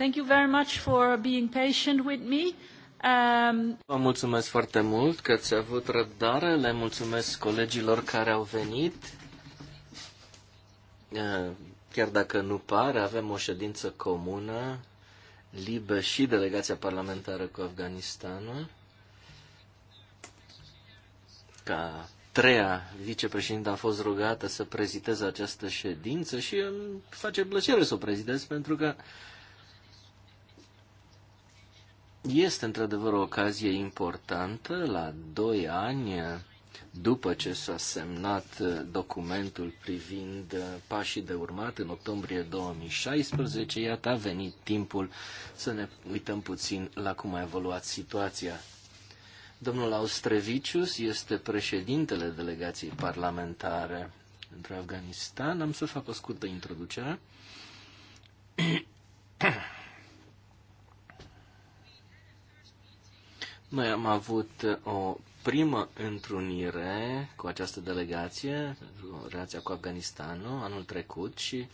Thank you very much for being patient with me. Um... Vă mulțumesc foarte mult că ați avut răbdare. Le mulțumesc colegilor care au venit. Chiar dacă nu pare, avem o ședință comună, libă și delegația parlamentară cu Afganistanul. Ca treia vicepreședintă a fost rugată să prezideze această ședință și îmi face plăcere să o prezidez pentru că este într-adevăr o ocazie importantă la doi ani după ce s-a semnat documentul privind pașii de urmat în octombrie 2016, iată a venit timpul să ne uităm puțin la cum a evoluat situația. Domnul Austrevicius este președintele delegației parlamentare într Afganistan. Am să fac o scurtă introducere. Noi am avut uh, o primă întrunire cu această delegație, relația cu Afganistanul, anul trecut și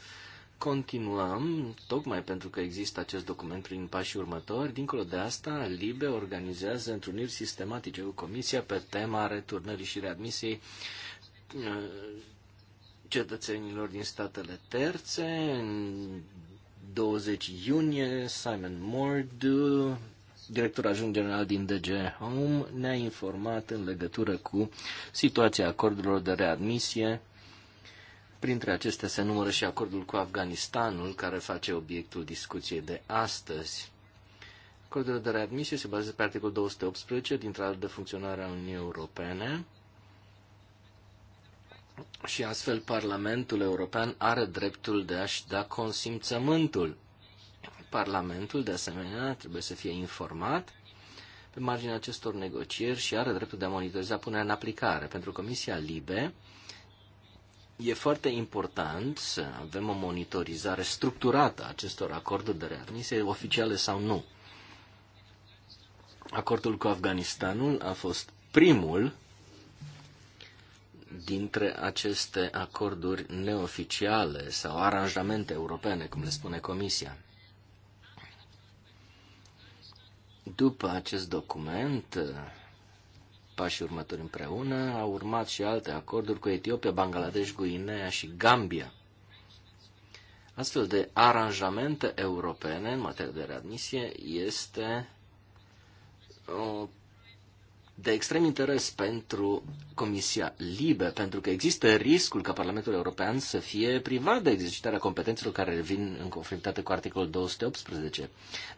continuăm, tocmai pentru că există acest document prin pașii următori. Dincolo de asta, LIBE organizează întruniri sistematice cu Comisia pe tema returnării și readmisiei uh, cetățenilor din statele terțe. În 20 iunie, Simon Mordu, directorul ajung general din DG Home ne-a informat în legătură cu situația acordurilor de readmisie. Printre acestea se numără și acordul cu Afganistanul, care face obiectul discuției de astăzi. Acordul de readmisie se bazează pe articolul 218 din Tratatul de Funcționare a Uniunii Europene și astfel Parlamentul European are dreptul de a-și da consimțământul Parlamentul, de asemenea, trebuie să fie informat pe marginea acestor negocieri și are dreptul de a monitoriza punerea în aplicare. Pentru Comisia Libe e foarte important să avem o monitorizare structurată a acestor acorduri de readmisie, oficiale sau nu. Acordul cu Afganistanul a fost primul dintre aceste acorduri neoficiale sau aranjamente europene, cum le spune Comisia. După acest document, pașii următori împreună, au urmat și alte acorduri cu Etiopia, Bangladesh, Guinea și Gambia. Astfel de aranjamente europene în materie de readmisie este o de extrem interes pentru Comisia Libe, pentru că există riscul ca Parlamentul European să fie privat de exercitarea competențelor care vin în conformitate cu articolul 218.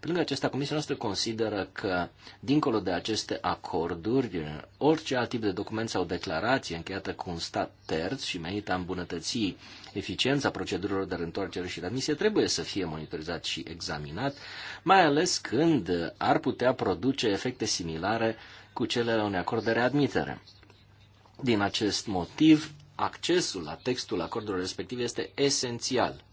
Pe lângă acesta, Comisia noastră consideră că, dincolo de aceste acorduri, orice alt tip de document sau declarație încheiată cu un stat terț și menită a îmbunătăți eficiența procedurilor de reîntoarcere și admisie trebuie să fie monitorizat și examinat, mai ales când ar putea produce efecte similare cu cele la unui acord de readmitere. Din acest motiv, accesul la textul acordului respectiv este esențial.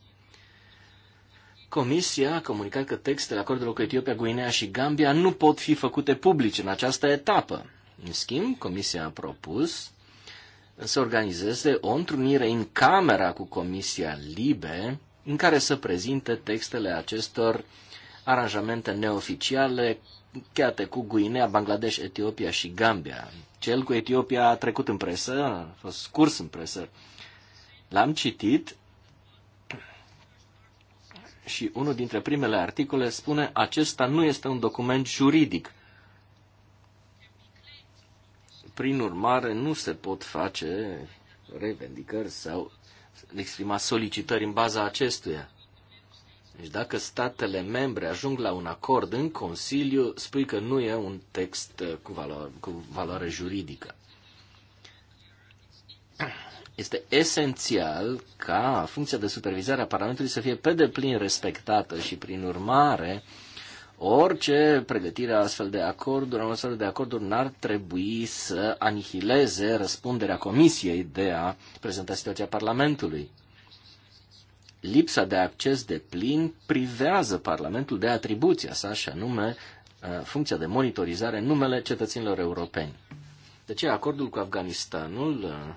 Comisia a comunicat că textele acordurilor cu Etiopia, Guinea și Gambia nu pot fi făcute publice în această etapă. În schimb, Comisia a propus să organizeze o întrunire în camera cu Comisia Libe, în care să prezinte textele acestor aranjamente neoficiale încheiate cu Guinea, Bangladesh, Etiopia și Gambia. Cel cu Etiopia a trecut în presă, a fost scurs în presă. L-am citit și unul dintre primele articole spune acesta nu este un document juridic. Prin urmare, nu se pot face revendicări sau exprima solicitări în baza acestuia. Deci dacă statele membre ajung la un acord în Consiliu, spui că nu e un text uh, cu valoare, cu valoare juridică. Este esențial ca funcția de supervizare a Parlamentului să fie pe deplin respectată și, prin urmare, orice pregătire a astfel de acorduri, a astfel de acorduri n-ar trebui să anihileze răspunderea Comisiei de a prezenta situația Parlamentului lipsa de acces de plin privează Parlamentul de atribuția sa, și anume uh, funcția de monitorizare în numele cetățenilor europeni. De ce acordul cu Afganistanul uh,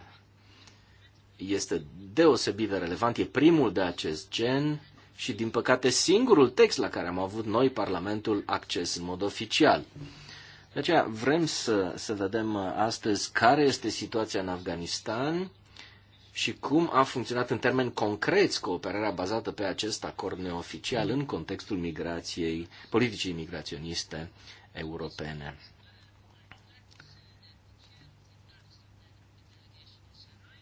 este deosebit de relevant, e primul de acest gen și, din păcate, singurul text la care am avut noi, Parlamentul, acces în mod oficial. De aceea vrem să, să vedem uh, astăzi care este situația în Afganistan și cum a funcționat în termeni concreți cooperarea bazată pe acest acord neoficial în contextul migrației, politicii migraționiste europene.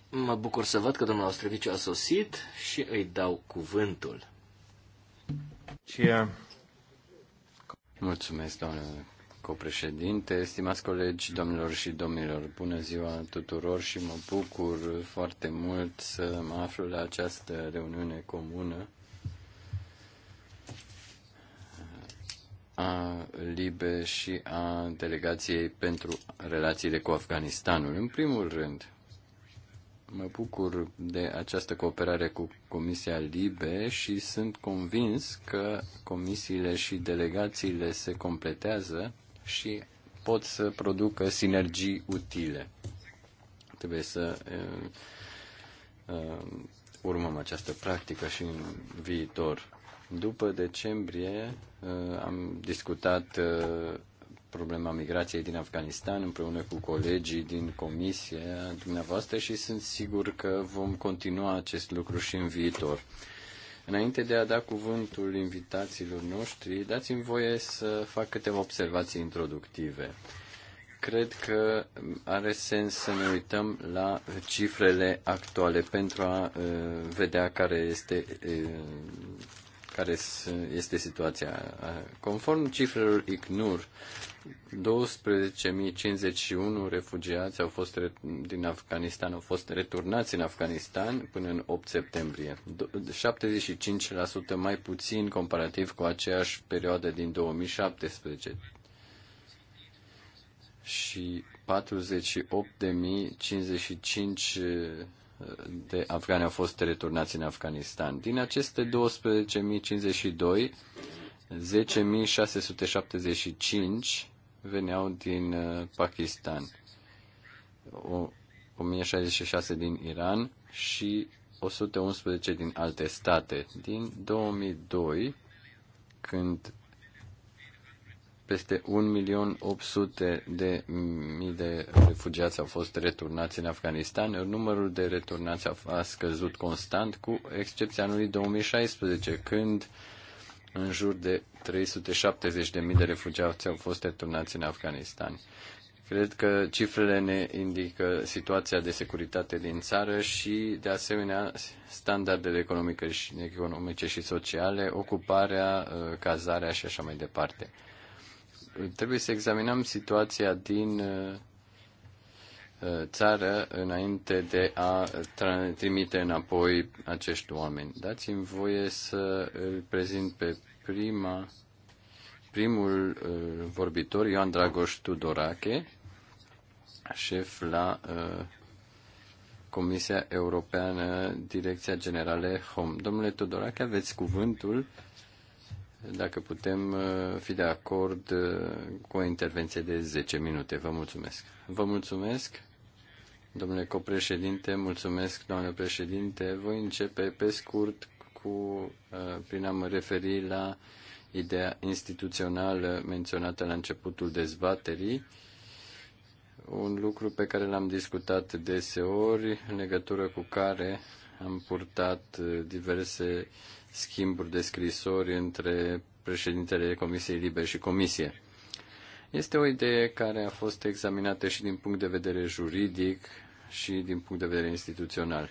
Mă bucur să văd că domnul Ostreviciu a sosit și îi dau cuvântul. Mulțumesc, domnule copreședinte, stimați colegi, domnilor și domnilor, bună ziua tuturor și mă bucur foarte mult să mă aflu la această reuniune comună a LIBE și a Delegației pentru Relațiile cu Afganistanul. În primul rând, mă bucur de această cooperare cu Comisia Libe și sunt convins că comisiile și delegațiile se completează și pot să producă sinergii utile. Trebuie să urmăm această practică și în viitor. După decembrie am discutat problema migrației din Afganistan împreună cu colegii din comisia dumneavoastră și sunt sigur că vom continua acest lucru și în viitor. Înainte de a da cuvântul invitațiilor noștri, dați-mi voie să fac câteva observații introductive. Cred că are sens să ne uităm la cifrele actuale pentru a uh, vedea care este uh, care este situația. Conform cifrelor ICNUR, 12.051 refugiați au fost din Afganistan au fost returnați în Afganistan până în 8 septembrie, 75% mai puțin comparativ cu aceeași perioadă din 2017 și 48.055 de afgani au fost returnați în Afganistan. Din aceste 12.052, 10.675 veneau din uh, Pakistan, 1.066 din Iran și 111 din alte state. Din 2002, când peste 1.800.000 de, mii de refugiați au fost returnați în Afganistan. Numărul de returnați a, a scăzut constant, cu excepția anului 2016, când în jur de 370.000 de refugiați au fost returnați în Afganistan. Cred că cifrele ne indică situația de securitate din țară și, de asemenea, standardele economice și, economice și sociale, ocuparea, uh, cazarea și așa mai departe trebuie să examinăm situația din uh, uh, țară înainte de a trimite înapoi acești oameni. Dați-mi voie să îl prezint pe prima, primul uh, vorbitor, Ioan Dragoș Tudorache, șef la Comisia Europeană, Direcția Generală HOM. Domnule Tudorache, aveți cuvântul dacă putem uh, fi de acord uh, cu o intervenție de 10 minute. Vă mulțumesc. Vă mulțumesc, domnule copreședinte, mulțumesc, domnule președinte. Voi începe pe scurt cu, uh, prin a mă referi la ideea instituțională menționată la începutul dezbaterii, un lucru pe care l-am discutat deseori, în legătură cu care am purtat diverse uh, schimburi de scrisori între președintele Comisiei Libe și Comisie. Este o idee care a fost examinată și din punct de vedere juridic și din punct de vedere instituțional.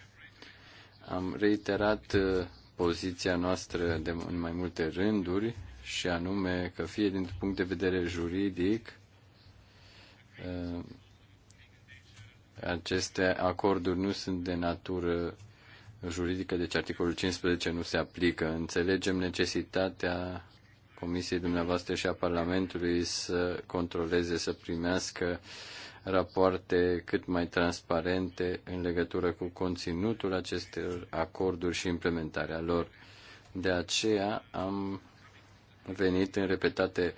Am reiterat uh, poziția noastră de, în mai multe rânduri și anume că fie din punct de vedere juridic uh, aceste acorduri nu sunt de natură juridică, deci articolul 15 nu se aplică. Înțelegem necesitatea Comisiei dumneavoastră și a Parlamentului să controleze, să primească rapoarte cât mai transparente în legătură cu conținutul acestor acorduri și implementarea lor. De aceea am venit în repetate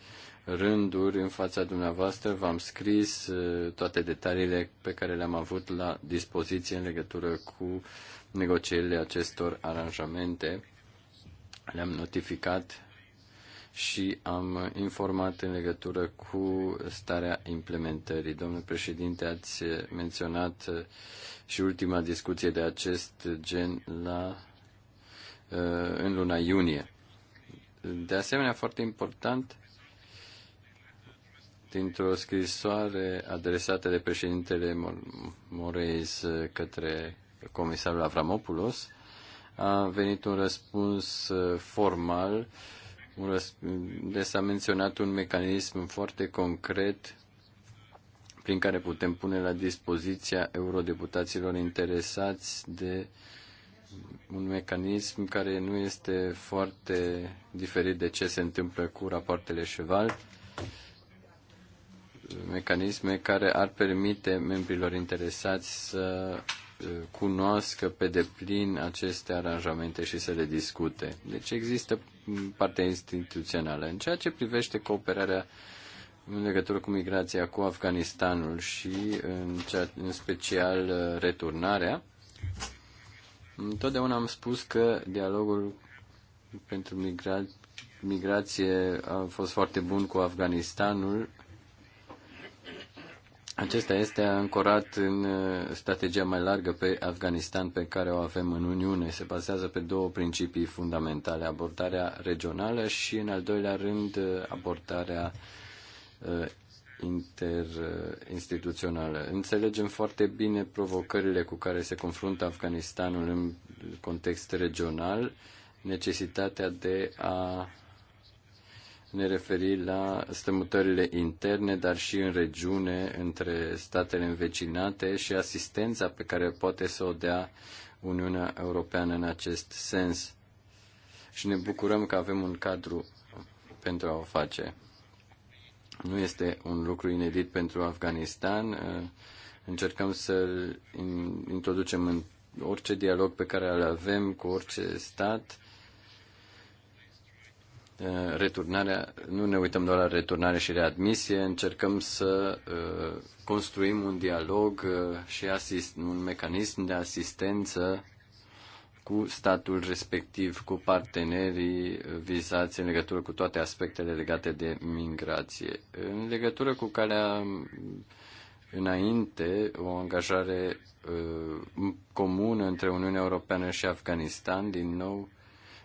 rânduri în fața dumneavoastră, v-am scris eh, toate detaliile pe care le-am avut la dispoziție în legătură cu negocierile acestor aranjamente. Le-am notificat și am informat în legătură cu starea implementării. Domnul președinte, ați menționat uh, și ultima discuție de acest gen la, uh, în luna iunie. De asemenea, foarte important, dintr-o scrisoare adresată de președintele Moreis uh, către comisarul Avramopoulos, a venit un răspuns uh, formal, un răsp- de deci s-a menționat un mecanism foarte concret prin care putem pune la dispoziția eurodeputaților interesați de un mecanism care nu este foarte diferit de ce se întâmplă cu rapoartele Cheval, mecanisme care ar permite membrilor interesați să cunoască pe deplin aceste aranjamente și să le discute. Deci există partea instituțională. În ceea ce privește cooperarea în legătură cu migrația cu Afganistanul și în, cea, în special uh, returnarea, întotdeauna am spus că dialogul pentru migra- migrație a fost foarte bun cu Afganistanul acesta este ancorat în uh, strategia mai largă pe Afganistan pe care o avem în Uniune. Se bazează pe două principii fundamentale, abordarea regională și, în al doilea rând, uh, abordarea uh, interinstituțională. Înțelegem foarte bine provocările cu care se confruntă Afganistanul în context regional, necesitatea de a ne referi la strămutările interne, dar și în regiune, între statele învecinate și asistența pe care poate să o dea Uniunea Europeană în acest sens. Și ne bucurăm că avem un cadru pentru a o face. Nu este un lucru inedit pentru Afganistan. Încercăm să introducem în orice dialog pe care îl avem cu orice stat Eh, returnarea, nu ne uităm doar la returnare și readmisie, încercăm să eh, construim un dialog eh, și asist, un mecanism de asistență cu statul respectiv, cu partenerii vizați în legătură cu toate aspectele legate de migrație. În legătură cu calea mm, înainte, o angajare comună între Uniunea Europeană și Afganistan, din nou,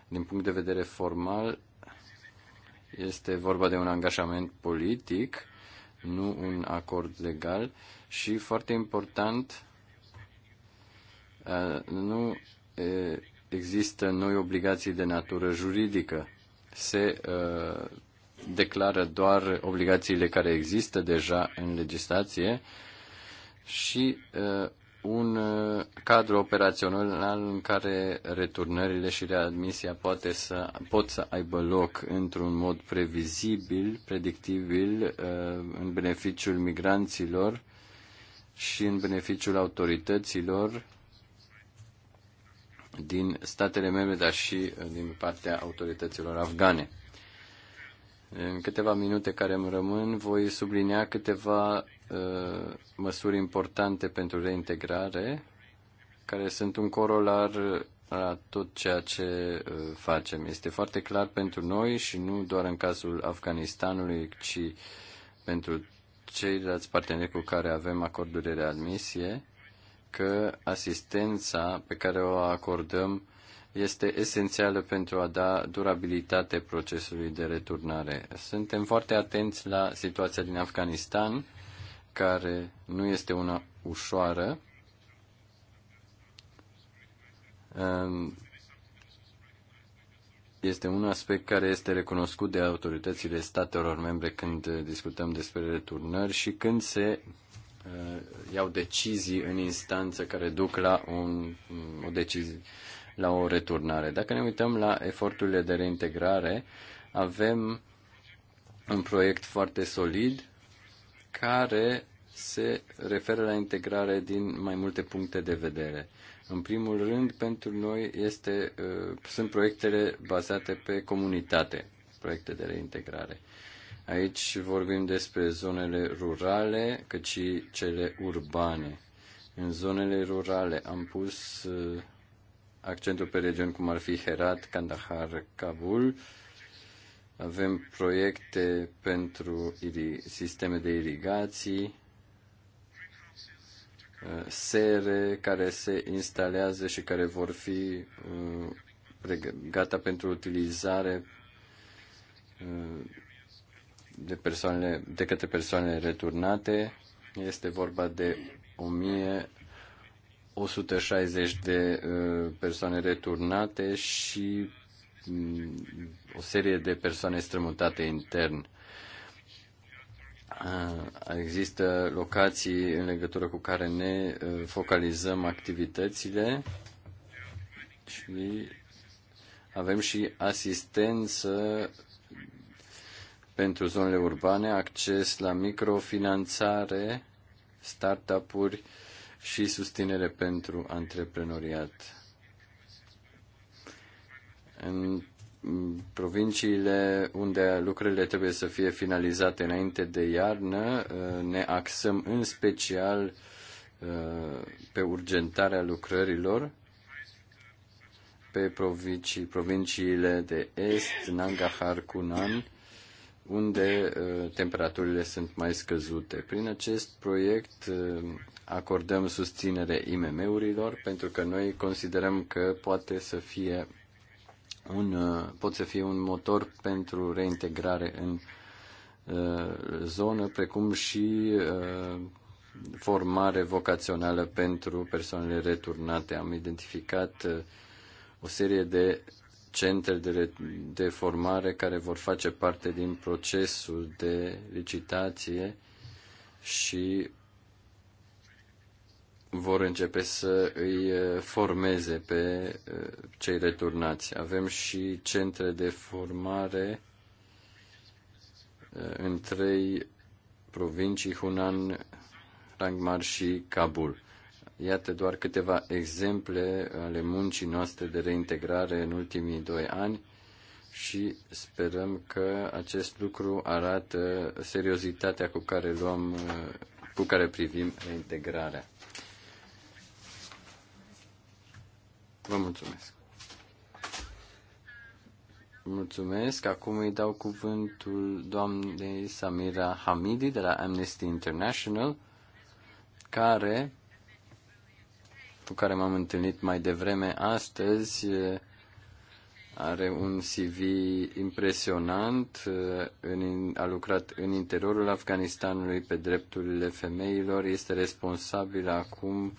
din punct de vedere formal, este vorba de un angajament politic, nu un acord legal și foarte important, nu există noi obligații de natură juridică. Se declară doar obligațiile care există deja în legislație și un uh, cadru operațional în care returnările și readmisia poate să, pot să aibă loc într-un mod previzibil, predictibil, uh, în beneficiul migranților și în beneficiul autorităților din statele membre, dar și uh, din partea autorităților afgane. În câteva minute care îmi rămân, voi sublinia câteva Uh, măsuri importante pentru reintegrare, care sunt un corolar la tot ceea ce uh, facem. Este foarte clar pentru noi și nu doar în cazul Afganistanului, ci pentru ceilalți parteneri cu care avem acorduri de readmisie, că asistența pe care o acordăm este esențială pentru a da durabilitate procesului de returnare. Suntem foarte atenți la situația din Afganistan care nu este una ușoară. Este un aspect care este recunoscut de autoritățile statelor membre când discutăm despre returnări și când se uh, iau decizii în instanță care duc la un, o decizie, la o returnare. Dacă ne uităm la eforturile de reintegrare, avem un proiect foarte solid care se referă la integrare din mai multe puncte de vedere. În primul rând, pentru noi este, uh, sunt proiectele bazate pe comunitate, proiecte de reintegrare. Aici vorbim despre zonele rurale, cât și cele urbane. În zonele rurale am pus uh, accentul pe regiuni cum ar fi Herat, Kandahar, Kabul, avem proiecte pentru sisteme de irigații, uh, sere care se instalează și care vor fi uh, gata pentru utilizare uh, de, persoanele, de către persoanele returnate. Este vorba de 1160 de persoane returnate și Mm, o serie de persoane strămutate intern. Există locații în legătură cu care ne uh, focalizăm activitățile și avem și asistență pentru zonele urbane, acces la microfinanțare, startup-uri și susținere pentru antreprenoriat. În provinciile unde lucrurile trebuie să fie finalizate înainte de iarnă, uh, ne axăm în special uh, pe urgentarea lucrărilor pe provincii, provinciile de est, Nangahar, Kunan, unde uh, temperaturile sunt mai scăzute. Prin acest proiect acordăm susținere IMM-urilor pentru că noi considerăm că poate să fie un, uh, pot să fie un motor pentru reintegrare în uh, zonă, precum și uh, formare vocațională pentru persoanele returnate. Am identificat o serie de centre de, de formare care vor face parte din procesul de licitație și vor începe să îi formeze pe cei returnați. Avem și centre de formare în trei provincii, Hunan, Rangmar și Kabul. Iată doar câteva exemple ale muncii noastre de reintegrare în ultimii doi ani și sperăm că acest lucru arată seriozitatea cu care luăm, cu care privim reintegrarea. Vă mulțumesc. Mulțumesc. Acum îi dau cuvântul doamnei Samira Hamidi de la Amnesty International, care, cu care m-am întâlnit mai devreme astăzi, are un CV impresionant, a lucrat în interiorul Afganistanului pe drepturile femeilor, este responsabil acum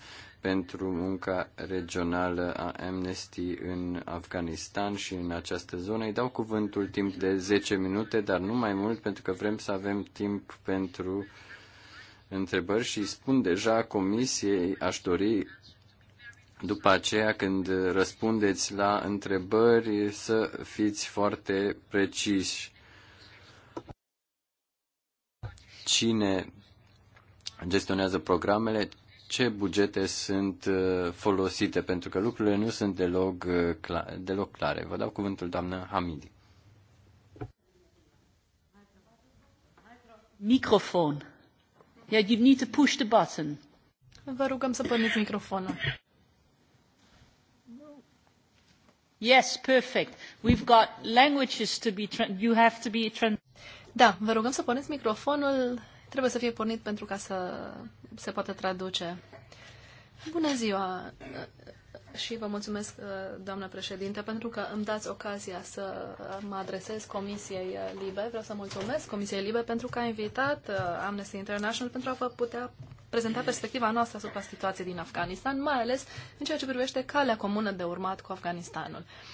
pentru munca regională a Amnesty în Afganistan și în această zonă. Îi dau cuvântul timp de 10 minute, dar nu mai mult, pentru că vrem să avem timp pentru întrebări și spun deja comisiei, aș dori după aceea când răspundeți la întrebări să fiți foarte preciși. Cine gestionează programele, ce bugete sunt uh, folosite, pentru că lucrurile nu sunt deloc, uh, deloc clare. Vă dau cuvântul, doamnă Hamidi. Microfon. Yeah, you need to push the button. Vă rugăm să puneți microfonul. Yes, perfect. We've got languages to be you have to be Da, vă rugăm să puneți microfonul. Trebuie să fie pornit pentru ca să se poate traduce. Bună ziua și vă mulțumesc, uh, doamnă președinte, pentru că îmi dați ocazia să mă adresez Comisiei Libe. Vreau să mulțumesc Comisiei Libe pentru că a invitat uh, Amnesty International pentru a vă putea prezenta perspectiva noastră asupra situației din Afganistan, mai ales în ceea ce privește calea comună de urmat cu Afganistanul. Uh,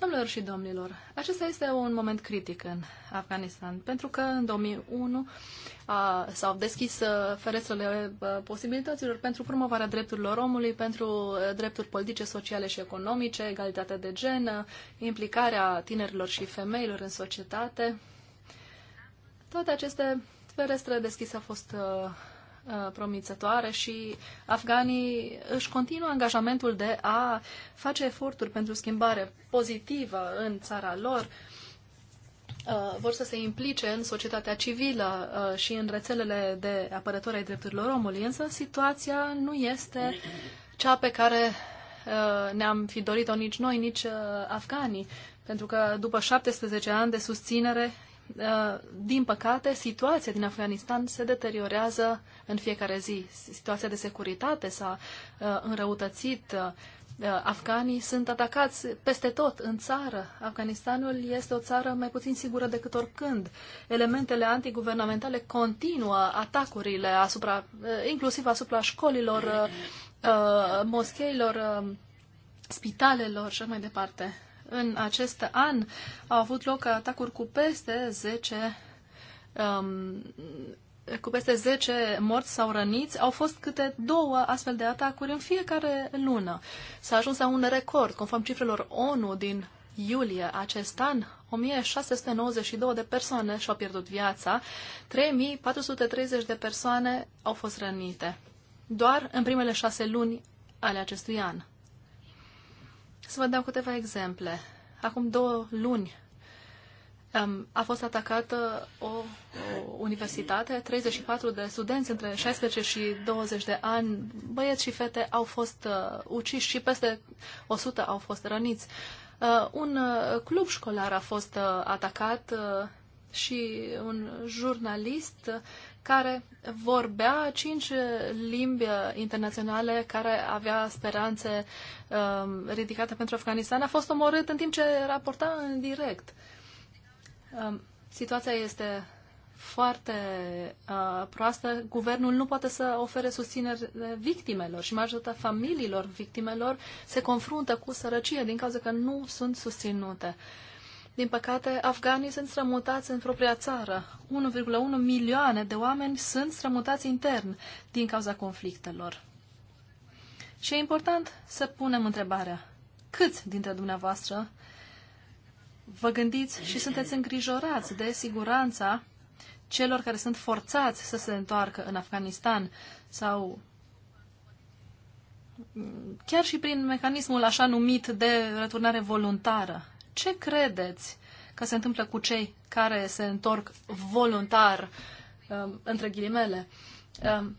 Domnilor și domnilor, acesta este un moment critic în Afganistan, pentru că în 2001 s-au deschis uh, ferestrele uh, posibilităților pentru promovarea drepturilor omului, pentru uh, drepturi politice, sociale și economice, egalitatea de gen, implicarea tinerilor și femeilor în societate. Toate aceste ferestre deschise au fost Uh, promițătoare și afganii își continuă angajamentul de a face eforturi pentru schimbare pozitivă în țara lor, uh, vor să se implice în societatea civilă uh, și în rețelele de apărători ai drepturilor omului, însă situația nu este cea pe care ne-am fi dorit-o nici noi, nici afganii, pentru că după 17 ani de susținere Uh, din păcate, situația din Afganistan se deteriorează în fiecare zi. Situația de securitate s-a uh, înrăutățit. Uh, afganii sunt atacați peste tot în țară. Afganistanul este o țară mai puțin sigură decât oricând. Elementele antiguvernamentale continuă atacurile asupra, inclusiv asupra școlilor, moscheilor, spitalelor și mai departe în acest an au avut loc atacuri cu peste 10 um, cu peste 10 morți sau răniți, au fost câte două astfel de atacuri în fiecare lună. S-a ajuns la un record, conform cifrelor ONU din iulie acest an, 1692 de persoane și-au pierdut viața, 3430 de persoane au fost rănite, doar în primele șase luni ale acestui an. Să vă dau câteva exemple. Acum două luni a fost atacată o, o universitate, 34 de studenți între 16 și 20 de ani, băieți și fete, au fost uh, uciși și peste 100 au fost răniți. Uh, un uh, club școlar a fost uh, atacat uh, și un jurnalist care vorbea cinci limbi uh, internaționale, care avea speranțe um, ridicate pentru Afganistan, a fost omorât în timp ce raporta în direct. Um, situația este foarte uh, proastă. Guvernul nu poate să ofere susținere victimelor și majoritatea familiilor victimelor se confruntă cu sărăcie din cauza că nu sunt susținute. Uh, din păcate, afganii sunt strămutați în propria țară. 1,1 milioane de oameni sunt strămutați intern din cauza conflictelor. Și e important să punem întrebarea. Câți dintre dumneavoastră vă gândiți și sunteți îngrijorați de siguranța celor care sunt forțați să se întoarcă în Afganistan sau chiar și prin mecanismul așa numit de returnare voluntară ce credeți că se întâmplă cu cei care se întorc voluntar, um, între ghilimele? Um,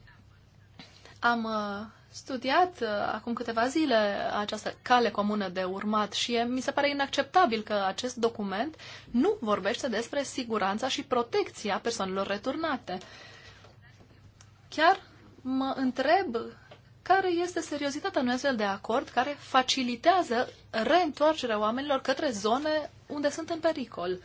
am uh, studiat uh, acum câteva zile această cale comună de urmat și mi se pare inacceptabil că acest document nu vorbește despre siguranța și protecția persoanelor returnate. Chiar mă întreb care este seriozitatea unui astfel de acord care facilitează reîntoarcerea oamenilor către zone unde sunt în pericol.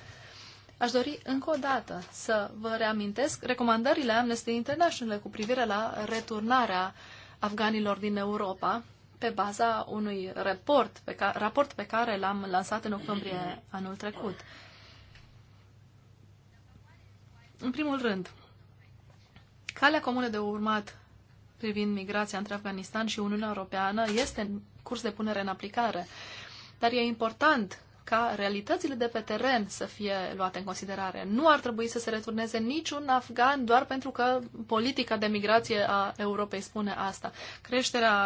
Aș dori încă o dată să vă reamintesc recomandările Amnesty International cu privire la returnarea afganilor din Europa pe baza unui raport pe care, raport pe care l-am lansat în octombrie anul trecut. În primul rând, calea comună de urmat privind migrația între Afganistan și Uniunea Europeană este în curs de punere în aplicare. Dar e important ca realitățile de pe teren să fie luate în considerare. Nu ar trebui să se returneze niciun afgan doar pentru că politica de migrație a Europei spune asta. Creșterea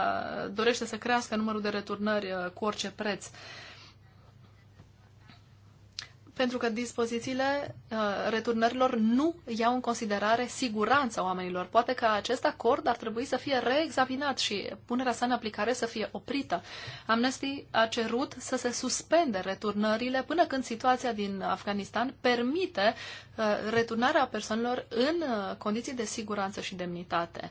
dorește să crească numărul de returnări uh, cu orice preț. Uh, pentru că dispozițiile uh, returnărilor nu iau în considerare siguranța oamenilor. Poate că acest acord ar trebui să fie reexaminat și punerea sa în aplicare să fie oprită. Amnesty a cerut să se suspende returnările până când situația din Afganistan permite uh, returnarea persoanelor în uh, condiții de siguranță și demnitate.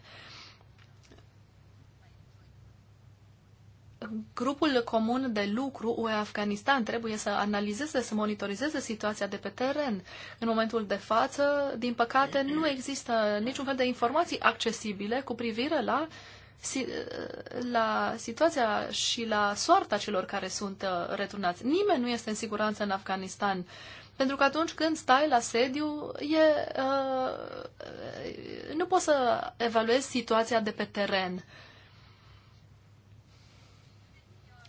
grupul comun de lucru UE Afganistan trebuie să analizeze, să monitorizeze situația de pe teren. În momentul de față, din păcate, nu există niciun fel de informații accesibile cu privire la, la situația și la soarta celor care sunt uh, returnați. Nimeni nu este în siguranță în Afganistan. Pentru că atunci când stai la sediu, e, uh, nu poți să evaluezi situația de pe teren. Uh,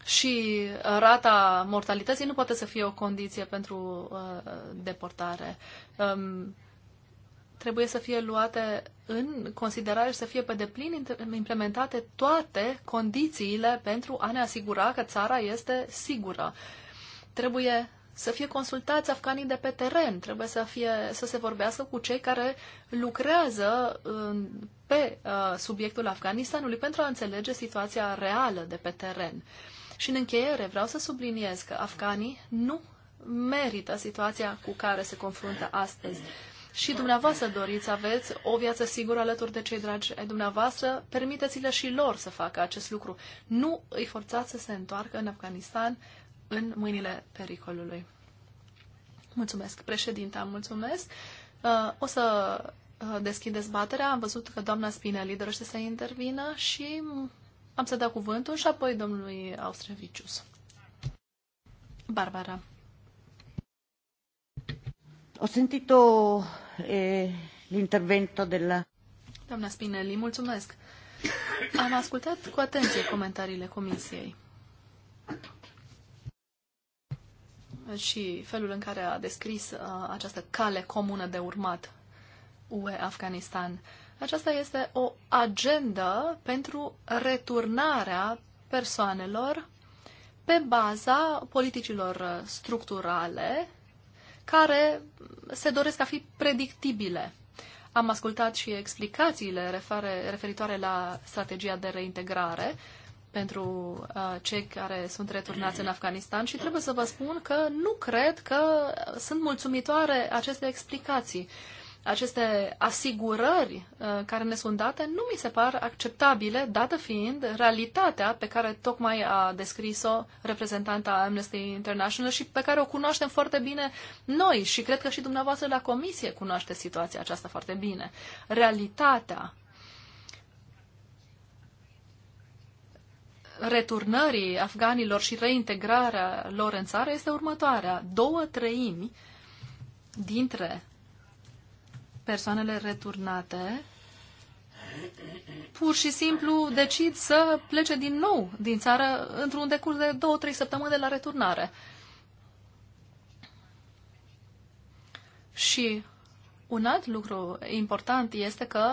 și uh, rata mortalității nu poate să fie o condiție pentru uh, deportare. Um, trebuie să fie luate în considerare și să fie pe deplin implementate toate condițiile pentru a ne asigura că țara este sigură. Trebuie să fie consultați afganii de pe teren, trebuie să, fie, să se vorbească cu cei care lucrează pe uh, subiectul Afganistanului pentru a înțelege situația reală de pe teren. Uh, și în încheiere vreau să subliniez că afganii nu merită situația cu care se confruntă astăzi. Și dumneavoastră doriți să aveți o viață sigură alături de cei dragi ai dumneavoastră, permiteți-le și lor să facă acest lucru. Nu îi forțați să se întoarcă în Afganistan în mâinile pericolului. Mulțumesc, președinta, mulțumesc. Uh, o să uh, deschid dezbaterea. Am văzut că doamna Spinelli dorește să intervină și am să dau cuvântul și apoi domnului Austrevicius. Barbara. Ho sentito eh, l'intervento della... Doamna Spinelli, mulțumesc. Am ascultat cu atenție comentariile comisiei și felul în care a descris uh, această cale comună de urmat UE-Afganistan. Aceasta este o agendă pentru returnarea persoanelor pe baza politicilor structurale care se doresc a fi predictibile. Am ascultat și explicațiile referitoare la strategia de reintegrare pentru uh, cei care sunt returnați în Afganistan și trebuie să vă spun că nu cred că sunt mulțumitoare aceste explicații. Uh, aceste asigurări uh, care ne sunt date nu mi se par acceptabile, dată fiind realitatea pe care tocmai a descris-o reprezentanta Amnesty International și pe care o cunoaștem foarte bine noi și cred că și dumneavoastră la comisie cunoaște situația aceasta foarte bine. Realitatea returnării afganilor și reintegrarea lor în țară este următoarea. Două treimi dintre persoanele returnate pur și simplu decid să plece din nou din țară într-un decurs de două, trei săptămâni de la returnare. Și un alt lucru important este că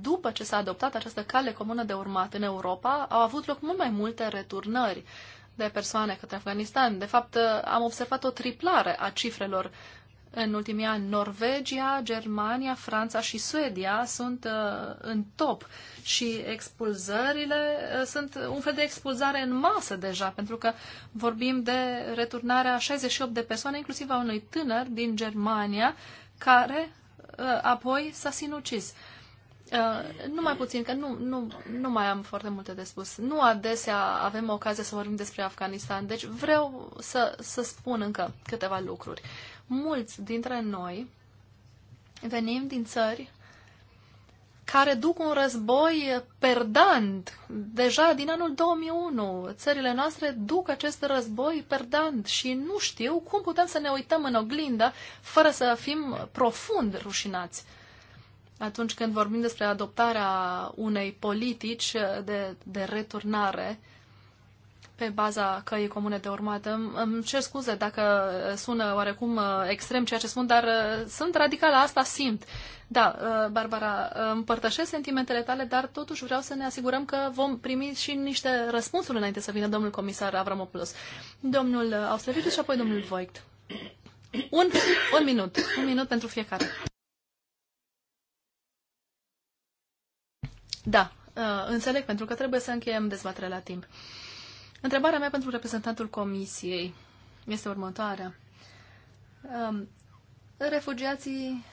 după ce s-a adoptat această cale comună de urmat în Europa, au avut loc mult mai multe returnări de persoane către Afganistan. De fapt, am observat o triplare a cifrelor în ultimii ani, Norvegia, Germania, Franța și Suedia sunt uh, în top și expulzările uh, sunt un fel de expulzare în masă deja, pentru că vorbim de returnarea 68 de persoane, inclusiv a unui tânăr din Germania, care uh, apoi s-a sinucis. Uh, nu mai puțin, că nu, nu, nu mai am foarte multe de spus. Nu adesea avem ocazia să vorbim despre Afganistan, deci vreau să, să spun încă câteva lucruri mulți dintre noi venim din țări care duc un război perdant. Deja din anul 2001, țările noastre duc acest război perdant și nu știu cum putem să ne uităm în oglindă fără să fim profund rușinați. Atunci când vorbim despre adoptarea unei politici de, de returnare, uh, pe baza căii comune de urmat. Îmi cer scuze dacă sună oarecum uh, extrem ceea ce spun, dar uh, sunt radicală, asta simt. Da, uh, Barbara, împărtășesc sentimentele tale, dar totuși vreau să ne asigurăm că vom primi și niște răspunsuri înainte să vină domnul comisar Avramopoulos. Domnul Austerlitz și apoi domnul Voigt. Un, un minut. Un minut pentru fiecare. Da, înțeleg, pentru că trebuie să încheiem dezbaterea la timp. Întrebarea mea pentru reprezentantul Comisiei este următoarea. Um, refugiații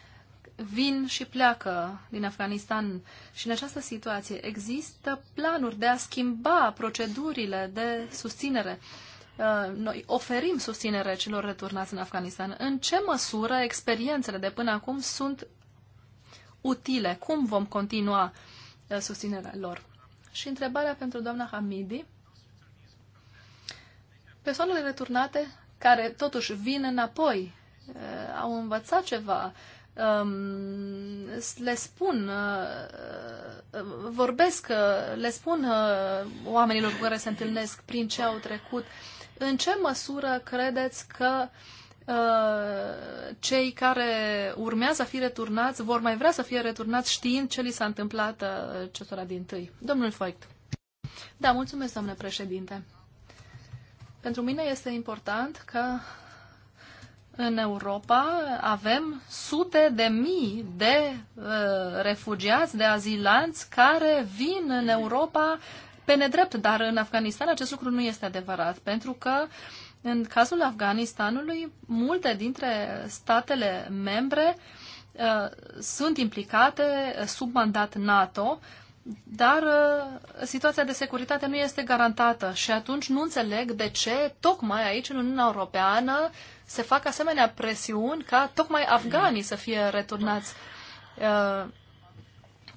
vin și pleacă din Afganistan și în această situație există planuri de a schimba procedurile de susținere. Uh, noi oferim susținere celor returnați în Afganistan. În ce măsură experiențele de până acum sunt utile? Cum vom continua uh, susținerea lor? Și întrebarea pentru doamna Hamidi persoanele returnate care totuși vin înapoi, eh, au învățat ceva, ehm, le spun, eh, eh, vorbesc, le spun oamenilor cu care se întâlnesc prin ce au trecut, în ce măsură credeți că cei care urmează a fi returnați vor mai vrea să fie returnați știind ce li s-a întâmplat cetora din tâi. Domnul Foict. Da, mulțumesc, domnule președinte. Pentru mine este important că în Europa avem sute de mii de uh, refugiați, de azilanți care vin în Europa pe nedrept, dar în Afganistan acest lucru nu este adevărat, pentru că în cazul Afganistanului, multe dintre statele membre uh, sunt implicate sub mandat NATO uh, dar uh, situația de securitate nu este garantată și atunci nu înțeleg de ce tocmai aici în Uniunea Europeană se fac asemenea presiuni ca tocmai afganii să fie returnați. Uh,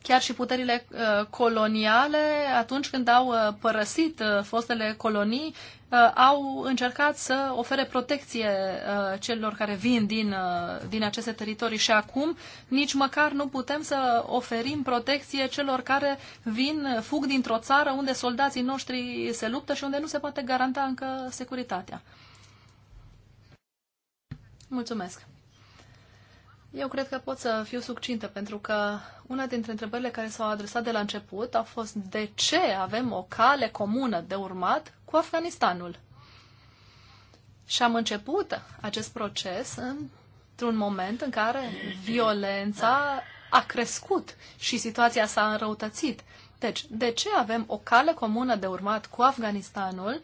chiar și puterile uh, coloniale, atunci când au uh, părăsit uh, fostele colonii, au încercat să ofere protecție celor care vin din, din aceste teritorii și acum nici măcar nu putem să oferim protecție celor care vin, fug dintr-o țară unde soldații noștri se luptă și unde nu se poate garanta încă securitatea. Mulțumesc! Eu cred că pot să fiu succintă, pentru că una dintre întrebările care s-au adresat de la început a fost de ce avem o cale comună de urmat cu Afganistanul. Și am început acest proces într-un moment în care violența a crescut și situația s-a înrăutățit. Deci, de ce avem o cale comună de urmat cu Afganistanul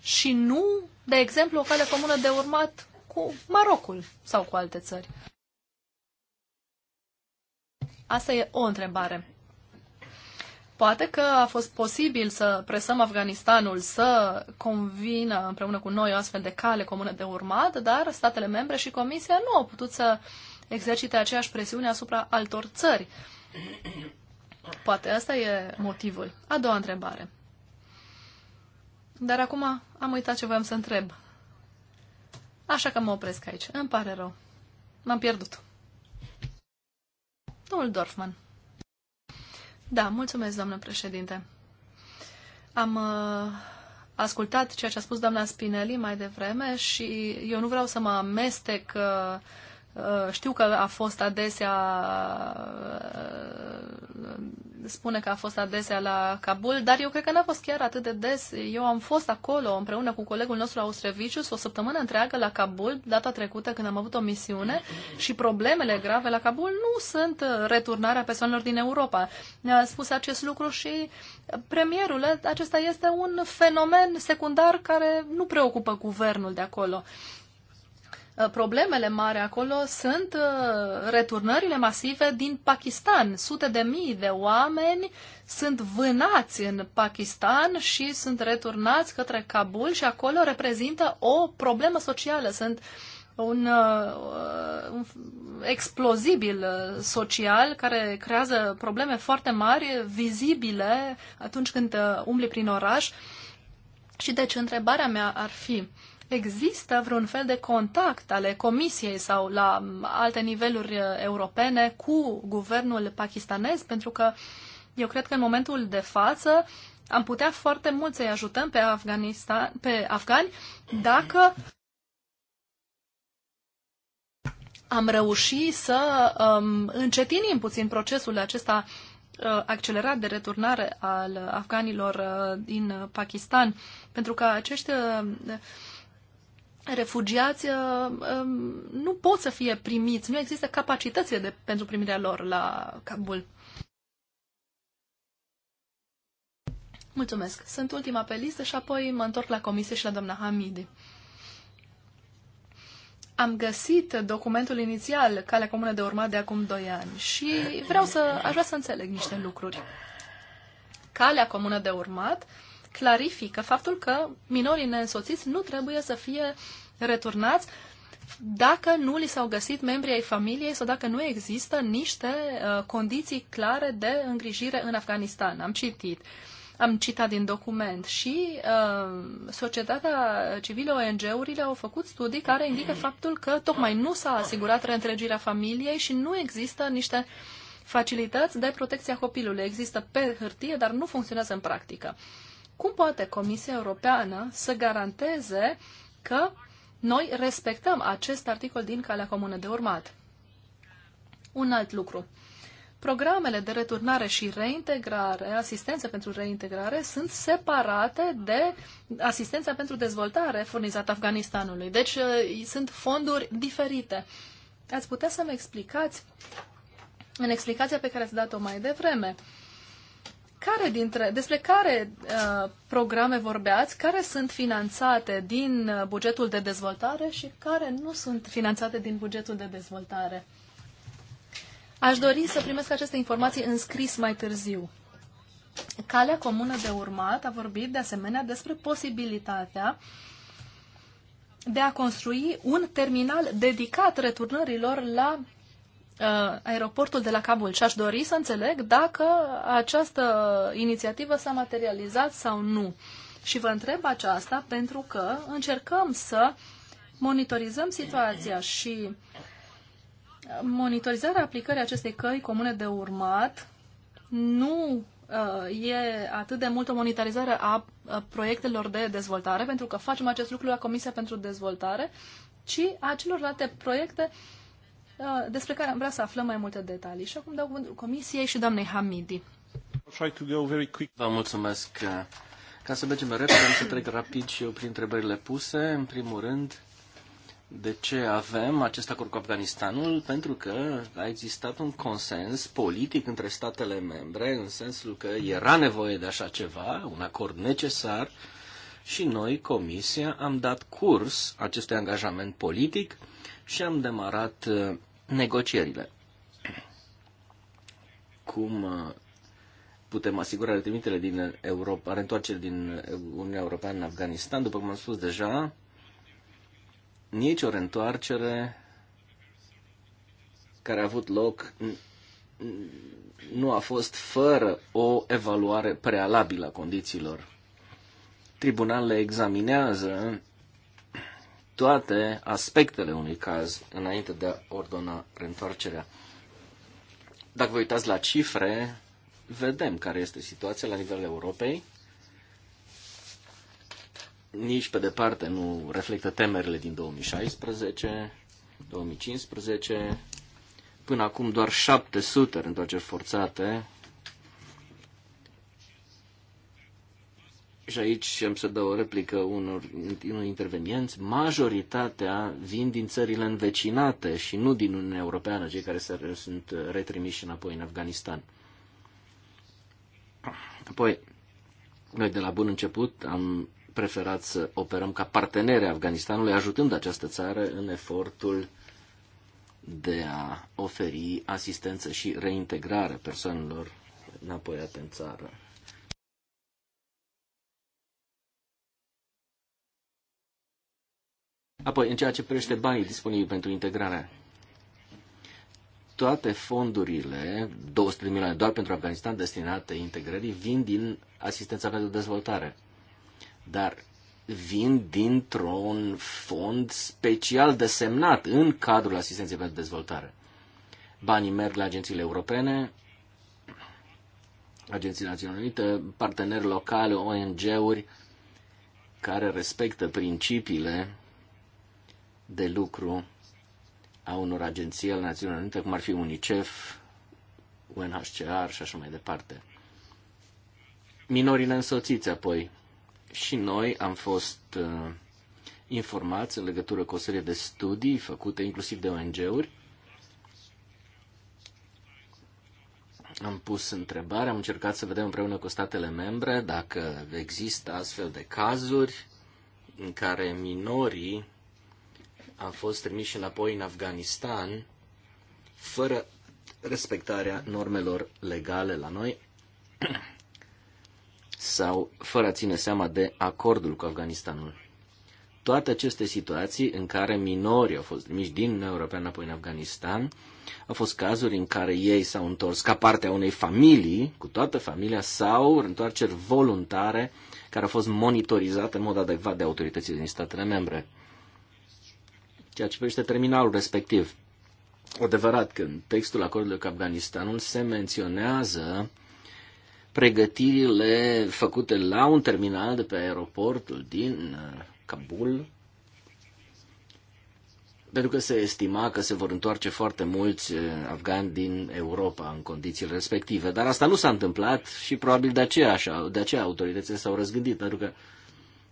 și nu, de exemplu, o cale comună de urmat cu Marocul sau cu alte țări? Asta e o întrebare. Poate că a fost posibil să presăm Afganistanul să convină împreună cu noi o astfel de cale comună de urmat, dar statele membre și Comisia nu au putut să exercite aceeași presiune asupra altor țări. Poate asta e motivul. A doua întrebare. Dar acum am uitat ce voiam să întreb. Așa că mă opresc aici. Îmi pare rău. M-am pierdut. Domnul Dorfman. Da, mulțumesc, doamnă președinte. Am uh, ascultat ceea ce a spus doamna Spinelli mai devreme și eu nu vreau să mă amestec. Uh, uh știu că a fost adesea uh, spune că a fost adesea la Kabul, dar eu cred că n-a fost chiar atât de des. Eu am fost acolo împreună cu colegul nostru Austrevicius o săptămână întreagă la Kabul, data trecută când am avut o misiune și problemele grave la Kabul nu sunt uh, returnarea persoanelor din Europa. Ne-a spus acest lucru și premierul. Ă, acesta este un fenomen secundar care nu preocupă guvernul de acolo. Uh, problemele mari acolo sunt uh, returnările masive din Pakistan. Sute de mii de oameni sunt vânați în Pakistan și sunt returnați către Kabul și acolo reprezintă o problemă socială. Sunt un, uh, un explozibil social care creează probleme foarte mari, vizibile atunci când umbli prin oraș. Și deci întrebarea mea ar fi, uh, există vreun fel de contact ale Comisiei sau la alte niveluri uh, europene cu guvernul pakistanez? Pentru că eu cred că în momentul de față am putea foarte mult să-i ajutăm pe, Afganistan, pe afgani dacă am reușit să um, încetinim puțin procesul acesta uh, accelerat de returnare al afganilor uh, din Pakistan, pentru că acești uh, refugiați uh, um, nu pot să fie primiți, nu există capacități de, pentru primirea lor la Kabul. Mulțumesc. Sunt ultima pe listă și apoi mă întorc la comisie și la doamna Hamidi. Am găsit documentul inițial, Calea Comună de Urmat de acum 2 ani și vreau să, aș vrea să înțeleg niște lucruri. Calea Comună de Urmat uh, clarifică faptul că minorii neînsoțiți nu trebuie să fie returnați dacă nu li s-au găsit membrii ai familiei sau dacă nu există niște uh, condiții clare de îngrijire în Afganistan. Am citit, am citat din document și uh, societatea civilă, ONG-urile au făcut studii care indică faptul că tocmai nu s-a asigurat reîntregirea familiei și nu există niște facilități de protecție a copilului. Există pe hârtie, dar nu funcționează în practică. Cum poate Comisia Europeană să garanteze că noi respectăm acest articol din calea comună de urmat? Un alt lucru. Programele de returnare și reintegrare, asistență pentru reintegrare, sunt separate de asistența pentru dezvoltare furnizată Afganistanului. Deci ă, sunt fonduri diferite. Ați putea să-mi explicați, în explicația pe care ați dat-o mai devreme, uh, care dintre, despre care uh, programe vorbeați, care sunt finanțate din uh, bugetul de dezvoltare și care nu sunt finanțate din bugetul de dezvoltare? Aș dori să primesc aceste informații în scris mai târziu. Calea comună de urmat a vorbit de asemenea despre posibilitatea de a construi un terminal dedicat returnărilor la uh, aeroportul de la Kabul și aș dori să înțeleg dacă această inițiativă s-a materializat sau nu. Și vă întreb aceasta pentru că încercăm să monitorizăm situația și monitorizarea aplicării acestei căi comune de urmat nu uh, e atât de mult o monitorizare a, a proiectelor de dezvoltare, pentru că facem acest lucru la Comisia pentru Dezvoltare, ci a celorlalte proiecte uh, Uh, despre care am vrea să aflăm mai multe detalii. Și acum dau cuvântul Comisiei și doamnei Hamidi. Vă mulțumesc. Ca să mergem repede, am să trec rapid și eu prin întrebările puse. În primul rând, de ce avem acest acord cu Afganistanul? Pentru că a existat un consens politic între statele membre, în sensul că era nevoie de așa ceva, un acord necesar, și noi, Comisia, am dat curs acestui angajament politic și am demarat uh, negocierile. Cum uh, putem asigura retrimitele din Europa, reîntoarcere din Uniunea Europeană în Afganistan, după cum am spus deja, nici o reîntoarcere care a avut loc nu a fost fără o evaluare prealabilă a condițiilor. Tribunalele examinează toate aspectele unui caz înainte de a ordona reîntoarcerea. Dacă vă uitați la cifre, vedem care este situația la nivelul Europei. Nici pe departe nu reflectă temerile din 2016, 2015. Până acum doar 700 reîntoarceri forțate și aici am să dau o replică unor, unor intervenienți, majoritatea vin din țările învecinate și nu din Uniunea Europeană, cei care sunt retrimiși înapoi în Afganistan. Apoi, noi de la bun început am preferat să operăm ca parteneri Afganistanului, ajutând această țară în efortul de a oferi asistență și reintegrare persoanelor înapoiate în țară. Apoi, în ceea ce privește banii disponibili pentru integrare, toate fondurile, 200 de milioane doar pentru Afganistan destinate integrării, vin din asistența pentru dezvoltare. Dar vin dintr-un fond special desemnat în cadrul asistenței pentru dezvoltare. Banii merg la agențiile europene, agenții Națiunilor Unite, parteneri locale, ONG-uri care respectă principiile de lucru a unor agenții al Națiunilor Unite, cum ar fi UNICEF, UNHCR și așa mai departe. Minorii însoțiți apoi. Și noi am fost uh, informați în legătură cu o serie de studii făcute inclusiv de ONG-uri. Am pus întrebare, am încercat să vedem împreună cu statele membre dacă există astfel de cazuri în care minorii a fost trimiși înapoi în Afganistan fără respectarea normelor legale la noi sau fără a ține seama de acordul cu Afganistanul. Toate aceste situații în care minorii au fost trimiși din Uniunea Europeană înapoi în Afganistan au fost cazuri în care ei s-au întors ca parte a unei familii, cu toată familia, sau întoarceri voluntare care au fost monitorizate în mod adecvat de autoritățile din statele membre ceea ce privește terminalul respectiv. Adevărat că în textul acordului cu Afganistanul se menționează pregătirile făcute la un terminal de pe aeroportul din uh, Kabul, pentru că se estima că se vor întoarce foarte mulți uh, afgani din Europa în condițiile respective. Dar asta nu s-a întâmplat și probabil de aceea, așa, de aceea autoritățile s-au răzgândit, pentru că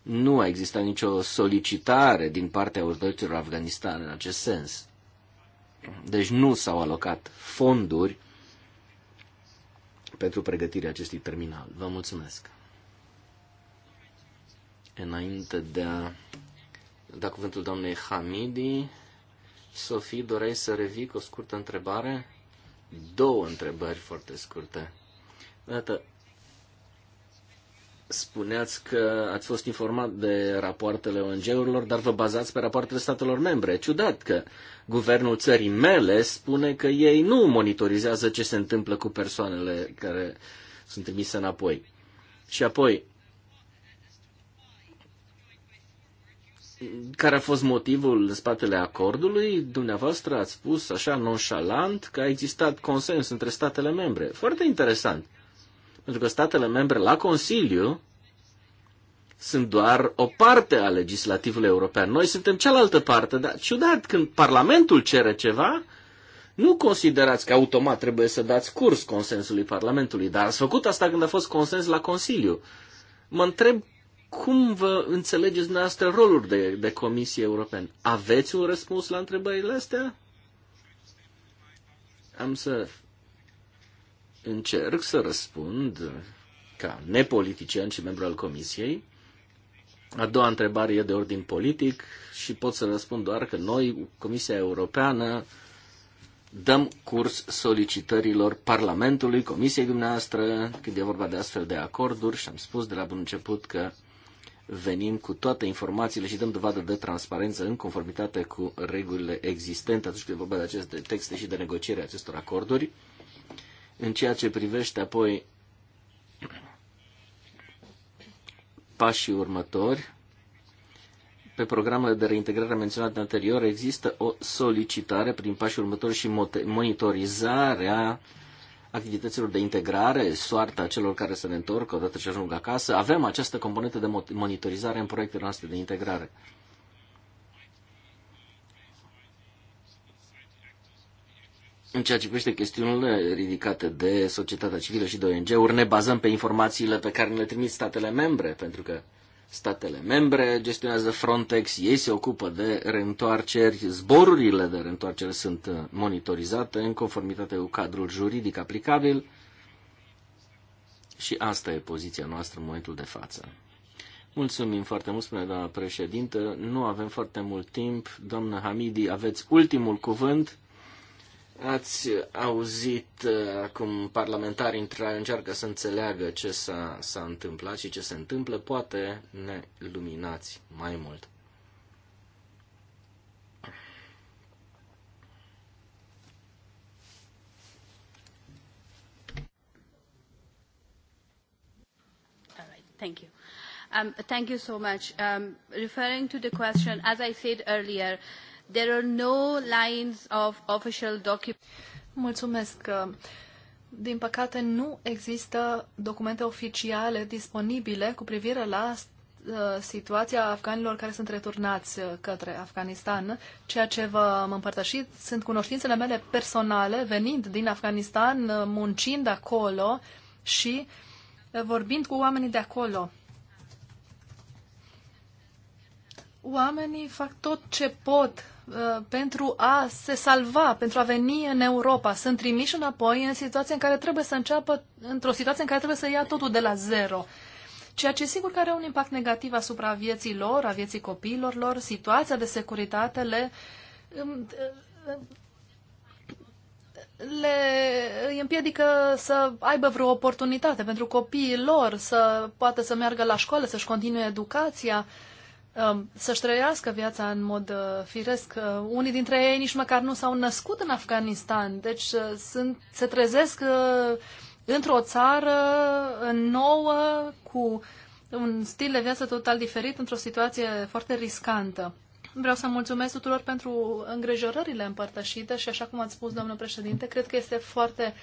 nu a existat nicio solicitare din partea autorităților Afganistan în acest sens. Deci nu s-au alocat fonduri pentru pregătirea acestui terminal. Vă mulțumesc. Înainte de a da cuvântul doamnei Hamidi, Sofie, doreai să revii cu o scurtă întrebare? Două întrebări foarte scurte. Odată, Spuneați că ați fost informat de rapoartele ONG-urilor, dar vă bazați pe rapoartele statelor membre. Ciudat că guvernul țării mele spune că ei nu monitorizează ce se întâmplă cu persoanele care sunt trimise înapoi. Și apoi, care a fost motivul în spatele acordului, dumneavoastră ați spus așa nonșalant că a existat consens între statele membre. Foarte interesant. Pentru că statele membre la Consiliu sunt doar o parte a legislativului european. Noi suntem cealaltă parte, dar ciudat, când Parlamentul cere ceva, nu considerați că automat trebuie să dați curs consensului Parlamentului, dar ați făcut asta când a fost consens la Consiliu. Mă întreb cum vă înțelegeți dumneavoastră rolul de, de Comisie Europeană. Aveți un răspuns la întrebările astea? Am să încerc să răspund ca nepolitician și membru al comisiei. A doua întrebare e de ordin politic și pot să răspund doar că noi, Comisia Europeană, dăm curs solicitărilor Parlamentului, Comisiei dumneavoastră, când e vorba de astfel de acorduri și am spus de la bun început că venim cu toate informațiile și dăm dovadă de transparență în conformitate cu regulile existente atunci când e vorba de aceste texte și de negociere acestor acorduri. În ceea ce privește apoi pașii următori, pe programele de reintegrare menționate anterior, există o solicitare prin pașii următori și monitorizarea activităților de integrare, soarta celor care se ne întorc odată ce ajung acasă. Avem această componentă de monitorizare în proiectele noastre de integrare. În ceea ce privește chestiunile ridicate de societatea civilă și de ONG-uri, ne bazăm pe informațiile pe care ne le trimit statele membre, pentru că statele membre gestionează Frontex, ei se ocupă de reîntoarceri, zborurile de reîntoarcere sunt monitorizate în conformitate cu cadrul juridic aplicabil și asta e poziția noastră în momentul de față. Mulțumim foarte mult, spune doamna președintă. Nu avem foarte mult timp. Doamna Hamidi, aveți ultimul cuvânt Ați auzit uh, acum parlamentari intra, încearcă să înțeleagă ce s-a, s-a întâmplat și ce se întâmplă, poate ne luminați mai mult. Thank you. Um, thank you so much. Um, referring to the question, as I said earlier, There are no lines of official Mulțumesc. Din păcate, nu există documente oficiale disponibile cu privire la uh, situația afganilor care sunt returnați uh, către Afganistan. Ceea ce vă am împărtășit sunt cunoștințele mele personale venind din Afganistan, uh, muncind acolo și vorbind cu oamenii de acolo. Oamenii fac tot ce pot Uh, pentru a se salva, pentru a veni în Europa. Sunt trimiși înapoi în situația în care trebuie să înceapă, într-o situație în care trebuie să ia totul de la zero. Ceea ce sigur că are un impact negativ asupra vieții lor, a vieții copiilor lor, situația de securitate le, le îi împiedică să aibă vreo oportunitate pentru copiii lor, să poată să meargă la școală, să-și continue educația. Uh, Um, să-și trăiască viața în mod uh, firesc. Uh, unii dintre ei nici măcar nu s-au născut în Afganistan, deci uh, sunt, se trezesc într-o țară nouă cu un stil de viață total diferit, într-o situație foarte riscantă. Vreau să mulțumesc tuturor pentru îngrijorările împărtășite și, așa cum ați spus, domnul președinte, cred că este foarte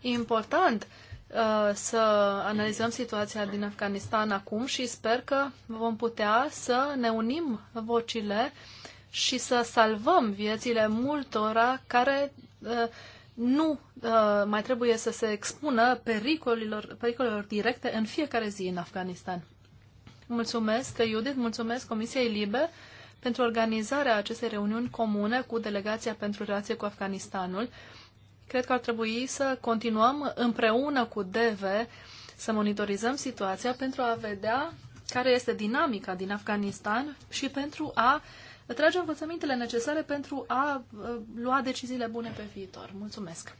important uh, Uh, să analizăm situația din Afganistan acum și sper că vom putea să ne unim vocile și să salvăm viețile multora care uh, nu uh, mai trebuie să se expună pericolilor, pericolilor directe în fiecare zi în Afganistan. Mulțumesc, Iudit, mulțumesc Comisiei Libe pentru organizarea acestei reuniuni comune cu Delegația pentru Relație cu Afganistanul cred că ar trebui să continuăm împreună cu DV să monitorizăm situația pentru a vedea care este dinamica din Afganistan și pentru a trage învățămintele necesare pentru a uh, lua deciziile bune pe viitor. Mulțumesc!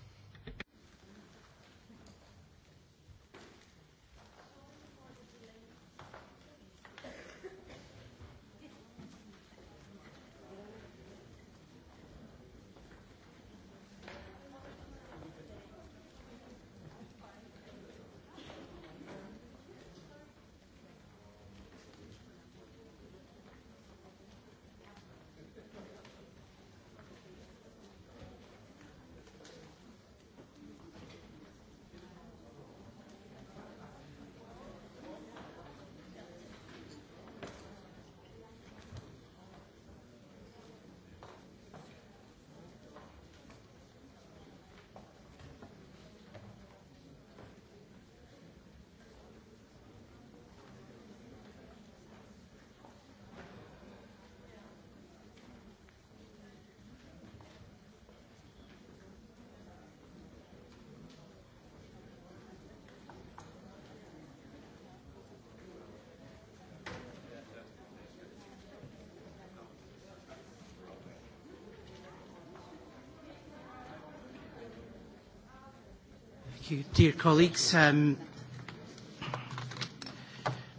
Thank you. Dear colleagues, um,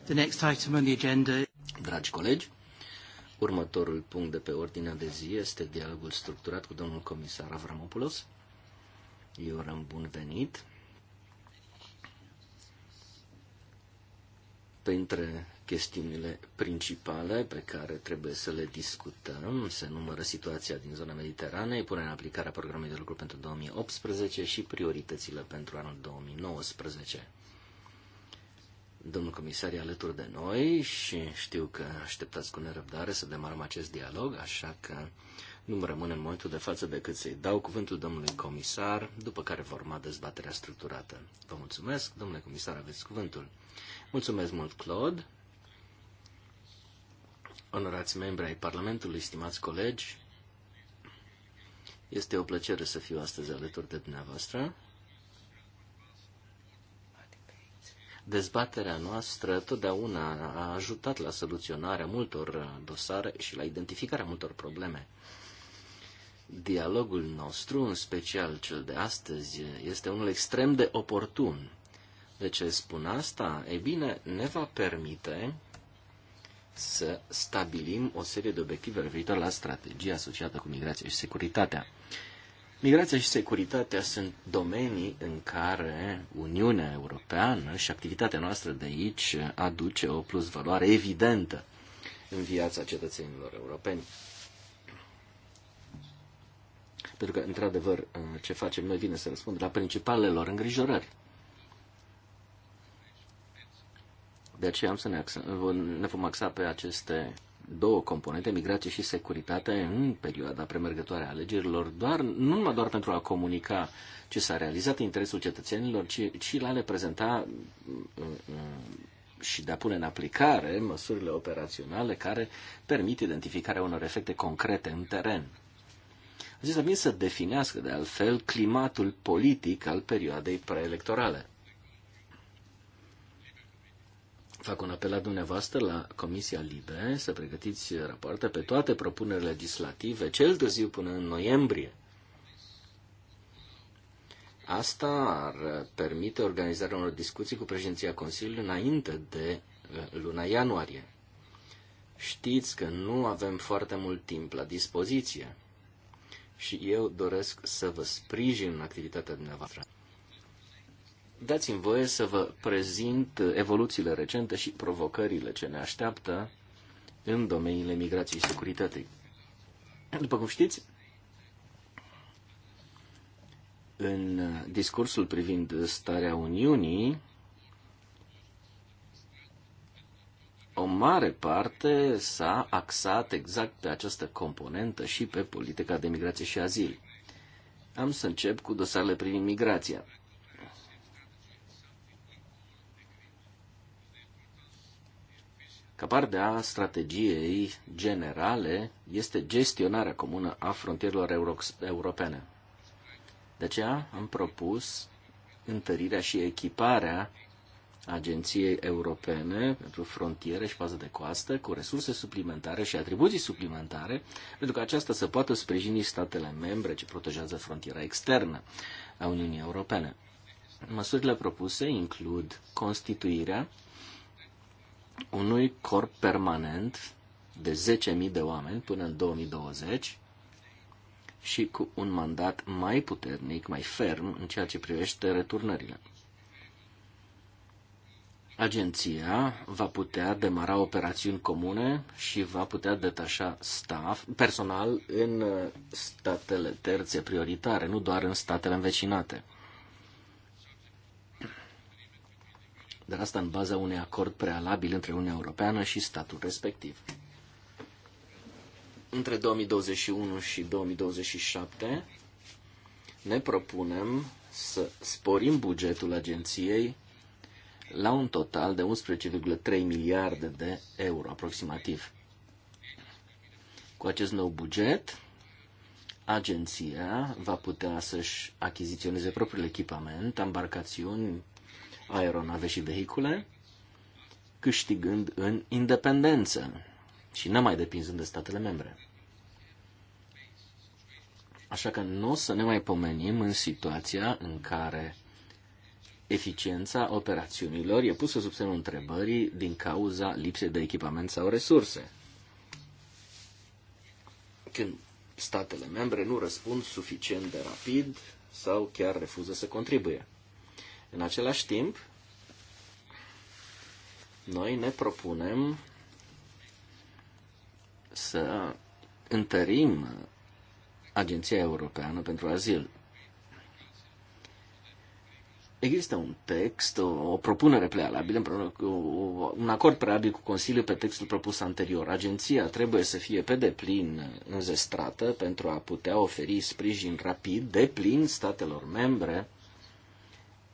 the next item on the agenda... Dragi colegi, următorul punct de pe ordinea de zi este dialogul structurat cu domnul comisar Avramopoulos. Eu urăm bun venit. Printre chestiunile principale pe care trebuie să le discutăm. Se numără situația din zona Mediteranei, punerea în aplicare a programului de lucru pentru 2018 și prioritățile pentru anul 2019. Domnul comisar e alături de noi și știu că așteptați cu nerăbdare să demarăm acest dialog, așa că nu mă rămâne în momentul de față decât să-i dau cuvântul domnului comisar, după care vor urma dezbaterea structurată. Vă mulțumesc, domnule comisar, aveți cuvântul. Mulțumesc mult, Claude onorați membri ai Parlamentului, stimați colegi, este o plăcere să fiu astăzi alături de dumneavoastră. Dezbaterea noastră totdeauna a ajutat la soluționarea multor dosare și la identificarea multor probleme. Dialogul nostru, în special cel de astăzi, este unul extrem de oportun. De ce spun asta? Ei bine, ne va permite să stabilim o serie de obiective referitoare la strategia asociată cu migrația și securitatea. Migrația și securitatea sunt domenii în care Uniunea Europeană și activitatea noastră de aici aduce o plusvaloare evidentă în viața cetățenilor europeni. Pentru că, într-adevăr, ce facem noi vine să răspundă la principalele lor îngrijorări. De deci aceea am să ne, ne vom axa pe aceste două componente, migrație și securitate, în perioada premergătoare a alegerilor, doar, nu numai doar pentru a comunica ce s-a realizat în interesul cetățenilor, ci, ci la le prezenta uh, uh, și de a pune în aplicare măsurile operaționale care permit identificarea unor efecte concrete în teren. Acesta vine să definească, de altfel, climatul politic al perioadei preelectorale. fac un apel la dumneavoastră, la Comisia Libe, să pregătiți rapoarte pe toate propunerile legislative, cel târziu până în noiembrie. Asta ar permite organizarea unor discuții cu președinția Consiliului înainte de uh, luna ianuarie. Știți că nu avem foarte mult timp la dispoziție și eu doresc să vă sprijin în activitatea dumneavoastră. Dați-mi voie să vă prezint evoluțiile recente și provocările ce ne așteaptă în domeniile migrației și securității. După cum știți, în discursul privind starea Uniunii, o mare parte s-a axat exact pe această componentă și pe politica de migrație și azil. Am să încep cu dosarele privind migrația. Ca parte a strategiei generale este gestionarea comună a frontierelor euro- europene. De aceea am propus întărirea și echiparea Agenției Europene pentru Frontiere și Pază de Coastă cu resurse suplimentare și atribuții suplimentare, pentru că aceasta să poată sprijini statele membre ce protejează frontiera externă a Uniunii Europene. Măsurile propuse includ constituirea unui corp permanent de 10.000 de oameni până în 2020 și cu un mandat mai puternic, mai ferm în ceea ce privește returnările. Agenția va putea demara operațiuni comune și va putea detașa staff, personal în statele terțe prioritare, nu doar în statele învecinate. dar asta în baza unui acord prealabil între Uniunea Europeană și statul respectiv. Între 2021 și 2027 ne propunem să sporim bugetul agenției la un total de 11,3 miliarde de euro aproximativ. Cu acest nou buget, agenția va putea să-și achiziționeze propriul echipament, embarcațiuni, aeronave și vehicule, câștigând în independență și mai depinzând de statele membre. Așa că nu o să ne mai pomenim în situația în care eficiența operațiunilor e pusă sub semnul întrebării din cauza lipsei de echipament sau resurse. Când statele membre nu răspund suficient de rapid sau chiar refuză să contribuie. În același timp, noi ne propunem să întărim Agenția Europeană pentru Azil. Există un text, o, o propunere prealabilă, împreună un acord prealabil cu Consiliul pe textul propus anterior. Agenția trebuie să fie pe deplin înzestrată pentru a putea oferi sprijin rapid, deplin statelor membre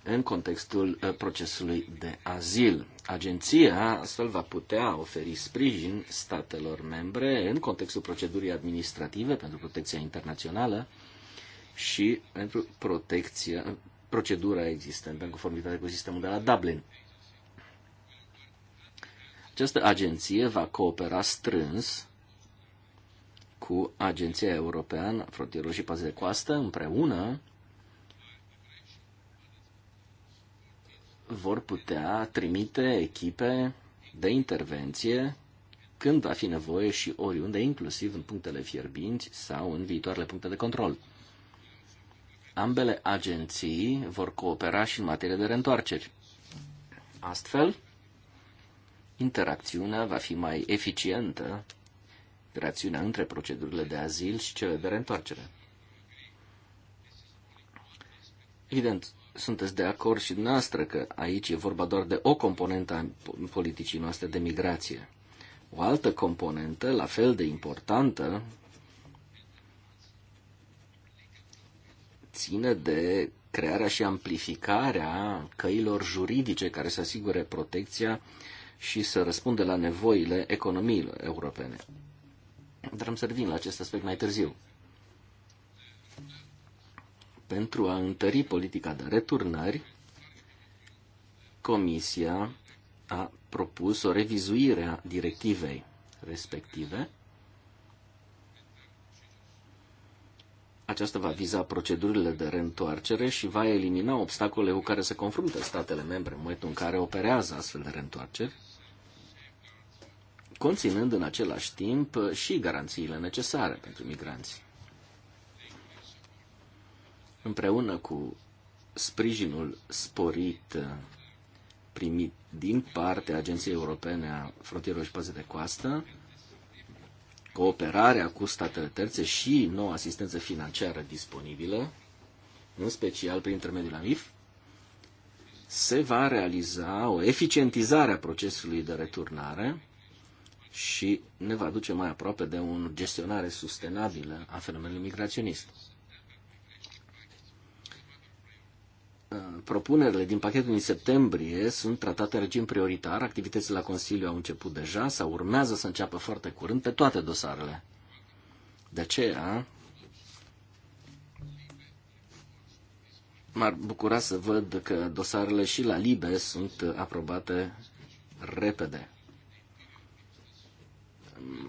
în contextul uh, procesului de azil. Agenția astfel va putea oferi sprijin statelor membre în contextul procedurii administrative pentru protecția internațională și pentru protecția, procedura existentă în conformitate cu sistemul de la Dublin. Această agenție va coopera strâns cu Agenția Europeană Frontierului și Pază de Coastă împreună vor putea trimite echipe de intervenție când va fi nevoie și oriunde, inclusiv în punctele fierbinți sau în viitoarele puncte de control. Ambele agenții vor coopera și în materie de reîntoarceri. Astfel, interacțiunea va fi mai eficientă, interacțiunea între procedurile de azil și cele de reîntoarcere. Evident, sunteți de acord și dumneavoastră că aici e vorba doar de o componentă a politicii noastre de migrație. O altă componentă, la fel de importantă, ține de crearea și amplificarea căilor juridice care să asigure protecția și să răspundă la nevoile economiilor europene. Dar am să revin la acest aspect mai târziu pentru a întări politica de returnări, Comisia a propus o revizuire a directivei respective. Aceasta va viza procedurile de reîntoarcere și va elimina obstacole cu care se confruntă statele membre în momentul în care operează astfel de reîntoarceri, conținând în același timp și garanțiile necesare pentru migranți împreună cu sprijinul sporit uh, primit din partea Agenției Europene a Frontierelor și Păze de Coastă, cooperarea cu statele terțe și noua asistență financiară disponibilă, în special prin intermediul AMIF, se va realiza o eficientizare a procesului de returnare și ne va duce mai aproape de o gestionare sustenabilă a fenomenului migraționist. propunerile din pachetul din septembrie sunt tratate în regim prioritar, activitățile la Consiliu au început deja sau urmează să înceapă foarte curând pe toate dosarele. De aceea, m-ar bucura să văd că dosarele și la LIBE sunt aprobate repede.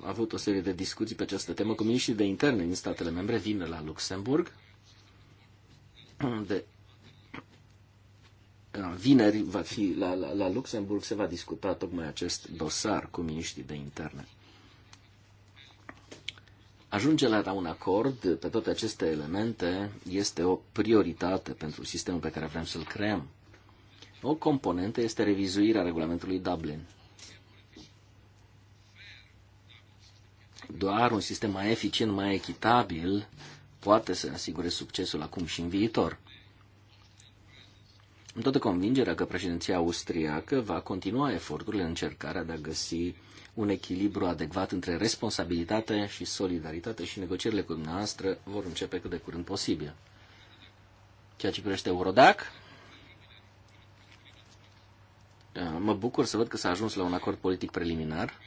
Am avut o serie de discuții pe această temă cu miniștrii de interne din statele membre, vin la Luxemburg, De vineri va fi la, la, la Luxemburg, se va discuta tocmai acest dosar cu miniștrii de interne. Ajunge la un acord pe toate aceste elemente este o prioritate pentru sistemul pe care vrem să-l creăm. O componentă este revizuirea regulamentului Dublin. Doar un sistem mai eficient, mai echitabil, poate să asigure succesul acum și în viitor. Am toată convingerea că președinția austriacă va continua eforturile în încercarea de a găsi un echilibru adecvat între responsabilitate și solidaritate și negocierile cu dumneavoastră vor începe cât de curând posibil. Ceea ce privește Eurodac, mă bucur să văd că s-a ajuns la un acord politic preliminar.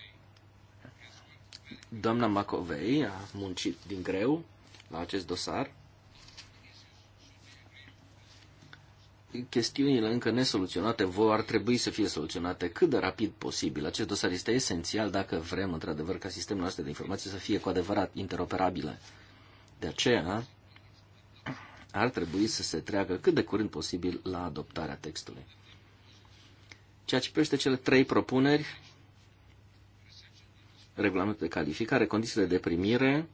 Doamna Macovei a muncit din greu la acest dosar chestiunile încă nesoluționate vor ar trebui să fie soluționate cât de rapid posibil. Acest dosar este esențial dacă vrem, într-adevăr, ca sistemul nostru de informații să fie cu adevărat interoperabile. De aceea, ar trebui să se treacă cât de curând posibil la adoptarea textului. Ceea ce privește cele trei propuneri, regulamentul de calificare, condițiile de primire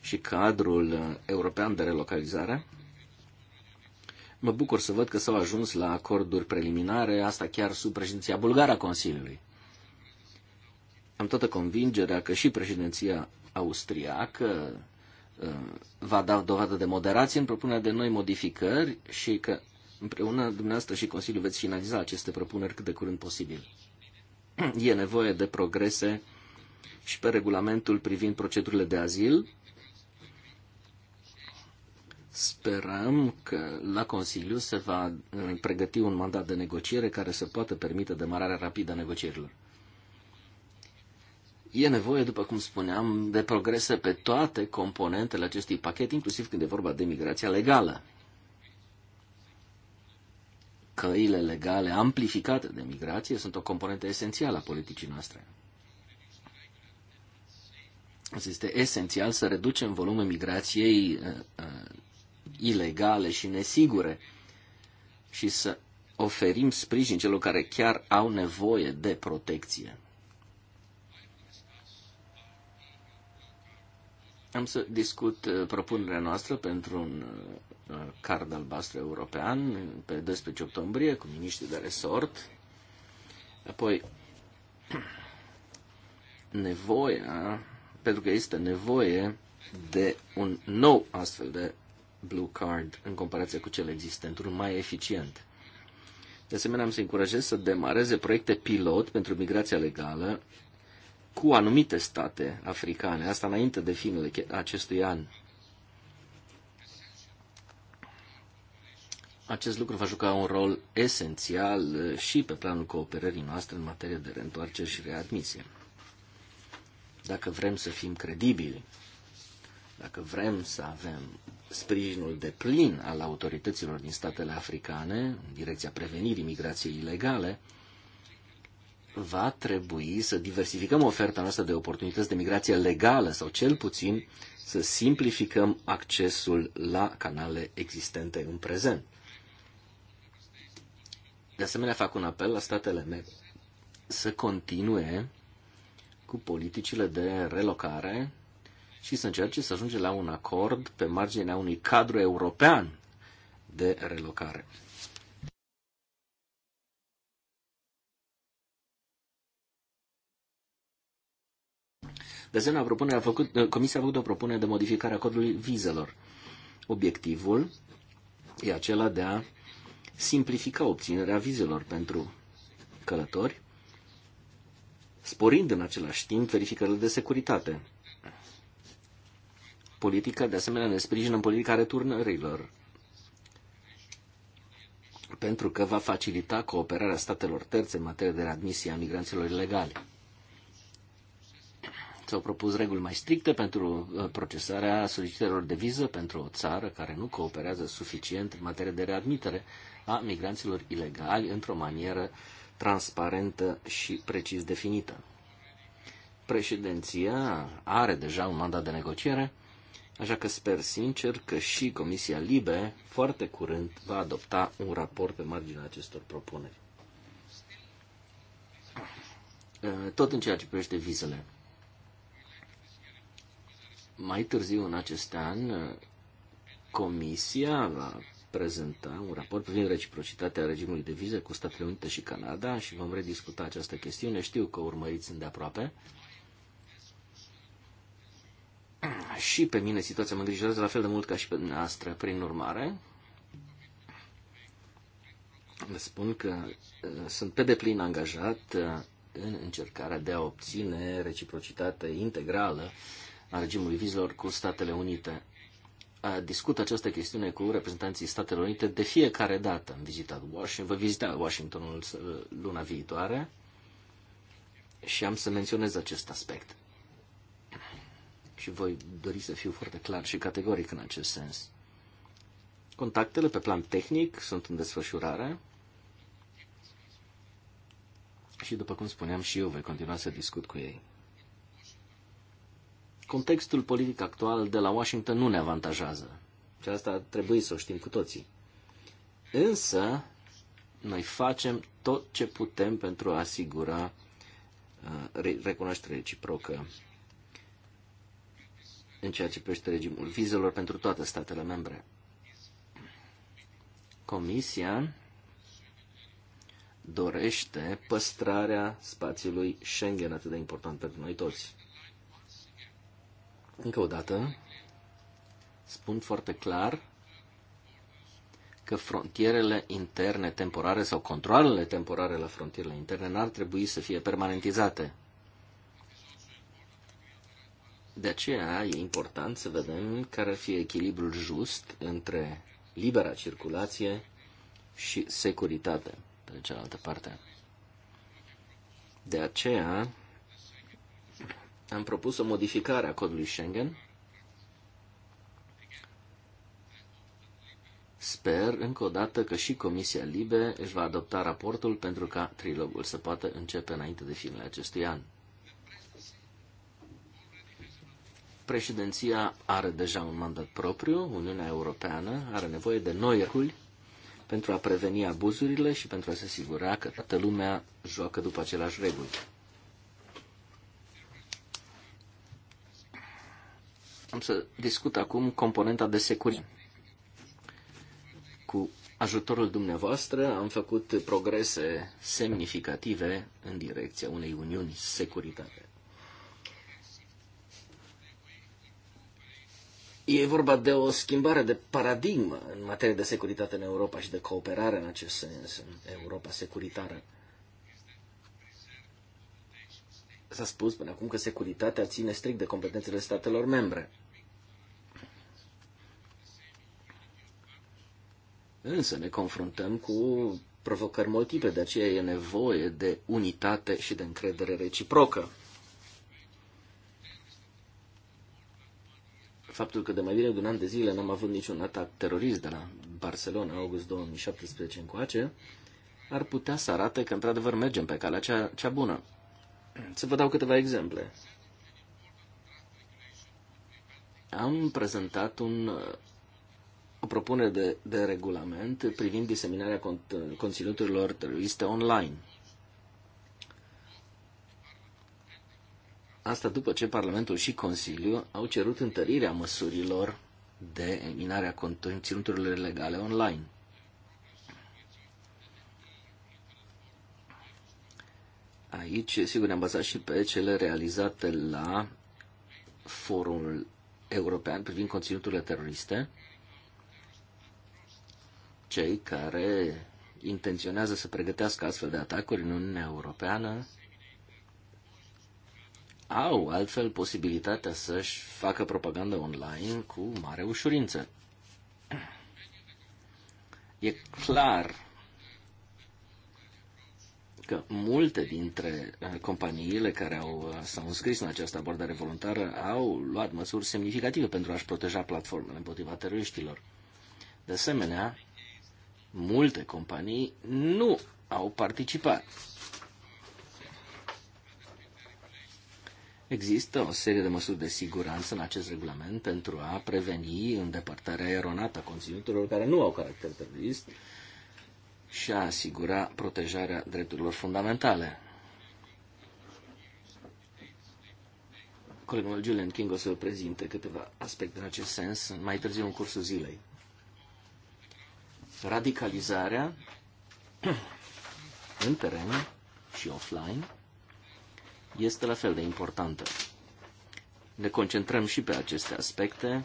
și cadrul european de relocalizare, Mă bucur să văd că s-au ajuns la acorduri preliminare, asta chiar sub președinția bulgară a Consiliului. Am toată convingerea că și președinția austriacă uh, va da dovadă de moderație în propunerea de noi modificări și că împreună dumneavoastră și Consiliul veți finaliza aceste propuneri cât de curând posibil. E nevoie de progrese și pe regulamentul privind procedurile de azil, Sperăm că la Consiliu se va uh, pregăti un mandat de negociere care să poată permite demararea rapidă a negocierilor. E nevoie, după cum spuneam, de progrese pe toate componentele acestui pachet, inclusiv când e vorba de migrația legală. Căile legale amplificate de migrație sunt o componentă esențială a politicii noastre. Este esențial să reducem volumul migrației uh, uh, ilegale și nesigure și să oferim sprijin celor care chiar au nevoie de protecție. Am să discut uh, propunerea noastră pentru un uh, card albastru european pe 12 octombrie cu miniștri de resort. Apoi, nevoia, pentru că este nevoie de un nou astfel de Blue Card în comparație cu cel existent, unul mai eficient. De asemenea, am să încurajez să demareze proiecte pilot pentru migrația legală cu anumite state africane, asta înainte de finul acestui an. Acest lucru va juca un rol esențial eh, și pe planul cooperării noastre în materie de reîntoarcere și readmisie. Dacă vrem să fim credibili, dacă vrem să avem sprijinul de plin al autorităților din statele africane, în direcția prevenirii migrației ilegale, va trebui să diversificăm oferta noastră de oportunități de migrație legală sau cel puțin să simplificăm accesul la canale existente în prezent. De asemenea, fac un apel la statele mele să continue cu politicile de relocare și să încerce să ajunge la un acord pe marginea unui cadru european de relocare. De asemenea, a făcut, Comisia a făcut o propunere de modificare a codului vizelor. Obiectivul e acela de a simplifica obținerea vizelor pentru călători, sporind în același timp verificările de securitate politică, de asemenea ne sprijină în politica returnărilor, pentru că va facilita cooperarea statelor terțe în materie de readmisie a migranților ilegali. S-au propus reguli mai stricte pentru uh, procesarea solicitărilor de viză pentru o țară care nu cooperează suficient în materie de readmitere a migranților ilegali într-o manieră transparentă și precis definită. Președinția are deja un mandat de negociere Așa că sper sincer că și Comisia Libe foarte curând va adopta un raport pe marginea acestor propuneri. Tot în ceea ce privește vizele. Mai târziu în acest an, Comisia va prezenta un raport privind reciprocitatea regimului de vize cu Statele Unite și Canada și vom rediscuta această chestiune. Știu că urmăriți îndeaproape. aproape. și pe mine situația mă îngrijorează la fel de mult ca și pe dumneavoastră. Prin urmare, Vă spun că uh, sunt pe deplin angajat uh, în încercarea de a obține reciprocitate integrală a regimului vizelor cu Statele Unite. Uh, discut această chestiune cu reprezentanții Statelor Unite de fiecare dată. Am vizitat Washington, vă vizita Washingtonul luna viitoare și am să menționez acest aspect și voi dori să fiu foarte clar și categoric în acest sens. Contactele pe plan tehnic sunt în desfășurare și, după cum spuneam și eu, voi continua să discut cu ei. Contextul politic actual de la Washington nu ne avantajează și asta trebuie să o știm cu toții. Însă, noi facem tot ce putem pentru a asigura uh, recunoaștere reciprocă în ceea ce privește regimul vizelor pentru toate statele membre. Comisia dorește păstrarea spațiului Schengen atât de important pentru noi toți. Încă o dată, spun foarte clar că frontierele interne temporare sau controlele temporare la frontierele interne n-ar trebui să fie permanentizate. De aceea e important să vedem care ar fi echilibrul just între libera circulație și securitate pe cealaltă parte. De aceea am propus o modificare a codului Schengen. Sper încă o dată că și Comisia Libe își va adopta raportul pentru ca trilogul să poată începe înainte de finele acestui an. Președinția are deja un mandat propriu, Uniunea Europeană are nevoie de noi reguli pentru a preveni abuzurile și pentru a se asigura că toată lumea joacă după aceleași reguli. Am să discut acum componenta de securitate. Cu ajutorul dumneavoastră am făcut progrese semnificative în direcția unei uniuni securitare. E vorba de o schimbare de paradigmă în materie de securitate în Europa și de cooperare în acest sens, în Europa securitară. S-a spus până acum că securitatea ține strict de competențele statelor membre. Însă ne confruntăm cu provocări multiple, de aceea e nevoie de unitate și de încredere reciprocă. faptul că de mai bine de un an de zile n-am avut niciun atac terorist de la Barcelona, august 2017 încoace, ar putea să arate că într-adevăr mergem pe calea cea, cea bună. Să vă dau câteva exemple. Am prezentat un, o propunere de, de regulament privind diseminarea cont, conținuturilor teroriste online. Asta după ce Parlamentul și Consiliul au cerut întărirea măsurilor de eliminare a conținuturilor legale online. Aici, sigur, ne-am bazat și pe cele realizate la Forumul European privind conținuturile teroriste, cei care intenționează să pregătească astfel de atacuri în Uniunea Europeană au altfel posibilitatea să-și facă propagandă online cu mare ușurință. E clar că multe dintre uh, companiile care au, uh, s-au înscris în această abordare voluntară au luat măsuri semnificative pentru a-și proteja platformele împotriva teroriștilor. De asemenea, multe companii nu au participat Există o serie de măsuri de siguranță în acest regulament pentru a preveni îndepărtarea eronată a conținuturilor care nu au caracter terorist și a asigura protejarea drepturilor fundamentale. Colegul Julian King o să vă prezinte câteva aspecte în acest sens mai târziu în cursul zilei. Radicalizarea în teren și offline este la fel de importantă. Ne concentrăm și pe aceste aspecte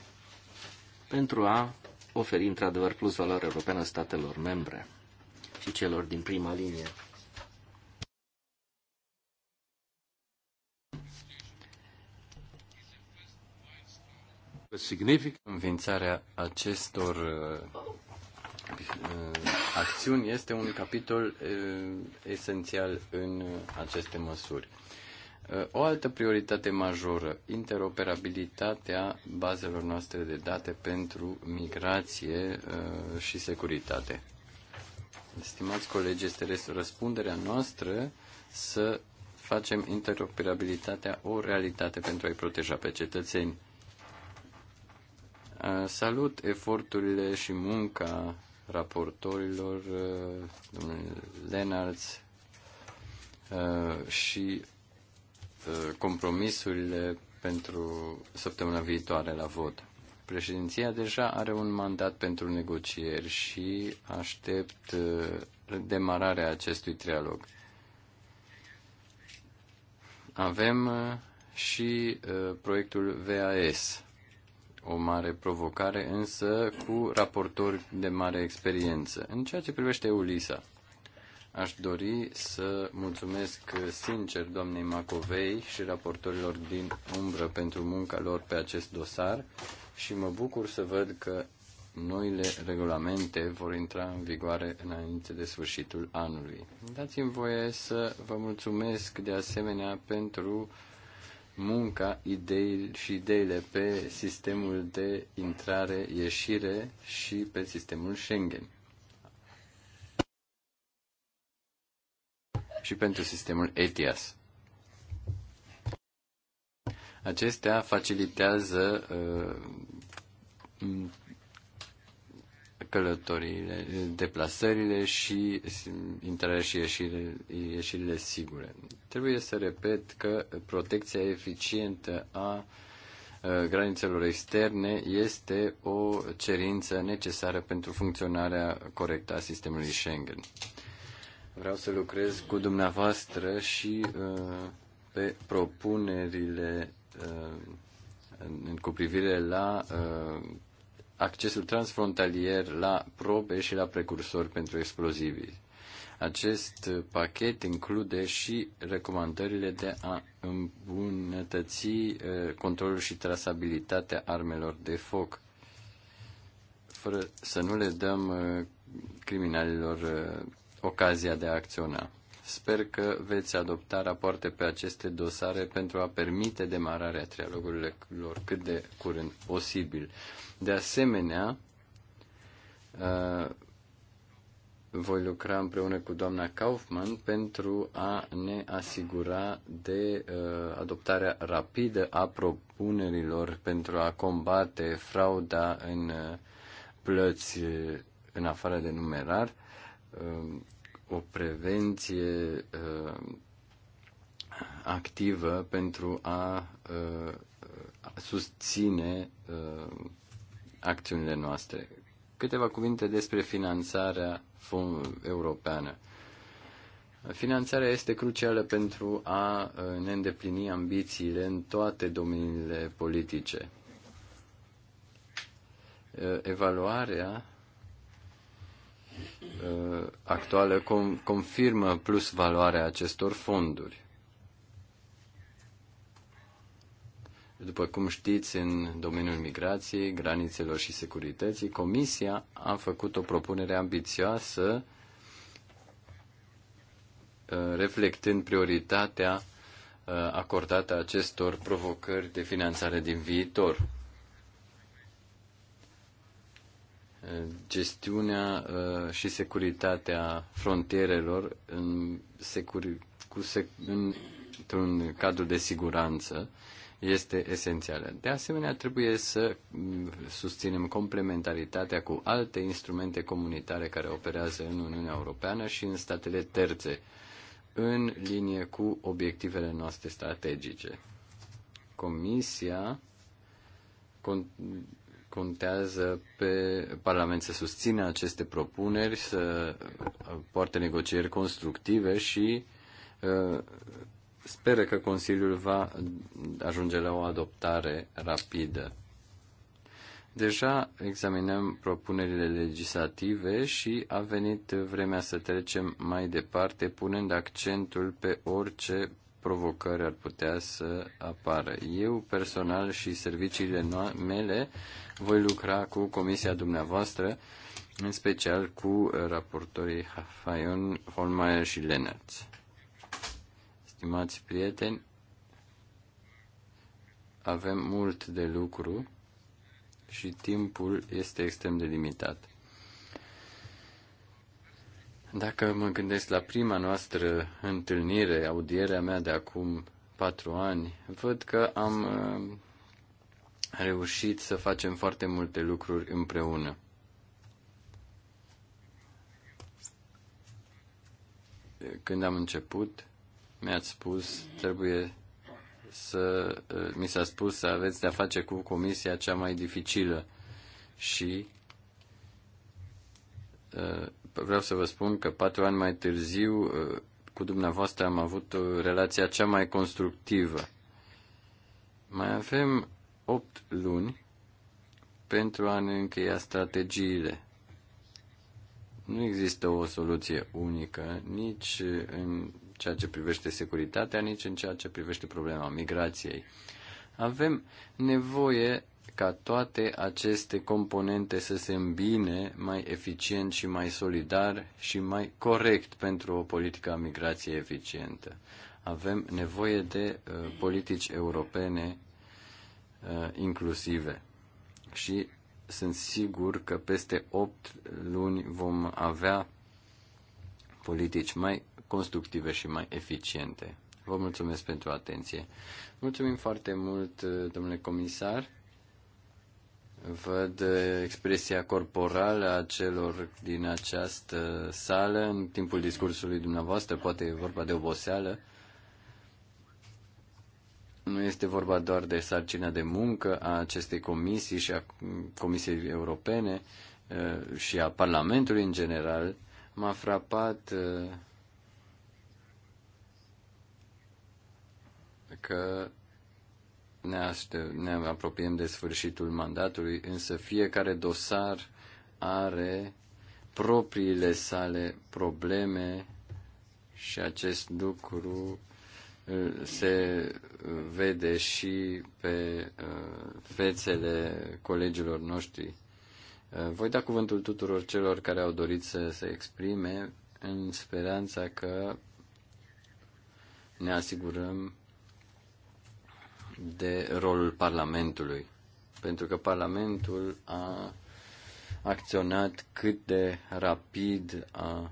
pentru a oferi într-adevăr plus valoare europeană statelor membre și celor din prima linie. Significă învințarea acestor uh, acțiuni este un capitol uh, esențial în aceste măsuri. O altă prioritate majoră, interoperabilitatea bazelor noastre de date pentru migrație uh, și securitate. Stimați colegi, este răspunderea noastră să facem interoperabilitatea o realitate pentru a-i proteja pe cetățeni. Uh, salut eforturile și munca raportorilor, uh, domnul Lenarts și Uh, compromisurile pentru săptămâna viitoare la vot. Președinția deja are un mandat pentru negocieri și aștept uh, demararea acestui trialog. Avem uh, și proiectul VAS, o mare provocare, însă cu raportori de mare experiență. În ceea ce privește ULISA, Aș dori să mulțumesc sincer doamnei Macovei și raportorilor din umbră pentru munca lor pe acest dosar și mă bucur să văd că noile regulamente vor intra în vigoare înainte de sfârșitul anului. Dați-mi voie să vă mulțumesc de asemenea pentru munca idei și ideile pe sistemul de intrare-ieșire și pe sistemul Schengen. și pentru sistemul ETIAS. Acestea facilitează uh, călătoriile, deplasările și intrarea și ieșirile, ieșirile sigure. Trebuie să repet că protecția eficientă a uh, granițelor externe este o cerință necesară pentru funcționarea corectă a sistemului Schengen. Vreau să lucrez cu dumneavoastră și uh, pe propunerile uh, cu privire la uh, accesul transfrontalier la probe și la precursori pentru explozivi. Acest pachet include și recomandările de a îmbunătăți uh, controlul și trasabilitatea armelor de foc, fără să nu le dăm uh, criminalilor uh, ocazia de a acționa. Sper că veți adopta rapoarte pe aceste dosare pentru a permite demararea trialogurilor cât de curând posibil. De asemenea, uh, voi lucra împreună cu doamna Kaufman pentru a ne asigura de uh, adoptarea rapidă a propunerilor pentru a combate frauda în uh, plăți în afară de numerar Um, o prevenție um, activă pentru a uh, susține um, acțiunile noastre. Câteva cuvinte despre finanțarea europeană. Finanțarea este crucială pentru a uh, ne îndeplini ambițiile în toate domeniile politice. Uh, evaluarea Uh, actuală confirmă plus valoarea acestor fonduri. După cum știți, în domeniul migrației, granițelor și securității, Comisia a făcut o propunere ambițioasă uh, reflectând prioritatea uh, acordată acestor provocări de finanțare din viitor. gestiunea uh, și securitatea frontierelor în, securi, cu sec, în, într-un cadru de siguranță este esențială. De asemenea, trebuie să mm, susținem complementaritatea cu alte instrumente comunitare care operează în Uniunea Europeană și în statele terțe, în linie cu obiectivele noastre strategice. Comisia contează pe Parlament să susțină aceste propuneri, să poarte negocieri constructive și uh, speră că Consiliul va ajunge la o adoptare rapidă. Deja examinăm propunerile legislative și a venit vremea să trecem mai departe, punând accentul pe orice provocări ar putea să apară. Eu personal și serviciile mele voi lucra cu comisia dumneavoastră, în special cu raportorii Fayon, Holmeier și Lennart. Stimați prieteni, avem mult de lucru și timpul este extrem de limitat. Dacă mă gândesc la prima noastră întâlnire, audierea mea de acum patru ani, văd că am uh, reușit să facem foarte multe lucruri împreună. Când am început, mi-ați spus, trebuie să, uh, mi s-a spus să aveți de-a face cu comisia cea mai dificilă și uh, vreau să vă spun că patru ani mai târziu uh, cu dumneavoastră am avut uh, relația cea mai constructivă. Mai avem opt luni pentru a ne încheia strategiile. Nu există o soluție unică nici în ceea ce privește securitatea, nici în ceea ce privește problema migrației. Avem nevoie ca toate aceste componente să se îmbine mai eficient și mai solidar și mai corect pentru o politică a migrației eficientă. Avem nevoie de uh, politici europene uh, inclusive și sunt sigur că peste 8 luni vom avea politici mai constructive și mai eficiente. Vă mulțumesc pentru atenție. Mulțumim foarte mult, uh, domnule comisar. Văd expresia corporală a celor din această sală în timpul discursului dumneavoastră, poate e vorba de oboseală. Nu este vorba doar de sarcina de muncă a acestei comisii și a Comisiei Europene uh, și a Parlamentului în general. M-a frapat uh, că ne, aștept, ne apropiem de sfârșitul mandatului, însă fiecare dosar are propriile sale probleme și acest lucru uh, se uh, vede și pe uh, fețele colegilor noștri. Voi da cuvântul tuturor celor care au dorit să se exprime în speranța că ne asigurăm de rolul Parlamentului. Pentru că Parlamentul a acționat cât de rapid a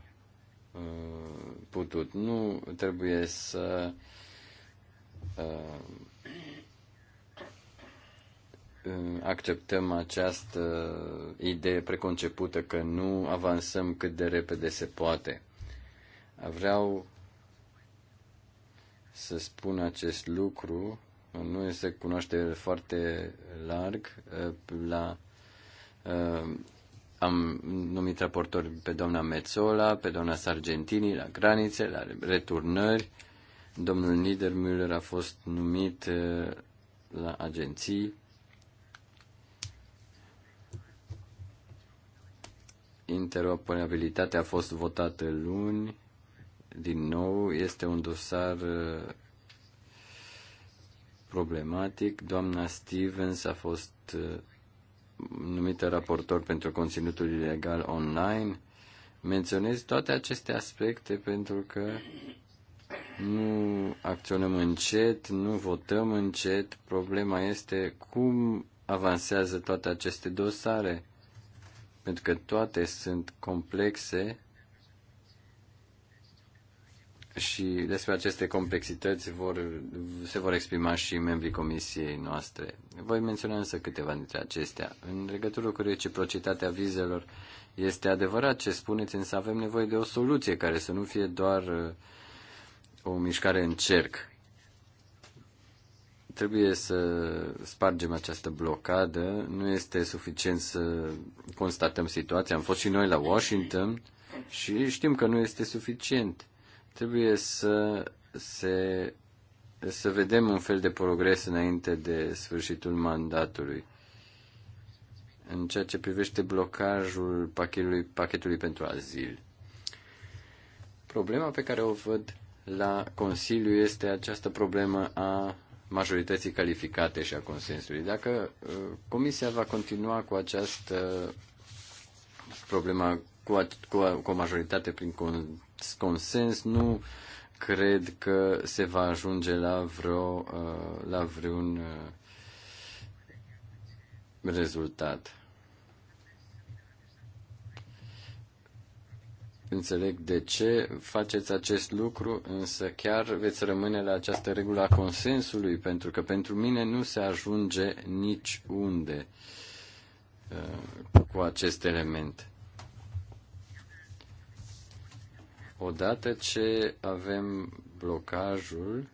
uh, putut. Nu trebuie să uh, acceptăm această idee preconcepută că nu avansăm cât de repede se poate. Vreau să spun acest lucru nu este cunoaște foarte larg. Uh, la, uh, am numit raportori pe doamna Mezzola, pe doamna Sargentini, la granițe, la returnări. Domnul Niedermüller a fost numit uh, la agenții. Interoperabilitatea a fost votată luni. Din nou, este un dosar problematic. Doamna Stevens a fost uh, numită raportor pentru conținutul ilegal online. Menționez toate aceste aspecte pentru că nu acționăm încet, nu votăm încet. Problema este cum avansează toate aceste dosare, pentru că toate sunt complexe și despre aceste complexități vor, se vor exprima și membrii comisiei noastre. Voi menționa însă câteva dintre acestea. În legătură cu reciprocitatea vizelor, este adevărat ce spuneți, însă avem nevoie de o soluție care să nu fie doar uh, o mișcare în cerc. Trebuie să spargem această blocadă. Nu este suficient să constatăm situația. Am fost și noi la Washington și știm că nu este suficient Trebuie să, se, să vedem un fel de progres înainte de sfârșitul mandatului. În ceea ce privește blocajul pachetului, pachetului pentru azil. Problema pe care o văd la Consiliu este această problemă a majorității calificate și a consensului. Dacă uh, Comisia va continua cu această problema cu, cu, cu o majoritate prin consens, nu cred că se va ajunge la, vreo, uh, la vreun uh, rezultat. Înțeleg de ce faceți acest lucru, însă chiar veți rămâne la această regulă a consensului, pentru că pentru mine nu se ajunge niciunde uh, cu acest element. Odată ce avem blocajul,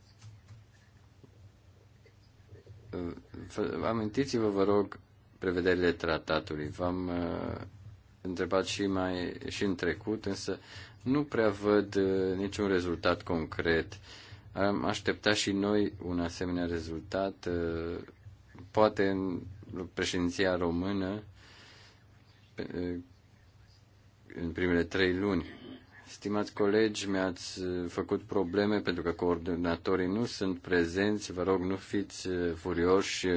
amintiți-vă, vă rog, prevederile tratatului. V-am uh, întrebat și mai și în trecut, însă nu prea văd uh, niciun rezultat concret. Am așteptat și noi un asemenea rezultat, uh, poate în președinția română, în primele trei luni. Stimați colegi, mi-ați uh, făcut probleme pentru că coordonatorii nu sunt prezenți. Vă rog, nu fiți uh, furioși.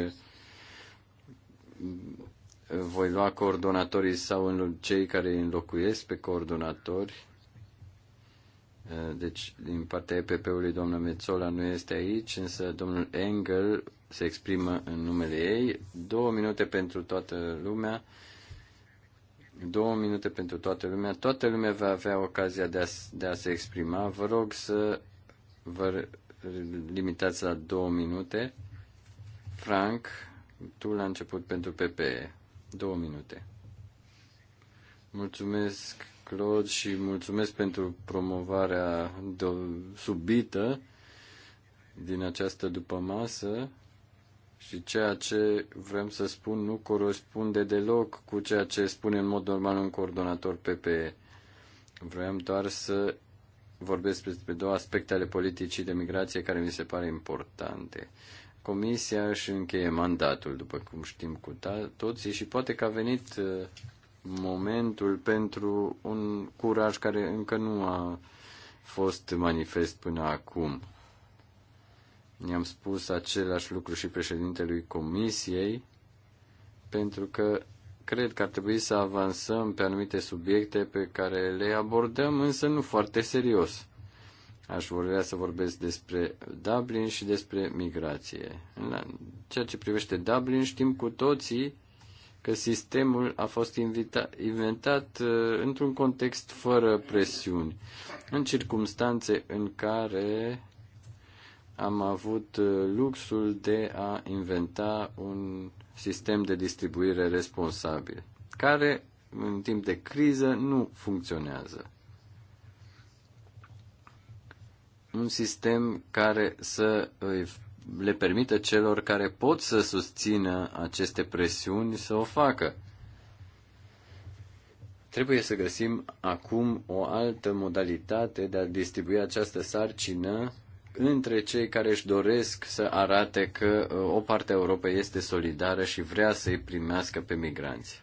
Voi lua coordonatorii sau în cei care îi înlocuiesc pe coordonatori. Uh, deci, din partea EPP-ului, domnul Mețola nu este aici, însă domnul Engel se exprimă în numele ei. Două minute pentru toată lumea Două minute pentru toată lumea. Toată lumea va avea ocazia de a, de a se exprima. Vă rog să vă limitați la două minute. Frank, tu la început pentru PPE. Două minute. Mulțumesc, Claude, și mulțumesc pentru promovarea subită din această dupămasă. Și ceea ce vrem să spun nu corespunde deloc cu ceea ce spune în mod normal un coordonator PPE. Vreau doar să vorbesc despre două aspecte ale politicii de migrație care mi se pare importante. Comisia își încheie mandatul, după cum știm cu toții, și poate că a venit uh, momentul pentru un curaj care încă nu a fost manifest până acum. I-am spus același lucru și președintelui comisiei, pentru că cred că ar trebui să avansăm pe anumite subiecte pe care le abordăm, însă nu foarte serios. Aș vrea să vorbesc despre Dublin și despre migrație. În ceea ce privește Dublin, știm cu toții că sistemul a fost invita- inventat uh, într-un context fără presiuni, în circunstanțe în care am avut uh, luxul de a inventa un sistem de distribuire responsabil, care în timp de criză nu funcționează. Un sistem care să uh, le permită celor care pot să susțină aceste presiuni să o facă. Trebuie să găsim acum o altă modalitate de a distribui această sarcină între cei care își doresc să arate că uh, o parte a Europei este solidară și vrea să-i primească pe migranți.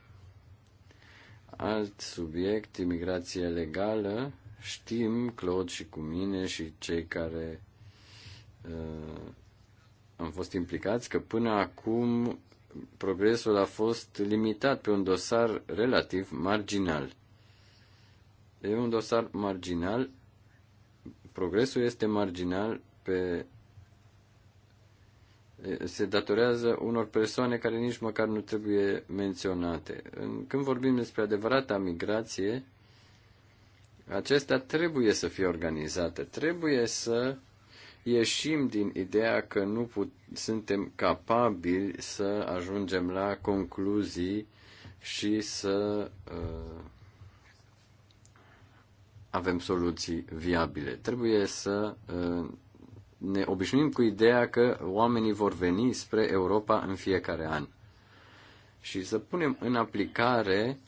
Alt subiect, imigrație legală. Știm, Claude și cu mine și cei care uh, am fost implicați, că până acum progresul a fost limitat pe un dosar relativ marginal. E un dosar marginal progresul este marginal pe se datorează unor persoane care nici măcar nu trebuie menționate. Când vorbim despre adevărata migrație, acesta trebuie să fie organizată. Trebuie să ieșim din ideea că nu put, suntem capabili să ajungem la concluzii și să uh, avem soluții viabile. Trebuie să ne obișnuim cu ideea că oamenii vor veni spre Europa în fiecare an și să punem în aplicare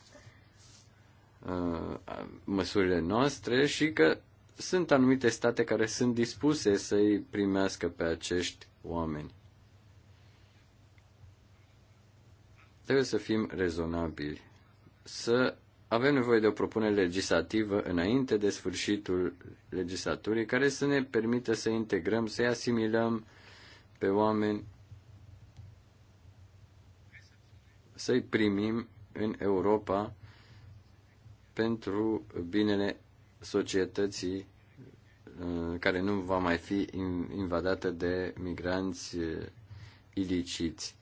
măsurile noastre și că sunt anumite state care sunt dispuse să-i primească pe acești oameni. Trebuie să fim rezonabili, să avem nevoie de o propunere legislativă înainte de sfârșitul legislaturii care să ne permită să integrăm, să-i asimilăm pe oameni, să-i primim în Europa pentru binele societății uh, care nu va mai fi invadată de migranți uh, iliciți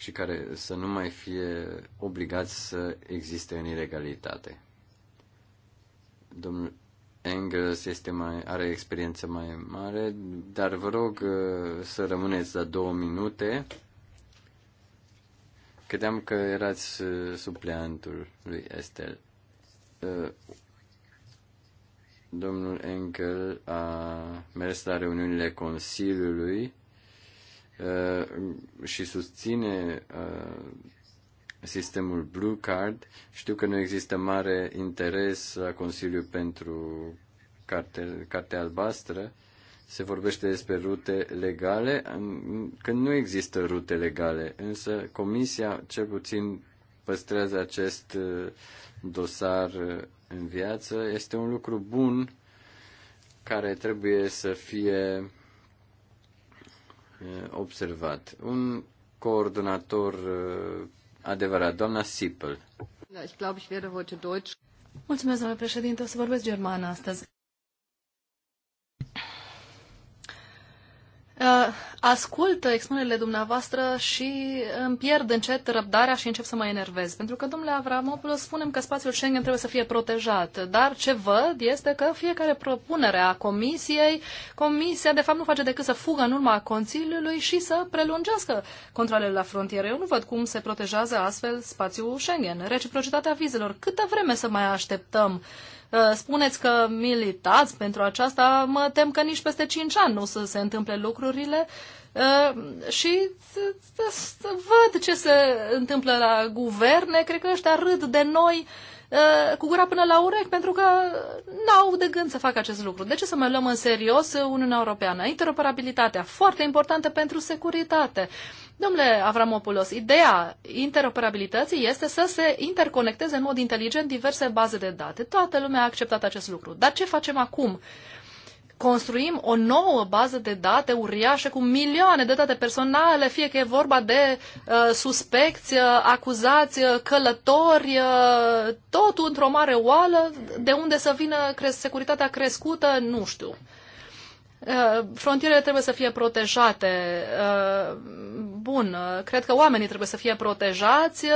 și care să nu mai fie obligați să existe în ilegalitate. Domnul Engels este mai, are experiență mai mare, dar vă rog uh, să rămâneți la două minute. Credeam că erați uh, supleantul lui Estel. Uh, domnul Engel a mers la reuniunile Consiliului Uh, și susține uh, sistemul Blue Card. Știu că nu există mare interes la Consiliu pentru carte, carte albastră. Se vorbește despre rute legale, când nu există rute legale, însă Comisia cel puțin păstrează acest uh, dosar în viață. Este un lucru bun care trebuie să fie observat. Un coordonator adevărat, doamna Sipel. Da, Mulțumesc, domnule președinte. O să vorbesc germană astăzi. Uh, ascult expunerile dumneavoastră și îmi pierd încet răbdarea și încep să mă enervez. Pentru că, domnule Avramopoulos, spunem că spațiul Schengen trebuie să fie protejat, dar ce văd este că fiecare propunere a comisiei, comisia de fapt nu face decât să fugă în urma Consiliului și să prelungească controlele la frontieră. Eu nu văd cum se protejează astfel spațiul Schengen. Reciprocitatea vizelor. Câtă vreme să mai așteptăm? Uh, Uh, spuneți că militați pentru aceasta, mă tem că nici peste 5 ani nu o să se întâmple lucrurile uh, și văd ce se întâmplă la guverne, cred că ăștia râd de noi uh, cu gura până la urechi, pentru că n-au de gând să facă acest lucru. De ce să mai luăm în serios Uniunea Europeană? Interoperabilitatea, foarte importantă pentru securitate. Domnule Avramopoulos, ideea interoperabilității este să se interconecteze în mod inteligent diverse baze de date. Toată lumea a acceptat acest lucru. Dar ce facem acum? construim o nouă bază de date uriașă cu milioane de date personale, fie că e vorba de uh, suspecți, uh, acuzați, uh, călători, uh, totul într-o mare oală, de unde să vină cre- securitatea crescută, nu știu. Uh, frontierele trebuie să fie protejate. Uh, bun, uh, cred că oamenii trebuie să fie protejați,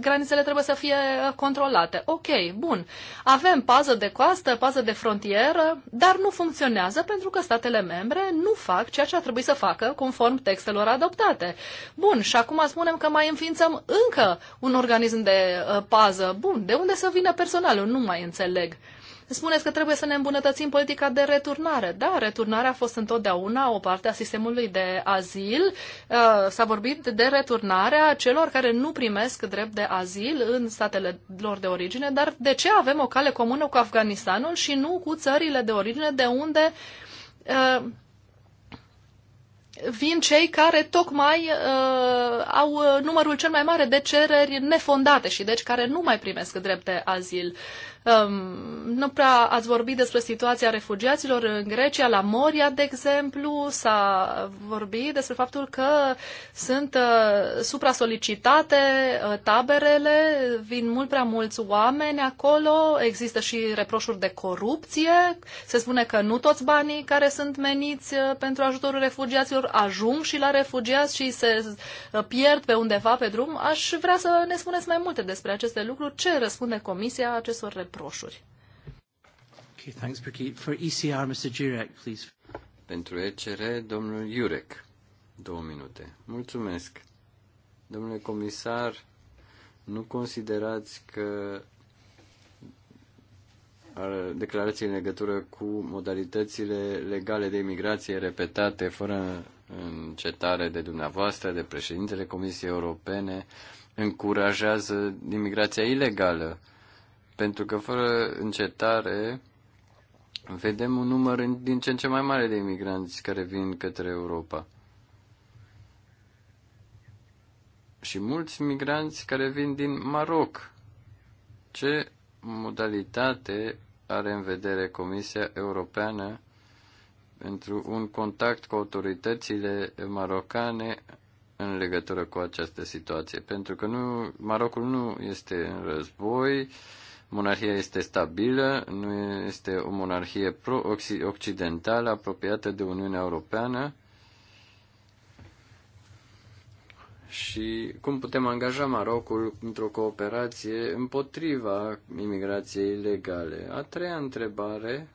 granițele trebuie să fie controlate. Ok, bun. Avem pază de coastă, pază de frontieră, dar nu funcționează pentru că statele membre nu fac ceea ce ar trebui să facă conform textelor adoptate. Bun, și acum spunem că mai înființăm încă un organism de pază. Bun, de unde să vină personalul? Nu mai înțeleg. Spuneți că trebuie să ne îmbunătățim politica de returnare. Da, returnarea a fost întotdeauna o parte a sistemului de azil. Uh, s-a vorbit de returnarea celor care nu primesc drept de azil în statele lor de origine, dar de ce avem o cale comună cu Afganistanul și nu cu țările de origine de unde uh, vin cei care tocmai uh, au numărul cel mai mare de cereri nefondate și deci care nu mai primesc drept de azil. Um, nu prea ați vorbit despre situația refugiaților în Grecia, la Moria, de exemplu, s-a vorbit despre faptul că sunt uh, supra-solicitate uh, taberele, vin mult prea mulți oameni acolo, există și reproșuri de corupție, se spune că nu toți banii care sunt meniți uh, pentru ajutorul refugiaților ajung și la refugiați și se pierd pe undeva pe drum. Aș vrea să ne spuneți mai multe despre aceste lucruri, ce răspunde Comisia acestor reproșuri reproșuri. Okay, thanks, Brigitte. For ECR, Mr. Jurek, please. Pentru ECR, domnul Jurek. Două minute. Mulțumesc. Domnule comisar, nu considerați că declarații în legătură cu modalitățile legale de imigrație repetate fără încetare de dumneavoastră, de președintele Comisiei Europene, încurajează imigrația ilegală pentru că fără încetare vedem un număr din ce în ce mai mare de imigranți care vin către Europa. Și mulți migranți care vin din Maroc. Ce modalitate are în vedere Comisia Europeană pentru un contact cu autoritățile marocane în legătură cu această situație? Pentru că nu, Marocul nu este în război, uh, Monarhia este stabilă, nu este o monarhie pro-occidentală apropiată de Uniunea Europeană. Și cum putem angaja Marocul într-o cooperație împotriva imigrației ilegale? A treia întrebare,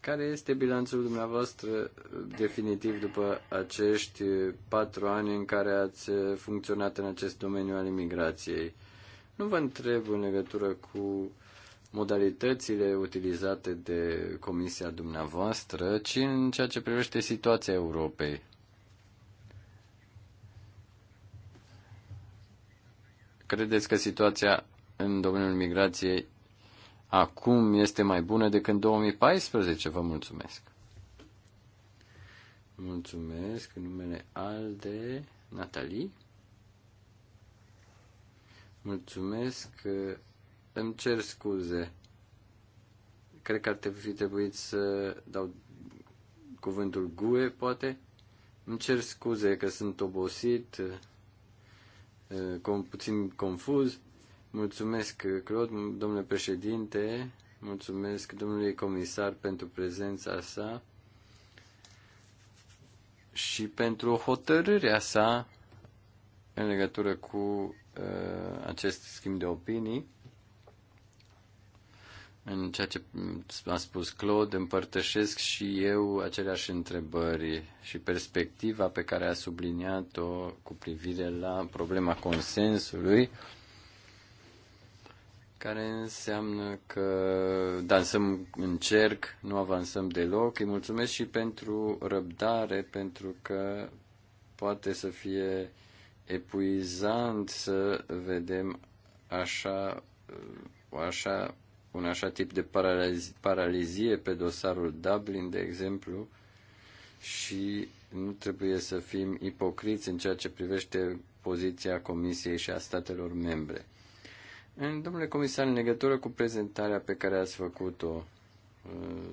care este bilanțul dumneavoastră definitiv după acești patru ani în care ați funcționat în acest domeniu al imigrației? Nu vă întreb în legătură cu modalitățile utilizate de comisia dumneavoastră, ci în ceea ce privește situația Europei. Credeți că situația în domeniul migrației acum este mai bună decât în 2014? Vă mulțumesc. Mulțumesc. În numele ALDE, Natalie. Mulțumesc. Îmi cer scuze. Cred că ar fi trebuit să dau cuvântul GUE, poate. Îmi cer scuze că sunt obosit, puțin confuz. Mulțumesc, Claude, domnule președinte, mulțumesc domnului comisar pentru prezența sa și pentru hotărârea sa în legătură cu Uh, acest schimb de opinii. În ceea ce a spus Claude, împărtășesc și eu aceleași întrebări și perspectiva pe care a subliniat-o cu privire la problema consensului, care înseamnă că dansăm în cerc, nu avansăm deloc. Îi mulțumesc și pentru răbdare, pentru că poate să fie epuizant să vedem așa, așa, un așa tip de paralizie, paralizie pe dosarul Dublin, de exemplu, și nu trebuie să fim ipocriți în ceea ce privește poziția Comisiei și a statelor membre. domnule comisar, în legătură cu prezentarea pe care ați făcut-o, uh,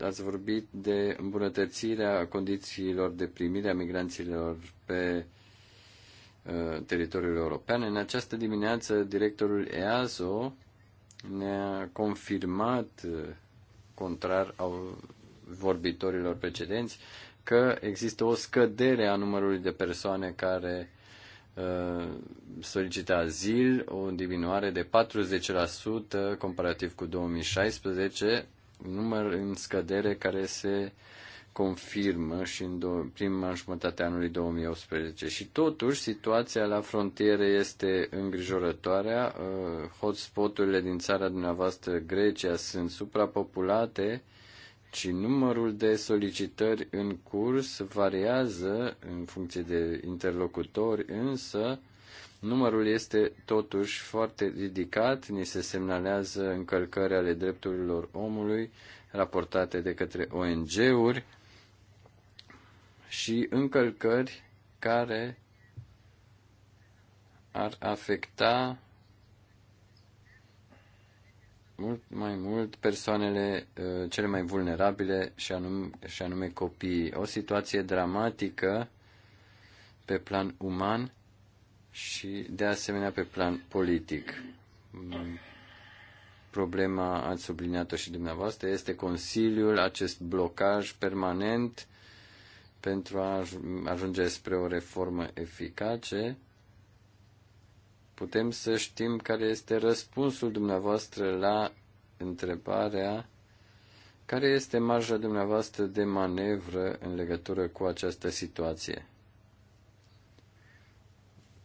ați vorbit de îmbunătățirea condițiilor de primire a migranților pe Uh, teritoriul european. În această dimineață, directorul EASO ne-a confirmat, uh, contrar au vorbitorilor precedenți, că există o scădere a numărului de persoane care uh, solicită azil, o diminuare de 40% comparativ cu 2016, număr în scădere care se uh, confirmă și în do- prima jumătate a anului 2018. Și totuși, situația la frontiere este îngrijorătoare. Uh, hotspoturile din țara dumneavoastră, Grecia, sunt suprapopulate și numărul de solicitări în curs variază în funcție de interlocutori, însă numărul este totuși foarte ridicat, ni se semnalează încălcări ale drepturilor omului raportate de către ONG-uri, și încălcări care ar afecta mult mai mult persoanele uh, cele mai vulnerabile și anume, și anume copiii. O situație dramatică pe plan uman și de asemenea pe plan politic. Mm. Problema, ați subliniat-o și dumneavoastră, este Consiliul, acest blocaj permanent pentru a ajunge spre o reformă eficace, putem să știm care este răspunsul dumneavoastră la întrebarea care este marja dumneavoastră de manevră în legătură cu această situație?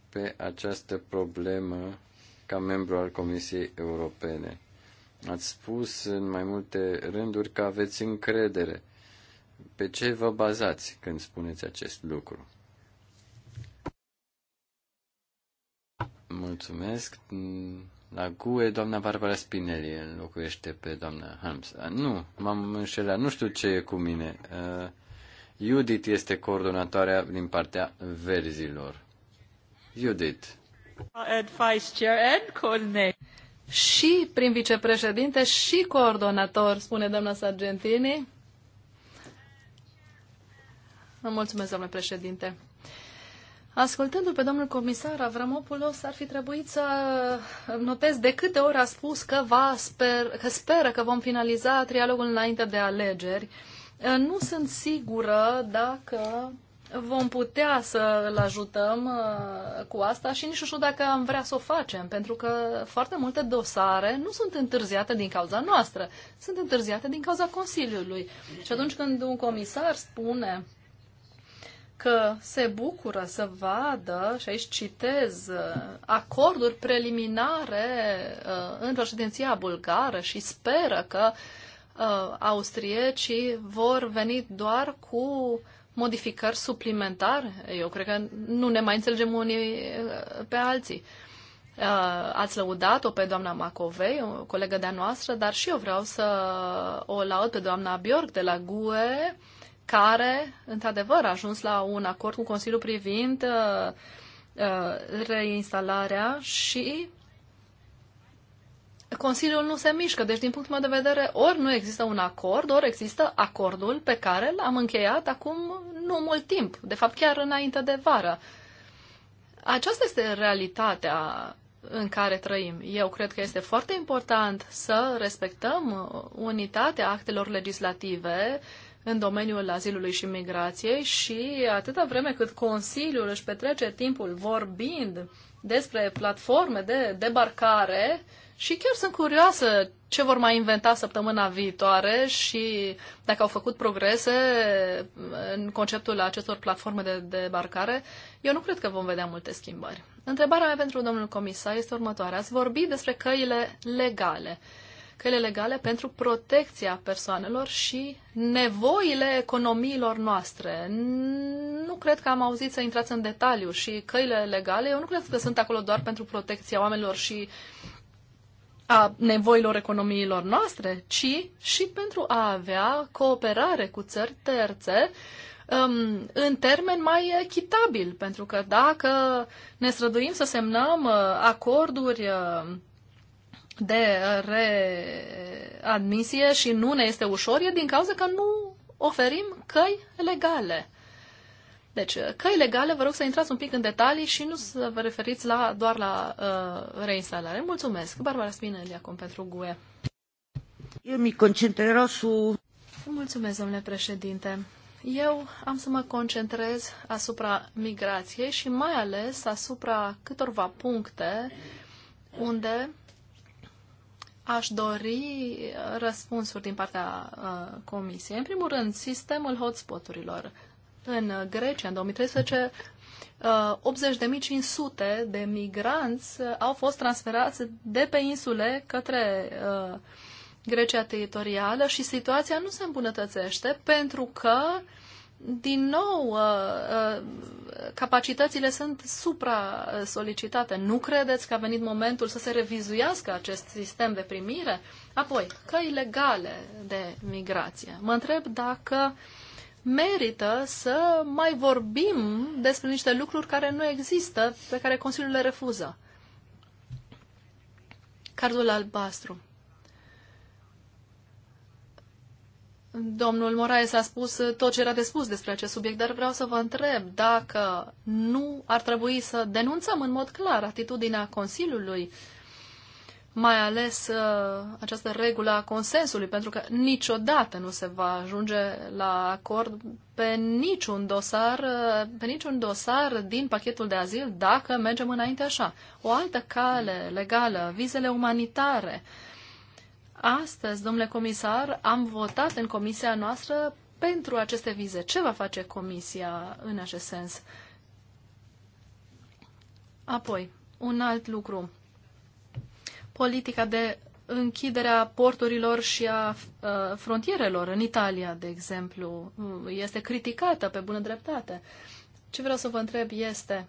Pe această problemă ca membru al Comisiei Europene. Ați spus în mai multe rânduri că aveți încredere. Pe ce vă bazați când spuneți acest lucru? Mulțumesc. La GUE, doamna Barbara Spinelli înlocuiește pe doamna Hams. Nu, m-am înșelat. Nu știu ce e cu mine. Uh, Judith este coordonatoarea din partea verzilor. Judith. And vice chair and coordinator. Și prim vicepreședinte și coordonator, spune doamna Sargentini. Mulțumesc, domnule președinte. Ascultându-l pe domnul comisar Avramopoulos, ar fi trebuit să notez de câte ori a spus că, va sper, că speră că vom finaliza trialogul înainte de alegeri. Nu sunt sigură dacă vom putea să-l ajutăm uh, cu asta și nici nu știu dacă am vrea să o facem, pentru că foarte multe dosare nu sunt întârziate din cauza noastră, sunt întârziate din cauza Consiliului. Și atunci când un comisar spune că se bucură să vadă, și aici citez, uh, acorduri preliminare uh, în președinția bulgară și speră că uh, austriecii vor veni doar cu modificări suplimentare. Eu cred că nu ne mai înțelegem unii pe alții. Ați lăudat-o pe doamna Macovei, o colegă de-a noastră, dar și eu vreau să o laud pe doamna Bjork de la GUE, care, într-adevăr, a ajuns la un acord cu Consiliul privind uh, uh, reinstalarea și Consiliul nu se mișcă. Deci, din punctul meu de vedere, ori nu există un acord, ori există acordul pe care l-am încheiat acum nu mult timp, de fapt chiar înainte de vară. Aceasta este realitatea în care trăim. Eu cred că este foarte important să respectăm uh, unitatea actelor legislative uh, în domeniul azilului și migrației și atâta vreme cât Consiliul își petrece timpul vorbind despre platforme de debarcare și chiar sunt curioasă ce vor mai inventa săptămâna viitoare și dacă au făcut progrese în conceptul acestor platforme de debarcare, eu nu cred că vom vedea multe schimbări. Întrebarea mea pentru domnul comisar este următoarea. Ați vorbit despre căile legale căile legale pentru protecția persoanelor și nevoile economiilor noastre. Nu cred că am auzit să intrați în detaliu și căile legale, eu nu cred că sunt acolo doar pentru protecția oamenilor și a nevoilor economiilor noastre, ci și pentru a avea cooperare cu țări terțe um, în termen mai echitabil, pentru că dacă ne străduim să semnăm uh, acorduri uh, de readmisie și nu ne este ușor e din cauza că nu oferim căi legale. Deci, căi legale, vă rog să intrați un pic în detalii și nu să vă referiți la, doar la uh, reinstalare. Mulțumesc. Barbara Spinelli acum pentru GUE. Eu mi concentrez su... Mulțumesc, domnule președinte. Eu am să mă concentrez asupra migrației și mai ales asupra câtorva puncte unde Aș dori uh, răspunsuri din partea uh, Comisiei. În primul rând, sistemul hotspoturilor. În uh, Grecia, în 2013, uh, 80.500 de migranți uh, au fost transferați de pe insule către uh, Grecia teritorială și situația nu se îmbunătățește pentru că uh, din nou, uh, uh, capacitățile sunt supra-solicitate. Nu credeți că a venit momentul să se revizuiască acest sistem de primire? Apoi, căi legale de migrație. Mă întreb dacă merită să mai vorbim despre niște lucruri care nu există, pe care Consiliul le refuză. Cardul albastru. Domnul Moraes a spus tot ce era de spus despre acest subiect, dar vreau să vă întreb dacă nu ar trebui să denunțăm în mod clar atitudinea Consiliului, mai ales uh, această regulă a consensului, pentru că niciodată nu se va ajunge la acord pe niciun dosar, uh, pe niciun dosar din pachetul de azil dacă mergem înainte așa. O altă cale legală, vizele umanitare, uh, Astăzi, domnule comisar, am votat în comisia noastră pentru aceste vize. Ce va face comisia în acest sens? Apoi, un alt lucru. Politica de închiderea porturilor și a uh, frontierelor în Italia, de exemplu, este criticată pe bună dreptate. Ce vreau să vă întreb este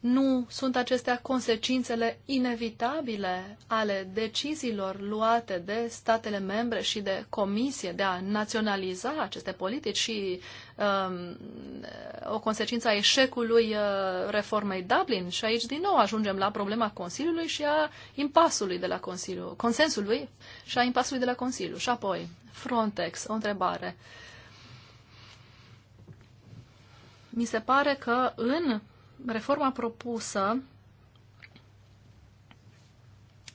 nu sunt acestea consecințele inevitabile ale deciziilor luate de statele membre și de comisie de a naționaliza aceste politici și um, o consecință a eșecului uh, reformei Dublin? Și aici din nou ajungem la problema Consiliului și a impasului de la Consiliu, consensului și a impasului de la Consiliu. Și apoi, Frontex, o întrebare. Mi se pare că în reforma propusă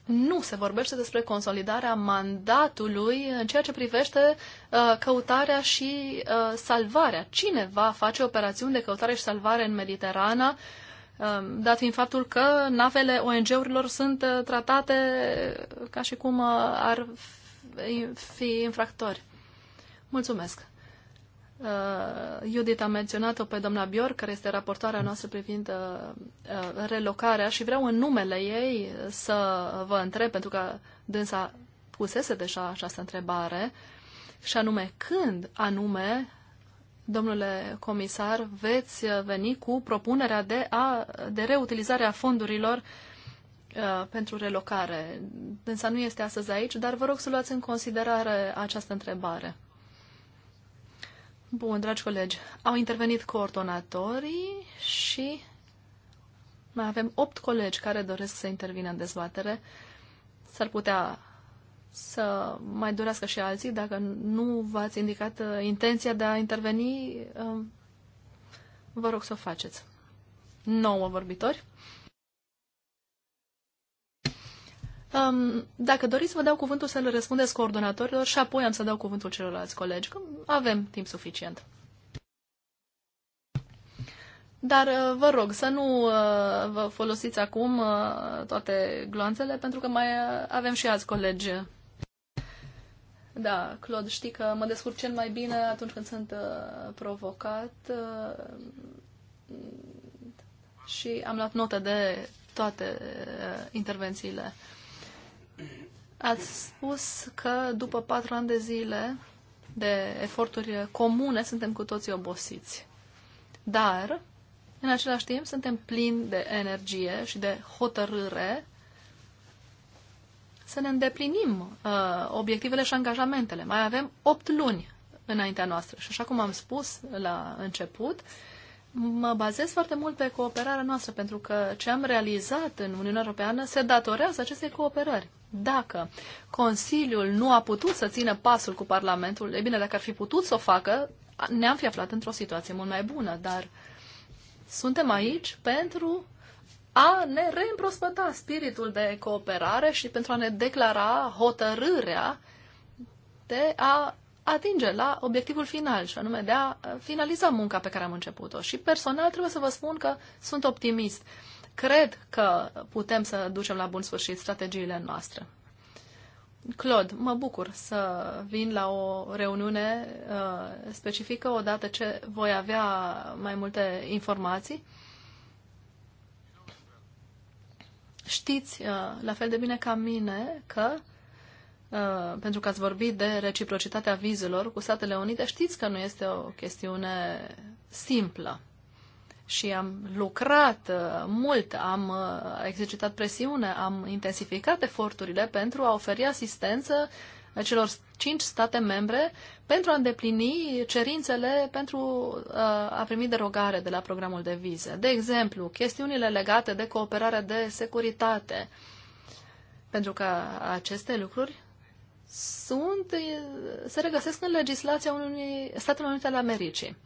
nu se vorbește despre consolidarea mandatului în ceea ce privește uh, căutarea și uh, salvarea. Cine va face operațiuni de căutare și salvare în Mediterana, uh, dat fiind faptul că navele ONG-urilor sunt uh, tratate ca și cum uh, ar fi infractori? Mulțumesc! Uh, a menționat-o pe doamna Bior, care este raportoarea noastră privind uh, uh, relocarea și vreau în numele ei să vă întreb, pentru că dânsa pusese deja această întrebare, și anume când anume, domnule comisar, veți veni cu propunerea de, a, de reutilizare a fondurilor uh, pentru relocare. Însă nu este astăzi aici, dar vă rog să luați în considerare această întrebare. Bun, dragi colegi, au intervenit coordonatorii și mai avem opt colegi care doresc să intervină în dezbatere. S-ar putea să mai durească și alții dacă nu v-ați indicat uh, intenția de a interveni. Uh, vă rog să o faceți. Nouă vorbitori. Um, dacă doriți, vă dau cuvântul să le răspundeți coordonatorilor și apoi am să dau cuvântul celorlalți colegi, că avem timp suficient. Dar uh, vă rog să nu uh, vă folosiți acum uh, toate gloanțele, pentru că mai avem și alți colegi. Da, Claude, știi că mă descurc cel mai bine atunci când sunt provocat și am luat notă de toate intervențiile Ați spus că după patru ani de zile de eforturi comune suntem cu toții obosiți. Dar, în același timp, suntem plini de energie și de hotărâre să ne îndeplinim uh, obiectivele și angajamentele. Mai avem opt luni înaintea noastră. Și așa cum am spus la început, uh, mă bazez foarte mult pe cooperarea noastră, pentru că ce am realizat în Uniunea Europeană se datorează acestei cooperări. Dacă Consiliul nu a putut să țină pasul cu Parlamentul, e bine, dacă ar fi putut să o facă, ne-am fi aflat într-o situație mult mai bună, dar suntem aici pentru a ne reîmprospăta spiritul de cooperare și pentru a ne declara hotărârea de a atinge la obiectivul final, și anume de a uh, finaliza munca pe care am început-o. Și personal trebuie să vă spun că sunt optimist. Cred că putem să ducem la bun sfârșit strategiile noastre. Claude, mă bucur să vin la o reuniune uh, specifică odată ce voi avea mai multe informații. Știți uh, la fel de bine ca mine că Uh, pentru că ați vorbit de reciprocitatea vizelor cu Statele Unite, știți că nu este o chestiune simplă. Și am lucrat uh, mult, am uh, exercitat presiune, am intensificat eforturile pentru a oferi asistență celor cinci state membre pentru a îndeplini cerințele pentru a primi derogare de la programul de vize. De exemplu, chestiunile legate de cooperare de securitate, pentru că aceste lucruri sunt, se regăsesc în legislația unui Statelor Unite ale Americii.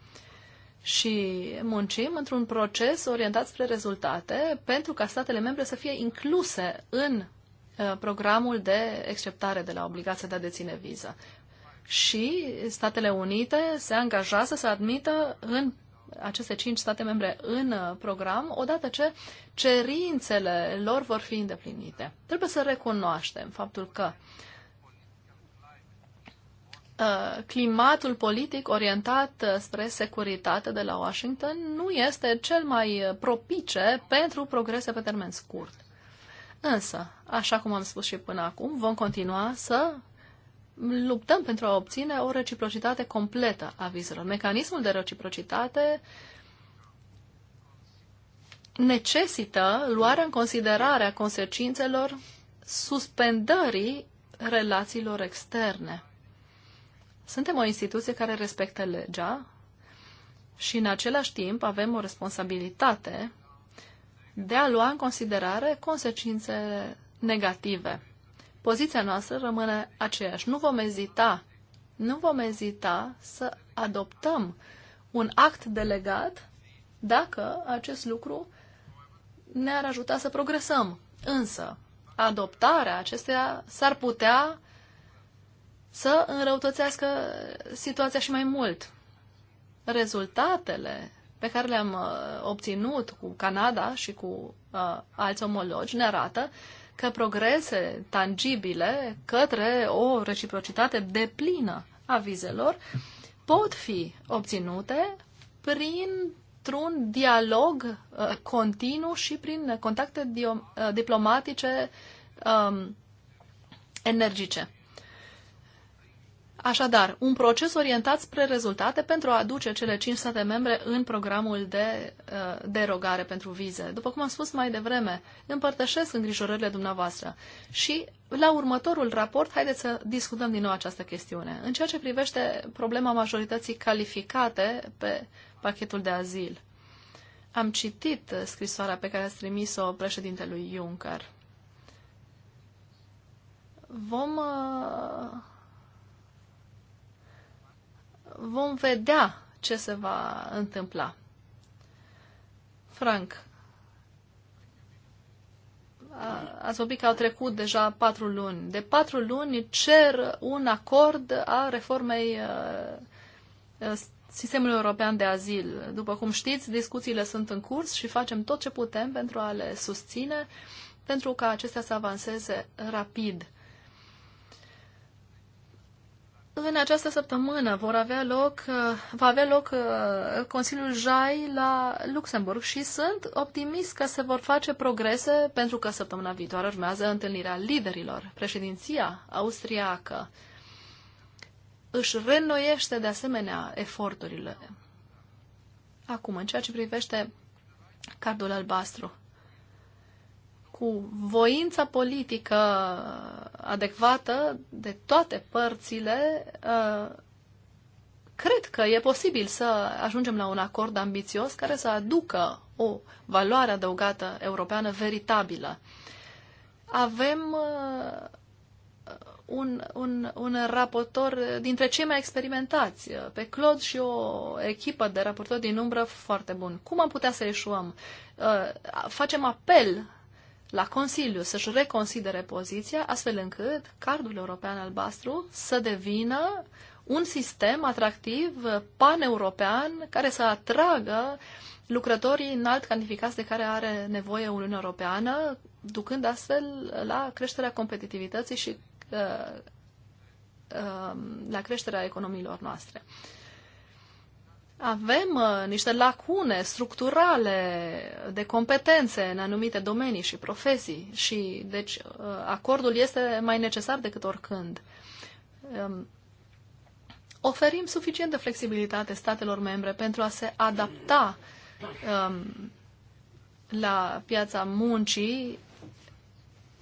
Și muncim într-un proces orientat spre rezultate pentru ca statele membre să fie incluse în uh, programul de exceptare de la obligația de a deține viză. Și Statele Unite se angajează să admită în aceste cinci state membre în uh, program odată ce cerințele lor vor fi îndeplinite. Trebuie să recunoaștem faptul că uh, Uh, climatul politic orientat uh, spre securitate de la Washington nu este cel mai uh, propice pentru progrese pe termen scurt. Însă, așa cum am spus și până acum, vom continua să luptăm pentru a obține o reciprocitate completă a vizelor. Mecanismul de reciprocitate necesită luarea în considerare a consecințelor suspendării relațiilor externe suntem o instituție care respectă legea și în același timp avem o responsabilitate de a lua în considerare consecințele negative. Poziția noastră rămâne aceeași. Nu vom ezita, nu vom ezita să adoptăm un act delegat dacă acest lucru ne-ar ajuta să progresăm. Însă, adoptarea acesteia s-ar putea să înrăutățească situația și mai mult. Rezultatele pe care le-am uh, obținut cu Canada și cu uh, alți omologi ne arată că progrese tangibile către o reciprocitate deplină a vizelor pot fi obținute printr-un dialog uh, continuu și prin contacte uh, diplomatice um, energice. Așadar, un proces orientat spre rezultate pentru a aduce cele 5 state membre în programul de uh, derogare pentru vize. După cum am spus mai devreme, împărtășesc îngrijorările dumneavoastră și la următorul raport haideți să discutăm din nou această chestiune. În ceea ce privește problema majorității calificate pe pachetul de azil, am citit scrisoarea pe care ați trimis-o președintelui Juncker. Vom... Uh vom vedea ce se va întâmpla. Frank, ați vorbit că au trecut deja patru luni. De patru luni cer un acord a reformei sistemului european de azil. După cum știți, discuțiile sunt în curs și facem tot ce putem pentru a le susține, pentru ca acestea să avanseze rapid în această săptămână vor avea loc, uh, va avea loc uh, Consiliul JAI la Luxemburg și sunt optimist că se vor face progrese pentru că săptămâna viitoare urmează întâlnirea liderilor. Președinția austriacă își reînnoiește de asemenea eforturile. Acum, în ceea ce privește cardul albastru, cu voința politică adecvată de toate părțile, uh, cred că e posibil să ajungem la un acord ambițios care să aducă o valoare adăugată europeană veritabilă. Avem uh, un, un, un raportor dintre cei mai experimentați, uh, pe Claude și o echipă de raportori din umbră foarte bun. Cum am putea să ieșuăm? Facem apel la Consiliu să-și reconsidere poziția, astfel încât cardul european albastru să devină un sistem atractiv paneuropean care să atragă lucrătorii înalt calificați de care are nevoie Uniunea Europeană, ducând astfel la creșterea competitivității și uh, uh, la creșterea economiilor noastre avem uh, niște lacune structurale de competențe în anumite domenii și profesii și deci uh, acordul este mai necesar decât oricând. Um, oferim suficientă flexibilitate statelor membre pentru a se adapta um, la piața muncii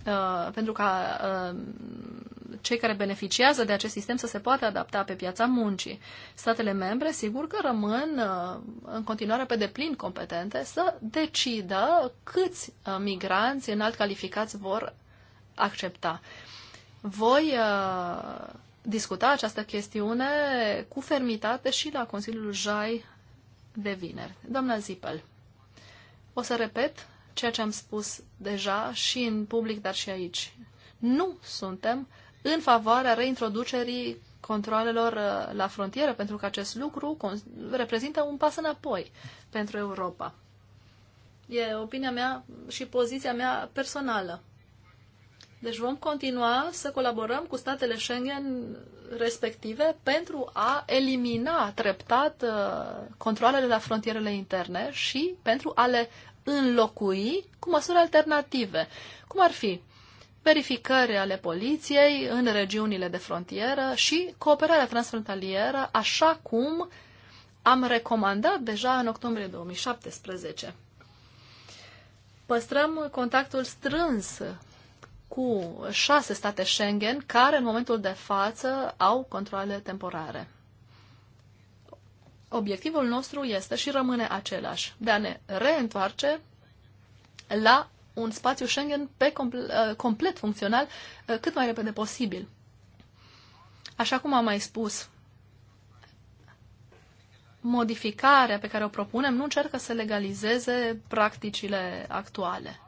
uh, pentru ca uh, cei care beneficiază de acest sistem să se poată adapta pe piața muncii. Statele membre, sigur că rămân uh, în continuare pe deplin competente să decidă câți uh, migranți înalt calificați vor accepta. Voi uh, discuta această chestiune cu fermitate și la Consiliul Jai de vineri. Doamna Zipel, o să repet ceea ce am spus deja și în public, dar și aici. Nu suntem în favoarea reintroducerii controlelor uh, la frontieră, pentru că acest lucru reprezintă un pas înapoi pentru Europa. E opinia mea și poziția mea personală. Deci vom continua să colaborăm cu statele Schengen respective pentru a elimina treptat uh, controlele la frontierele interne și pentru a le înlocui cu măsuri alternative. Cum ar fi verificări ale poliției în regiunile de frontieră și cooperarea transfrontalieră, așa cum am recomandat deja în octombrie 2017. Păstrăm contactul strâns cu șase state Schengen care în momentul de față au controle temporare. Obiectivul nostru este și rămâne același, de a ne reîntoarce la un spațiu Schengen pe comple- uh, complet funcțional uh, cât mai repede posibil. Așa cum am mai spus, modificarea pe care o propunem nu încearcă să legalizeze practicile actuale.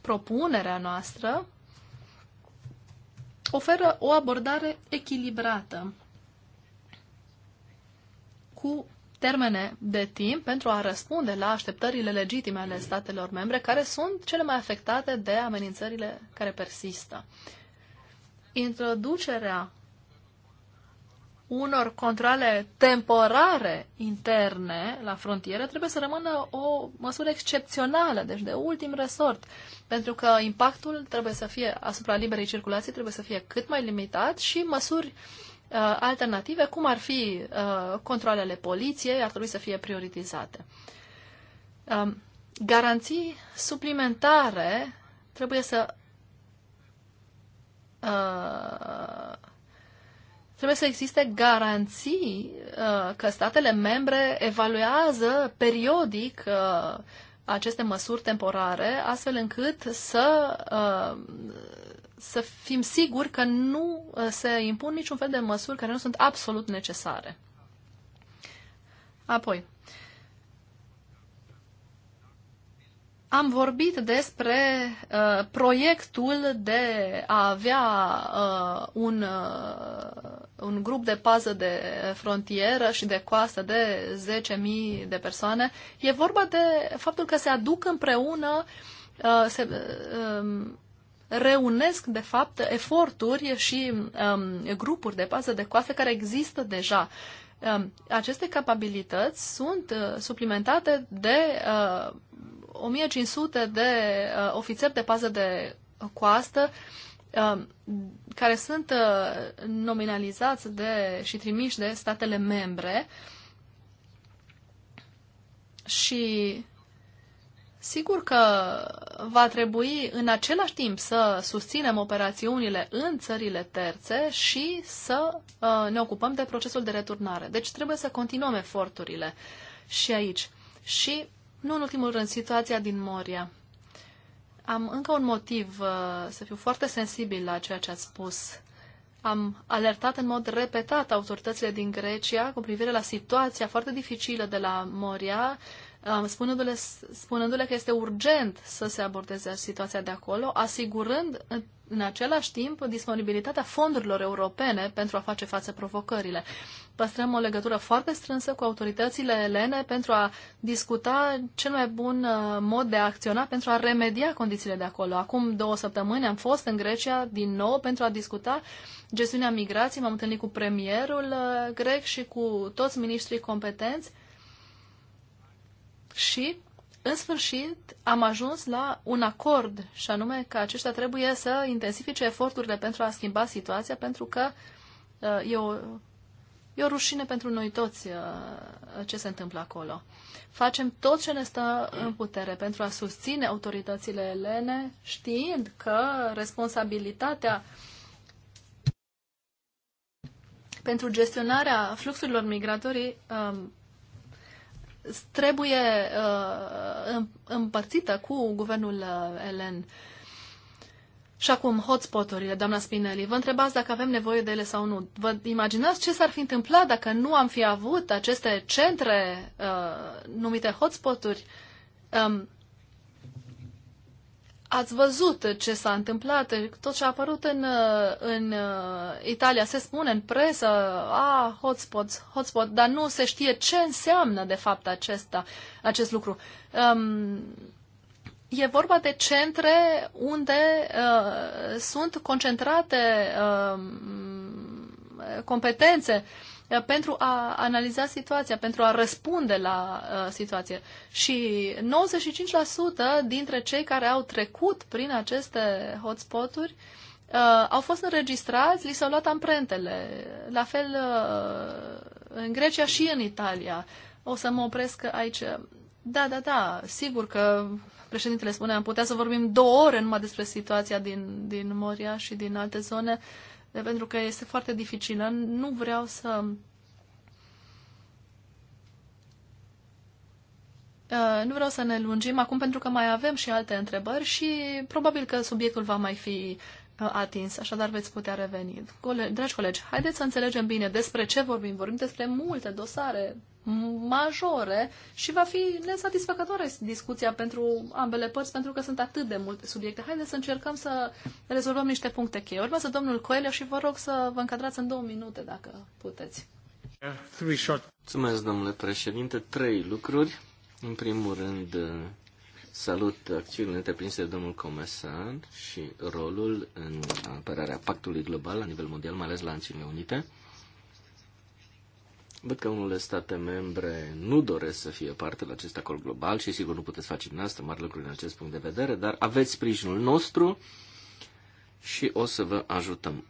Propunerea noastră oferă o abordare echilibrată cu termene de timp pentru a răspunde la așteptările legitime ale statelor membre, care sunt cele mai afectate de amenințările care persistă. Introducerea unor controle temporare interne la frontieră trebuie să rămână o măsură excepțională, deci de ultim resort, pentru că impactul trebuie să fie asupra liberei circulații trebuie să fie cât mai limitat și măsuri uh, Uh, alternative, cum ar fi uh, controlele poliției, ar trebui să fie prioritizate. Um, garanții suplimentare trebuie să uh, trebuie să existe garanții că statele membre evaluează periodic aceste măsuri temporare, astfel încât să să fim siguri că nu uh, se impun niciun fel de măsuri care nu sunt absolut necesare. Apoi, am vorbit despre uh, proiectul de a avea uh, un, uh, un grup de pază de frontieră și de coastă de 10.000 de persoane. E vorba de faptul că se aduc împreună uh, se, uh, um, reunesc, de fapt, eforturi și um, grupuri de bază de coastă care există deja. Um, aceste capabilități sunt uh, suplimentate de uh, 1500 de uh, ofițeri de bază de coastă um, care sunt uh, nominalizați de, și trimiși de statele membre și Sigur că va trebui în același timp să susținem operațiunile în țările terțe și să uh, ne ocupăm de procesul de returnare. Deci trebuie să continuăm eforturile și aici. Și, nu în ultimul rând, situația din Moria. Am încă un motiv uh, să fiu foarte sensibil la ceea ce ați spus. Am alertat în mod repetat autoritățile din Grecia cu privire la situația foarte dificilă de la Moria spunându-le, spunându-le că este urgent să se abordeze situația de acolo, asigurând în același timp disponibilitatea fondurilor europene pentru a face față provocările. Păstrăm o legătură foarte strânsă cu autoritățile elene pentru a discuta cel mai bun uh, mod de a acționa pentru a remedia condițiile de acolo. Acum două săptămâni am fost în Grecia din nou pentru a discuta gestiunea migrației. M-am întâlnit cu premierul uh, grec și cu toți ministrii competenți și, în sfârșit, am ajuns la un acord, și anume că aceștia trebuie să intensifice eforturile pentru a schimba situația, pentru că uh, e o E o rușine pentru noi toți uh, ce se întâmplă acolo. Facem tot ce ne stă în putere pentru a susține autoritățile elene, știind că responsabilitatea pentru gestionarea fluxurilor migratorii um, trebuie uh, împărțită cu guvernul uh, elen. Și acum, hotspoturile, doamna Spinelli, vă întrebați dacă avem nevoie de ele sau nu. Vă imaginați ce s-ar fi întâmplat dacă nu am fi avut aceste centre uh, numite hotspoturi? Um, ați văzut ce s-a întâmplat, tot ce a apărut în, în uh, Italia, se spune în presă, a, ah, hotspots, hotspot, dar nu se știe ce înseamnă de fapt acesta, acest lucru. Um, e vorba de centre unde uh, sunt concentrate uh, competențe uh, Uh, pentru a analiza situația, pentru a răspunde la uh, situație. Și 95% dintre cei care au trecut prin aceste hotspoturi uh, au fost înregistrați, li s-au luat amprentele. La fel uh, în Grecia și în Italia. O să mă opresc aici. Da, da, da, sigur că președintele spune, am putea să vorbim două ore numai despre situația din, din Moria și din alte zone. Uh, pentru că este foarte dificilă. Nu vreau să uh, nu vreau să ne lungim acum pentru că mai avem și alte întrebări și probabil că subiectul va mai fi Uh, atins, așadar veți putea reveni. Cole- dragi colegi, haideți să înțelegem bine despre ce vorbim. Vorbim despre multe dosare majore și va fi nesatisfăcătoare discuția pentru ambele părți pentru că sunt atât de multe subiecte. Haideți să încercăm să rezolvăm niște puncte cheie. Urmează domnul Coelho și vă rog să vă încadrați în două minute dacă puteți. Mulțumesc, domnule președinte. Trei lucruri. În primul rând, Salut acțiunile întreprinse de domnul Comesan și rolul în apărarea pactului global la nivel mondial, mai ales la Națiunile Unite. Văd că unele state membre nu doresc să fie parte la acest acord global și sigur nu puteți face dumneavoastră mari lucruri în acest punct de vedere, dar aveți sprijinul nostru și o să vă ajutăm.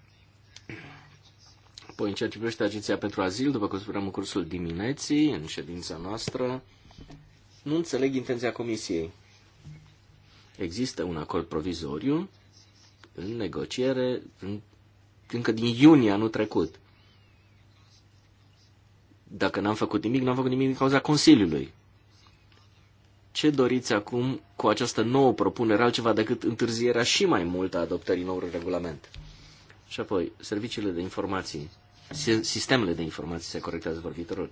Apoi, în ceea ce privește Agenția pentru Azil, după cum spuneam în cursul dimineții, în ședința noastră, nu înțeleg intenția Comisiei. Există un acord provizoriu în negociere în, încă din iunie anul trecut. Dacă n-am făcut nimic, n-am făcut nimic din cauza Consiliului. Ce doriți acum cu această nouă propunere altceva decât întârzierea și mai mult a adoptării noului regulament? Și apoi, serviciile de informații, sistemele de informații, se corectează vorbitorul.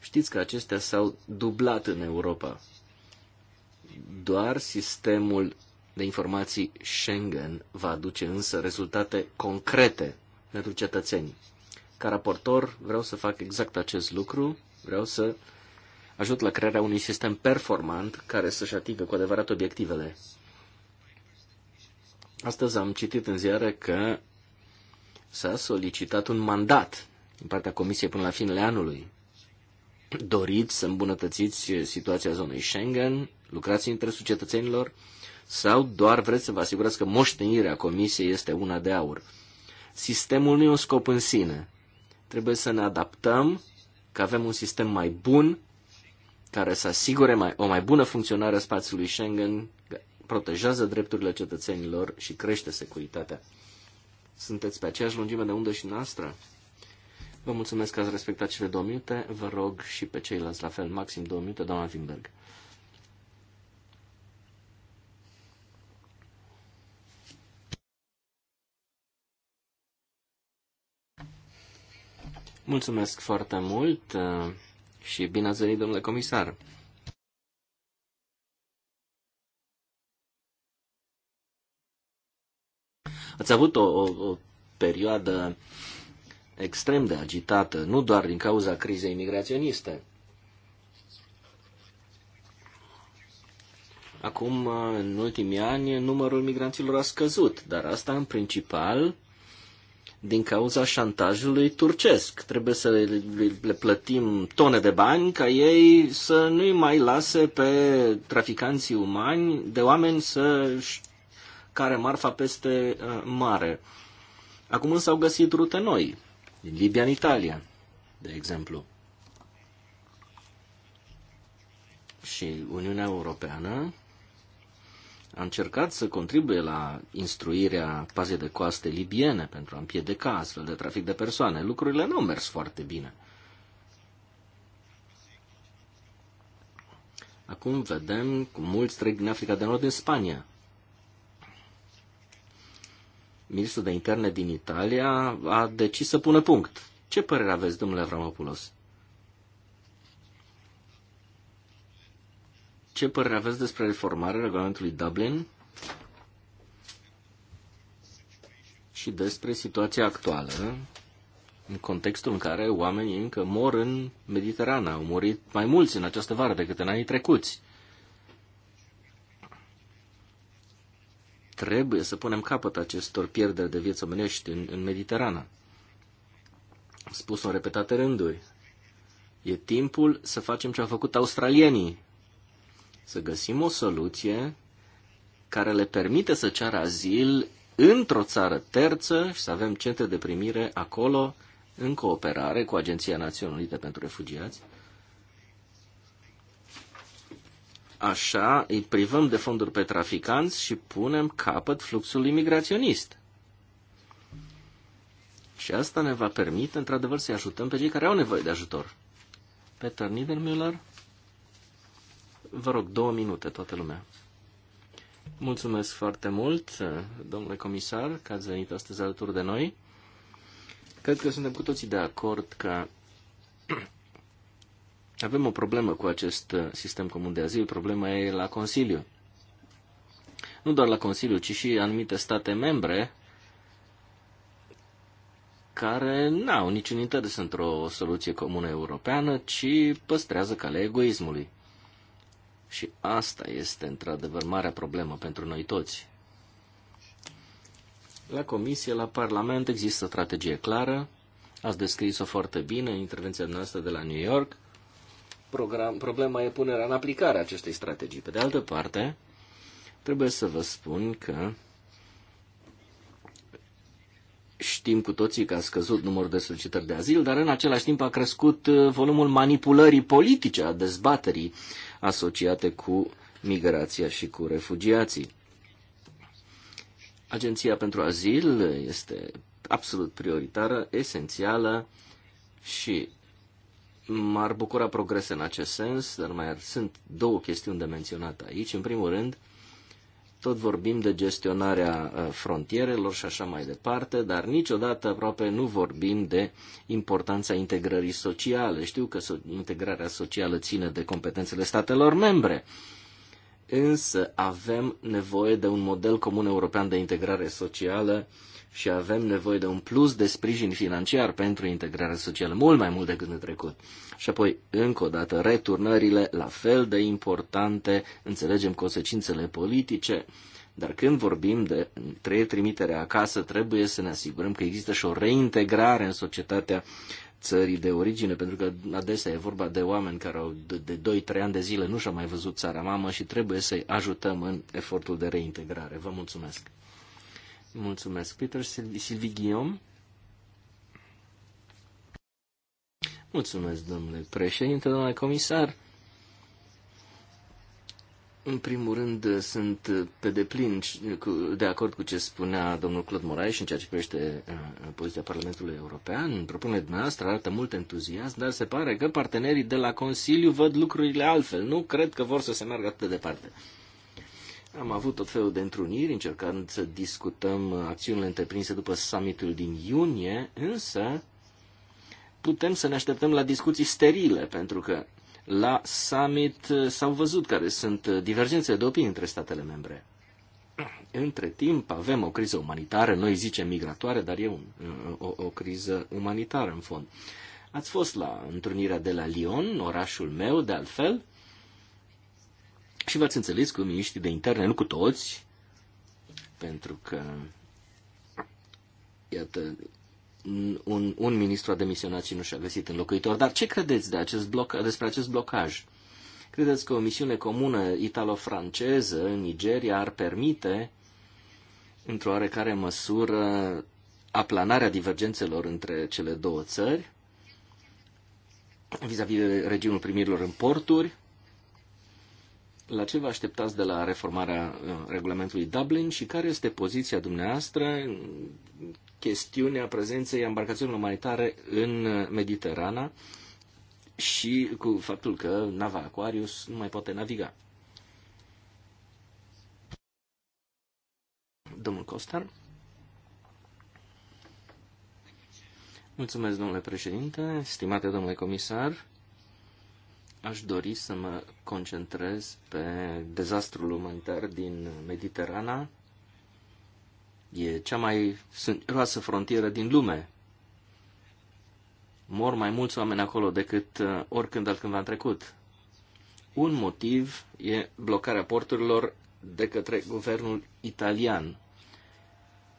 Știți că acestea s-au dublat în Europa doar sistemul de informații Schengen va aduce însă rezultate concrete pentru cetățenii. Ca raportor vreau să fac exact acest lucru, vreau să ajut la crearea unui sistem performant care să-și atingă cu adevărat obiectivele. Astăzi am citit în ziare că s-a solicitat un mandat din partea Comisiei până la finele anului doriți să îmbunătățiți situația zonei Schengen, lucrați în interesul cetățenilor sau doar vreți să vă asigurați că moștenirea comisiei este una de aur. Sistemul nu e un scop în sine. Trebuie să ne adaptăm că avem un sistem mai bun care să asigure mai, o mai bună funcționare a spațiului Schengen, protejează drepturile cetățenilor și crește securitatea. Sunteți pe aceeași lungime de undă și noastră? Vă mulțumesc că ați respectat cele două minute. Vă rog și pe ceilalți la fel, maxim două minute, doamna Wimberg. Mulțumesc foarte mult uh, și bine ați venit, domnule comisar. Ați avut o, o, o perioadă extrem de agitată, nu doar din cauza crizei migraționiste. Acum, în ultimii ani, numărul migranților a scăzut, dar asta în principal din cauza șantajului turcesc. Trebuie să le plătim tone de bani ca ei să nu-i mai lase pe traficanții umani de oameni să care marfa peste uh, mare. Acum însă au găsit rute noi din Libia în Italia, de exemplu. Și Uniunea Europeană a încercat să contribuie la instruirea pazei de coaste libiene pentru a împiedica astfel de trafic de persoane. Lucrurile nu au mers foarte bine. Acum vedem cum mulți trec din Africa de Nord în Spania ministrul de interne din Italia a decis să pună punct. Ce părere aveți, domnule Avramopoulos? Ce părere aveți despre reformarea regulamentului Dublin și despre situația actuală în contextul în care oamenii încă mor în Mediterana? Au murit mai mulți în această vară decât în anii trecuți. Trebuie să punem capăt acestor pierderi de vieți omenești în, în Mediterana. Spus-o în repetate rânduri. E timpul să facem ce au făcut australienii. Să găsim o soluție care le permite să ceară azil într-o țară terță și să avem centre de primire acolo în cooperare cu Agenția Națiunilor Unite pentru Refugiați Așa îi privăm de fonduri pe traficanți și punem capăt fluxului migraționist. Și asta ne va permite, într-adevăr, să-i ajutăm pe cei care au nevoie de ajutor. Peter Niedermüller, vă rog, două minute, toată lumea. Mulțumesc foarte mult, domnule comisar, că ați venit astăzi alături de noi. Cred că suntem cu toții de acord că avem o problemă cu acest uh, sistem comun de azil, problema e la Consiliu. Nu doar la Consiliu, ci și anumite state membre care n-au niciun interes într-o soluție comună europeană, ci păstrează calea egoismului. Și asta este într-adevăr marea problemă pentru noi toți. La Comisie, la Parlament există o strategie clară, ați descris-o foarte bine în intervenția noastră de la New York – program, problema e punerea în aplicare a acestei strategii. Pe de altă parte, trebuie să vă spun că știm cu toții că a scăzut numărul de solicitări de azil, dar în același timp a crescut uh, volumul manipulării politice, a dezbaterii asociate cu migrația și cu refugiații. Agenția pentru azil este absolut prioritară, esențială și M-ar bucura progrese în acest sens, dar mai sunt două chestiuni de menționat aici. În primul rând, tot vorbim de gestionarea uh, frontierelor și așa mai departe, dar niciodată aproape nu vorbim de importanța integrării sociale. Știu că integrarea socială ține de competențele statelor membre, însă avem nevoie de un model comun european de integrare socială și avem nevoie de un plus de sprijin financiar pentru integrarea socială, mult mai mult decât în trecut. Și apoi, încă o dată, returnările la fel de importante, înțelegem consecințele politice, dar când vorbim de trei trimitere acasă, trebuie să ne asigurăm că există și o reintegrare în societatea țării de origine, pentru că adesea e vorba de oameni care au de 2-3 ani de zile nu și-au mai văzut țara mamă și trebuie să-i ajutăm în efortul de reintegrare. Vă mulțumesc! Mulțumesc, Peter. Silvi Guillaume? Mulțumesc, domnule președinte, domnule comisar. În primul rând, uh, sunt uh, pe deplin uh, de acord cu ce spunea domnul Claude Moraes în ceea ce privește poziția Parlamentului European. Propunerea dumneavoastră arată mult entuziasm, dar se pare că partenerii de la Consiliu văd lucrurile altfel. Nu cred că vor să se meargă atât de departe. Am avut tot felul de întruniri încercând să discutăm acțiunile întreprinse după summitul din iunie, însă putem să ne așteptăm la discuții sterile, pentru că la summit eh, s-au văzut care sunt eh, divergențele de opinie între statele membre. Între timp avem o criză umanitară, noi zicem migratoare, dar e un, eh, o, o criză umanitară în fond. Ați fost la întrunirea de la Lyon, orașul meu, de altfel, și v-ați înțeles cu miniștrii de interne, nu cu toți, pentru că, iată, un, un ministru a demisionat și nu și-a găsit înlocuitor. Dar ce credeți de acest bloc, despre acest blocaj? Credeți că o misiune comună italo-franceză în Nigeria ar permite, într-o oarecare măsură, aplanarea divergențelor între cele două țări, vis-a-vis -vis de regiunul primirilor în porturi? La ce vă așteptați de la reformarea uh, regulamentului Dublin și care este poziția dumneavoastră chestiunea prezenței embarcațiunilor umanitare în Mediterana și cu faptul că nava Aquarius nu mai poate naviga. Domnul Costar. Mulțumesc, domnule președinte, stimate domnule comisar. Aș dori să mă concentrez pe dezastrul umanitar din Mediterana, E cea mai sângeroasă frontieră din lume. Mor mai mulți oameni acolo decât uh, oricând altcândva în trecut. Un motiv e blocarea porturilor de către guvernul italian.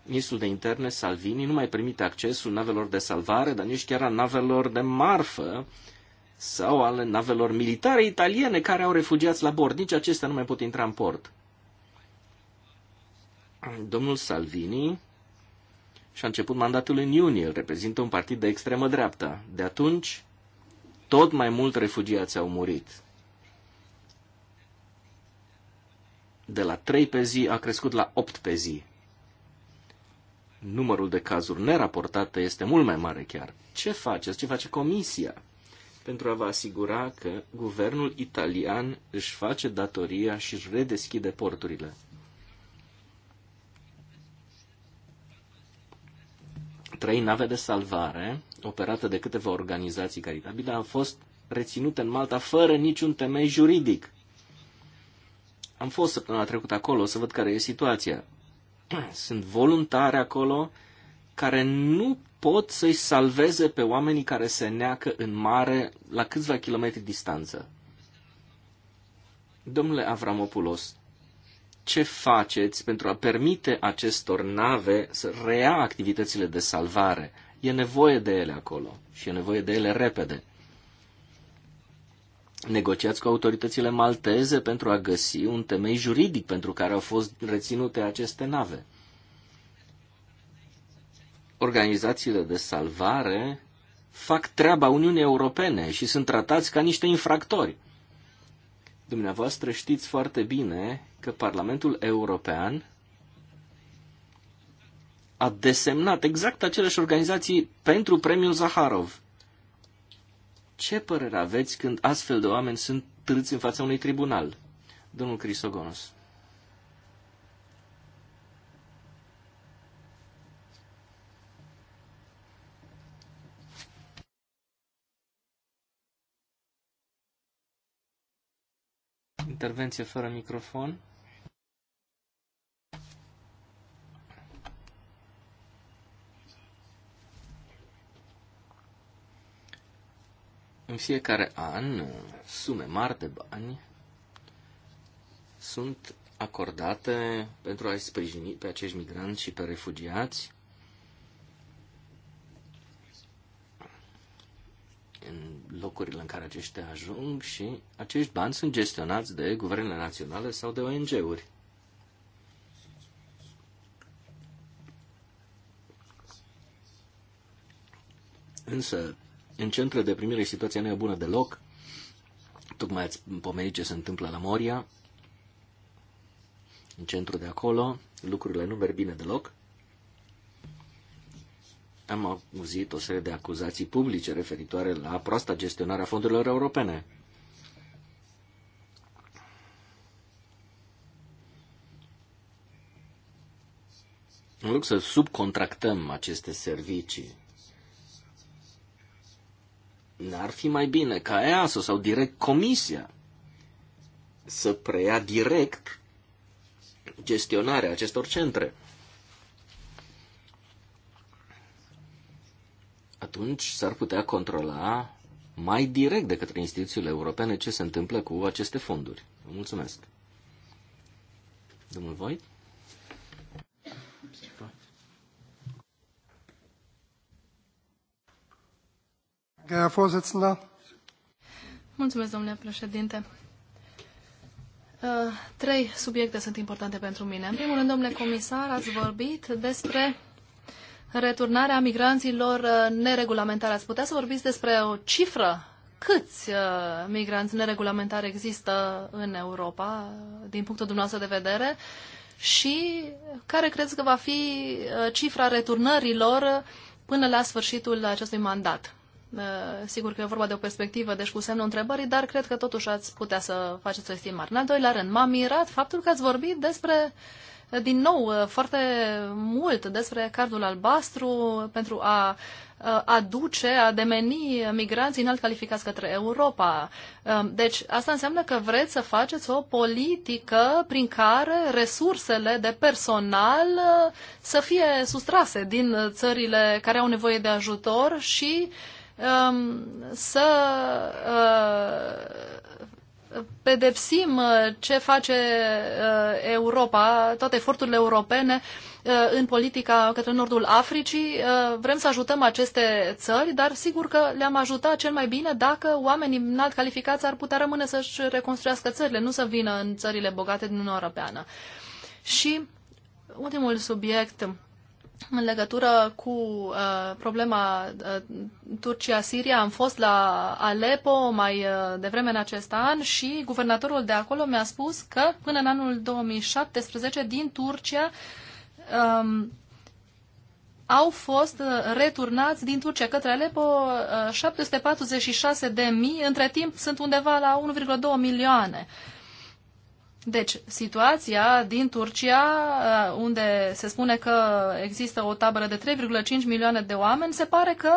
Ministrul de interne, Salvini, nu mai permite accesul navelor de salvare, dar nici chiar a navelor de marfă sau ale navelor militare italiene care au refugiați la bord. Nici acestea nu mai pot intra în port. Domnul Salvini și-a început mandatul în iunie, îl reprezintă un partid de extremă dreaptă. De atunci, tot mai mult refugiați au murit. De la 3 pe zi a crescut la 8 pe zi. Numărul de cazuri neraportate este mult mai mare chiar. Ce faceți? Ce face comisia? Pentru a vă asigura că guvernul italian își face datoria și își redeschide porturile. trei nave de salvare, operată de câteva organizații caritabile, au fost reținute în Malta fără niciun temei juridic. Am fost săptămâna trecută acolo să văd care e situația. Sunt voluntari acolo care nu pot să-i salveze pe oamenii care se neacă în mare la câțiva kilometri distanță. Domnule Avramopoulos, ce faceți pentru a permite acestor nave să reia activitățile de salvare. E nevoie de ele acolo și e nevoie de ele repede. Negociați cu autoritățile malteze pentru a găsi un temei juridic pentru care au fost reținute aceste nave. Organizațiile de salvare fac treaba Uniunii Europene și sunt tratați ca niște infractori. Dumneavoastră știți foarte bine că Parlamentul European a desemnat exact aceleași organizații pentru premiul Zaharov. Ce părere aveți când astfel de oameni sunt târți în fața unui tribunal? Domnul Crisogonos. Intervenție fără microfon. În fiecare an, sume mari de bani sunt acordate pentru a-i sprijini pe acești migranți și pe refugiați în locurile în care aceștia ajung și acești bani sunt gestionați de guvernele naționale sau de ONG-uri. Însă, în centrul de primire situația nu e bună deloc. Tocmai ați pomenit ce se întâmplă la Moria. În centrul de acolo, lucrurile nu merg bine deloc am auzit o serie de acuzații publice referitoare la proasta a fondurilor europene. În loc să subcontractăm aceste servicii, n-ar fi mai bine ca EASO sau direct Comisia să preia direct gestionarea acestor centre. atunci s-ar putea controla mai direct de către instituțiile europene ce se întâmplă cu aceste fonduri. Vă mulțumesc. Domnul Voit? Mulțumesc, domnule președinte. Uh, trei subiecte sunt importante pentru mine. În primul rând, domnule comisar, ați vorbit despre returnarea migranților uh, neregulamentari. Ați putea să vorbiți despre o cifră? Câți uh, migranți neregulamentari există în Europa, uh, din punctul dumneavoastră de vedere? Și care crezi că va fi cifra returnărilor până la sfârșitul acestui mandat? Sigur că e vorba de o perspectivă, deci cu semnul întrebării, dar cred că totuși ați putea să faceți o estimare. În al doilea rând, m-a mirat faptul că ați vorbit despre uh, din nou uh, foarte mult despre cardul albastru pentru a uh, aduce, a demeni migranții înalt calificați către Europa. Um, deci asta înseamnă că vreți să faceți o politică prin care resursele de personal uh, să fie sustrase din țările care au nevoie de ajutor și um, să pedepsim uh, ce face uh, Europa, toate eforturile europene uh, în politica către nordul Africii. Vrem să ajutăm aceste țări, dar sigur că le-am ajutat cel mai bine dacă oamenii înalt calificați ar putea rămâne să-și reconstruiască țările, nu să vină în țările bogate din Uniunea Europeană. Și ultimul subiect în legătură cu uh, problema uh, Turcia-Siria. Am fost la Alepo mai uh, devreme în acest an și guvernatorul de acolo mi-a spus că până în anul 2017 din Turcia um, au fost uh, returnați din Turcia către Alepo 746 uh, de mii, între timp sunt undeva la 1,2 milioane. Uh, deci, situația din Turcia, uh, unde se spune că există o tabără de 3,5 milioane de oameni, se pare că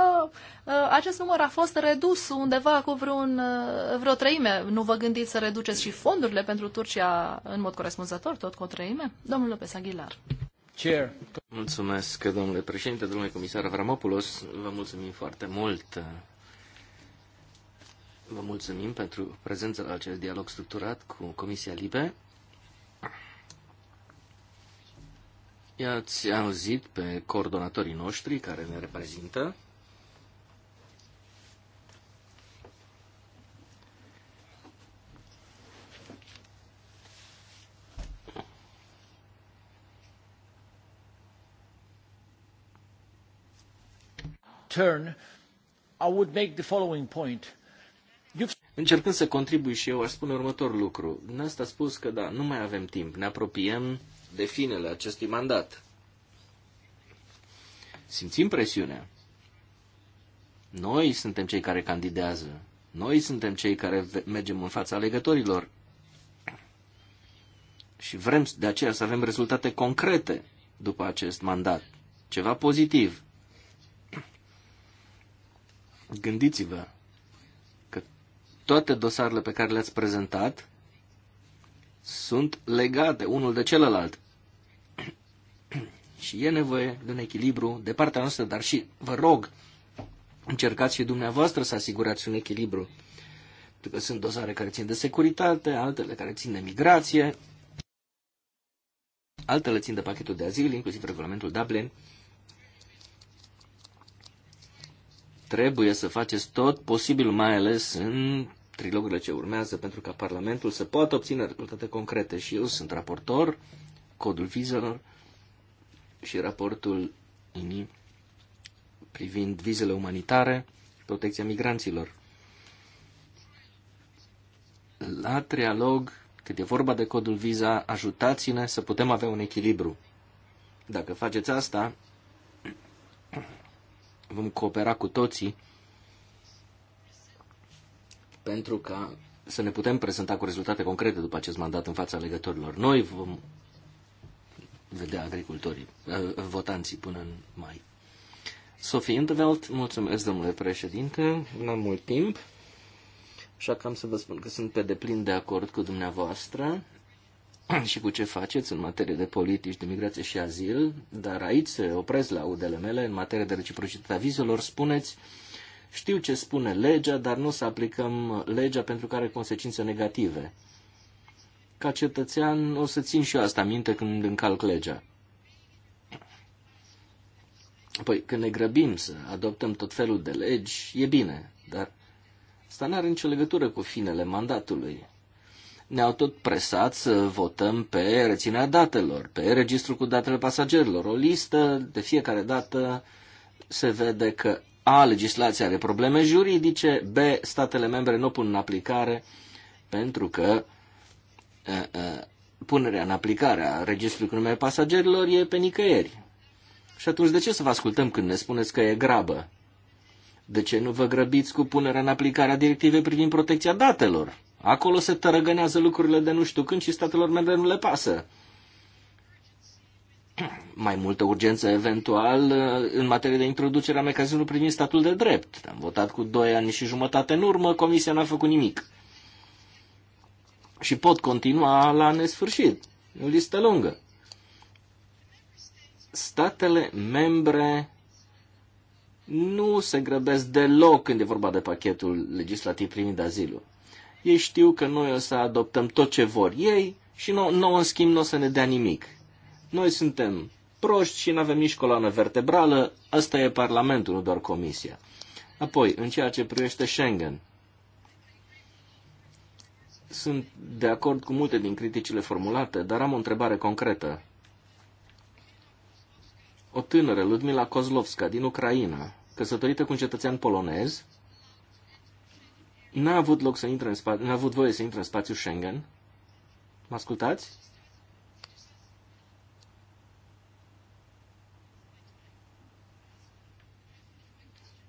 uh, acest număr a fost redus undeva cu vreun, uh, vreo treime. Nu vă gândiți să reduceți și fondurile pentru Turcia în mod corespunzător, tot cu o treime? Domnul Lopez Aguilar. Chair. Mulțumesc, domnule președinte, domnule comisar Avramopoulos. Vă mulțumim foarte mult Vă mulțumim pentru prezența la acest dialog structurat cu Comisia Libe. I-ați auzit pe coordonatorii noștri care ne reprezintă. Turn, I would make the following point Încercând să contribui și eu, aș spune următor lucru. Din asta a spus că, da, nu mai avem timp, ne apropiem de finele acestui mandat. Simțim presiunea. Noi suntem cei care candidează. Noi suntem cei care mergem în fața alegătorilor. Și vrem de aceea să avem rezultate concrete după acest mandat. Ceva pozitiv. Gândiți-vă toate dosarele pe care le-ați prezentat sunt legate unul de celălalt. și e nevoie de un echilibru de partea noastră, dar și, vă rog, încercați și dumneavoastră să asigurați un echilibru. Pentru că sunt dosare care țin de securitate, altele care țin de migrație, altele țin de pachetul de azil, inclusiv regulamentul Dublin. trebuie să faceți tot posibil, mai ales în trilogurile ce urmează, pentru ca Parlamentul să poată obține rezultate concrete. Și eu sunt raportor, codul vizelor și raportul INI privind vizele umanitare protecția migranților. La trialog, când e vorba de codul viza, ajutați-ne să putem avea un echilibru. Dacă faceți asta, vom coopera cu toții pentru ca să ne putem prezenta cu rezultate concrete după acest mandat în fața legătorilor. Noi vom vedea agricultorii, eh, votanții până în mai. Sofie Indeveld, mulțumesc, domnule președinte, n-am mult timp, așa că am să vă spun că sunt pe deplin de acord cu dumneavoastră. și cu ce faceți în materie de politici de migrație și azil, dar aici se opresc udele mele în materie de reciprocitatea vizelor. Spuneți, știu ce spune legea, dar nu să aplicăm legea pentru care are consecințe negative. Ca cetățean o să țin și eu asta minte când încalc legea. Păi, când ne grăbim să adoptăm tot felul de legi, e bine, dar asta nu are nicio legătură cu finele mandatului ne-au tot presat să votăm pe reținerea datelor, pe registrul cu datele pasagerilor. O listă, de fiecare dată se vede că A. Legislația are probleme juridice, B. Statele membre nu pun în aplicare pentru că uh, uh, punerea în aplicare a registrului cu numele pasagerilor e pe nicăieri. Și atunci de ce să vă ascultăm când ne spuneți că e grabă? De ce nu vă grăbiți cu punerea în aplicare a directivei privind protecția datelor? Acolo se tărăgânează lucrurile de nu știu când și statelor membre nu le pasă. Mai multă urgență eventual uh, în materie de introducere a mecanismului privind statul de drept. Am votat cu doi ani și jumătate în urmă, comisia n-a făcut nimic. Și pot continua la nesfârșit. o listă lungă. Statele membre nu se grăbesc deloc când e vorba de pachetul legislativ privind azilul. Ei știu că noi o să adoptăm tot ce vor ei și nouă, nouă în schimb, nu o să ne dea nimic. Noi suntem proști și nu avem nici coloană vertebrală, asta e Parlamentul, nu doar Comisia. Apoi, în ceea ce privește Schengen, sunt de acord cu multe din criticile formulate, dar am o întrebare concretă. O tânără, Ludmila Kozlovska, din Ucraina, căsătorită cu un cetățean polonez, n-a avut loc să intre în spațiu, n-a avut voie să intre în spațiul Schengen. Mă ascultați?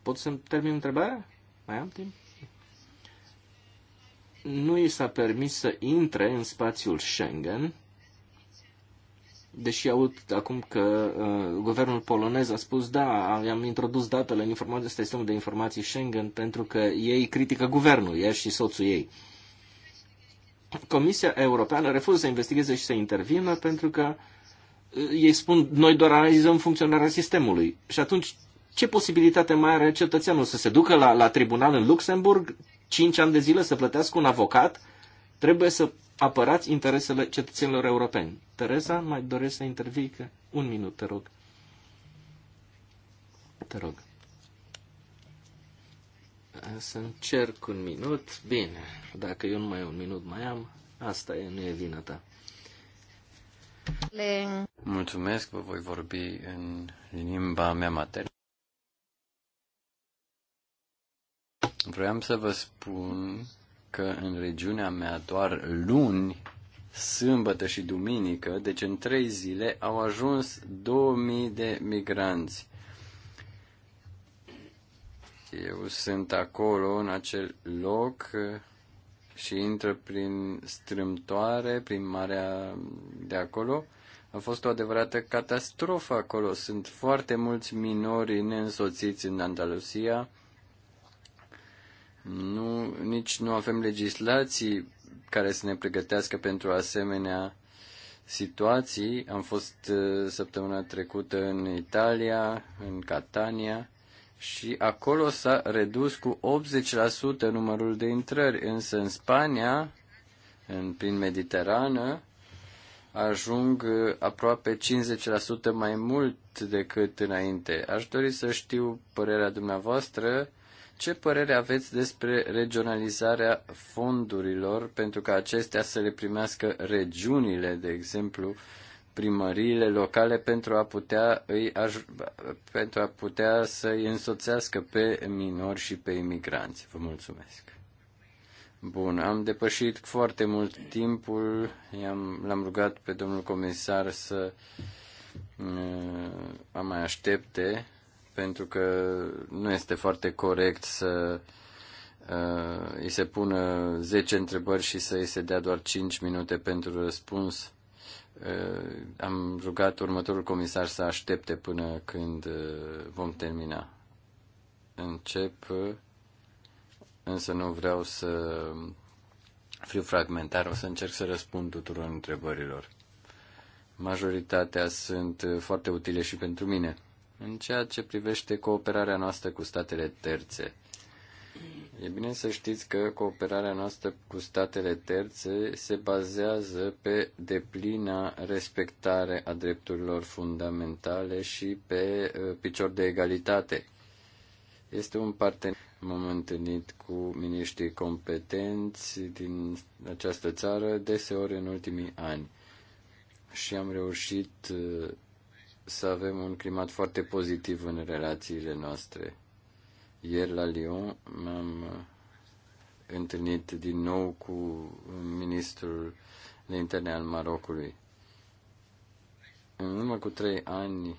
Pot să termin întrebarea? Mai am timp? Nu i s-a permis să intre în spațiul Schengen deși aud acum că uh, guvernul polonez a spus, da, am introdus datele în este sistemul de informații Schengen pentru că ei critică guvernul, ea și soțul ei. Comisia Europeană refuză să investigheze și să intervină pentru că uh, ei spun, noi doar analizăm funcționarea sistemului. Și atunci, ce posibilitate mai are cetățeanul să se ducă la, la tribunal în Luxemburg, 5 ani de zile să plătească un avocat? Trebuie să apărați interesele cetățenilor europeni. Tereza, mai doresc să intervii? Că... Un minut, te rog. Te rog. Să încerc un minut. Bine, dacă eu nu mai un minut mai am, asta e, nu e vina ta. Le... Mulțumesc, vă voi vorbi în limba mea maternă. Vreau să vă spun că în regiunea mea doar luni, sâmbătă și duminică, deci în trei zile, au ajuns 2000 de migranți. Eu sunt acolo, în acel loc, și intră prin strâmtoare, prin marea de acolo. A fost o adevărată catastrofă acolo. Sunt foarte mulți minori neînsoțiți în Andalusia. Nu, nici nu avem legislații care să ne pregătească pentru asemenea situații. Am fost uh, săptămâna trecută în Italia, în Catania și acolo s-a redus cu 80% numărul de intrări, însă în Spania, în, prin Mediterană, ajung uh, aproape 50% mai mult decât înainte. Aș dori să știu părerea dumneavoastră ce părere aveți despre regionalizarea fondurilor pentru ca acestea să le primească regiunile, de exemplu, primăriile locale pentru a putea, îi aj- pentru a putea să îi însoțească pe minori și pe imigranți? Vă mulțumesc. Bun, am depășit foarte mult timpul. I-am, l-am rugat pe domnul comisar să uh, mai aștepte pentru că nu este foarte corect să uh, îi se pună 10 întrebări și să îi se dea doar 5 minute pentru răspuns. Uh, am rugat următorul comisar să aștepte până când uh, vom termina. Încep, însă nu vreau să fiu fragmentar, o să încerc să răspund tuturor întrebărilor. Majoritatea sunt uh, foarte utile și pentru mine în ceea ce privește cooperarea noastră cu statele terțe. E bine să știți că cooperarea noastră cu statele terțe se bazează pe deplina respectare a drepturilor fundamentale și pe uh, picior de egalitate. Este un partener. M-am întâlnit cu miniștrii competenți din această țară deseori în ultimii ani și am reușit uh, să avem un climat foarte pozitiv în relațiile noastre. Ieri la Lyon m-am uh, întâlnit din nou cu ministrul de interne al Marocului. În urmă cu trei ani,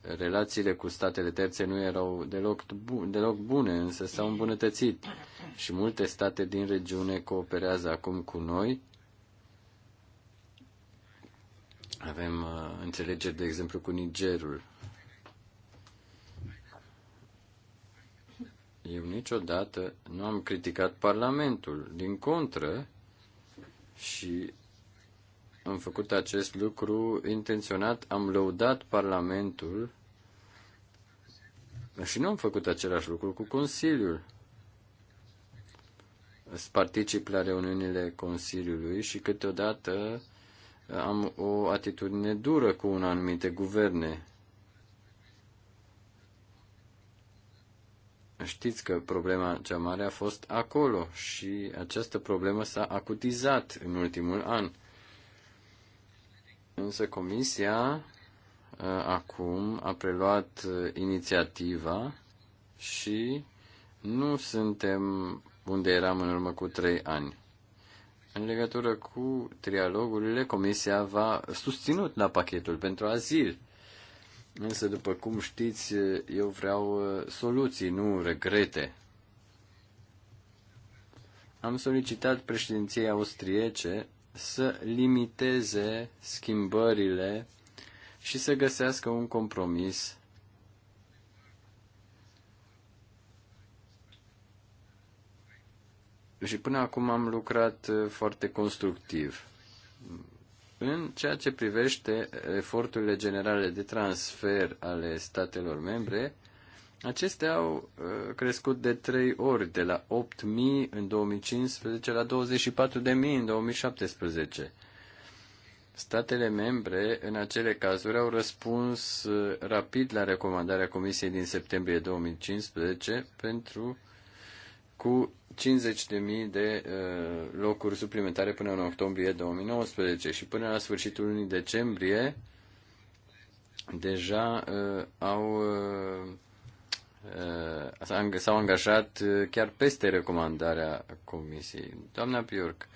relațiile cu statele terțe nu erau deloc, bu- deloc bune, însă s-au îmbunătățit și multe state din regiune cooperează acum cu noi Avem uh, înțelegeri, de exemplu, cu Nigerul. Eu niciodată nu am criticat Parlamentul. Din contră, și am făcut acest lucru intenționat, am lăudat Parlamentul și nu am făcut același lucru cu Consiliul. Îți particip la reuniunile Consiliului și câteodată am o atitudine dură cu un anumite guverne. Știți că problema cea mare a fost acolo și această problemă s-a acutizat în ultimul an. Însă Comisia ă, acum a preluat ă, inițiativa și nu suntem unde eram în urmă cu trei ani. În legătură cu trialogurile, Comisia va susținut la pachetul pentru azil. Însă, după cum știți, eu vreau uh, soluții, nu regrete. Am solicitat președinției austriece să limiteze schimbările și să găsească un compromis Și până acum am lucrat uh, foarte constructiv. În ceea ce privește eforturile generale de transfer ale statelor membre, acestea au uh, crescut de trei ori, de la 8.000 în 2015 la 24.000 în 2017. Statele membre, în acele cazuri, au răspuns uh, rapid la recomandarea Comisiei din septembrie 2015 pentru cu 50.000 de uh, locuri suplimentare până în octombrie 2019 și până la sfârșitul lunii decembrie deja uh, au uh, uh s-au angajat uh, chiar peste recomandarea comisiei. Doamna Piorc,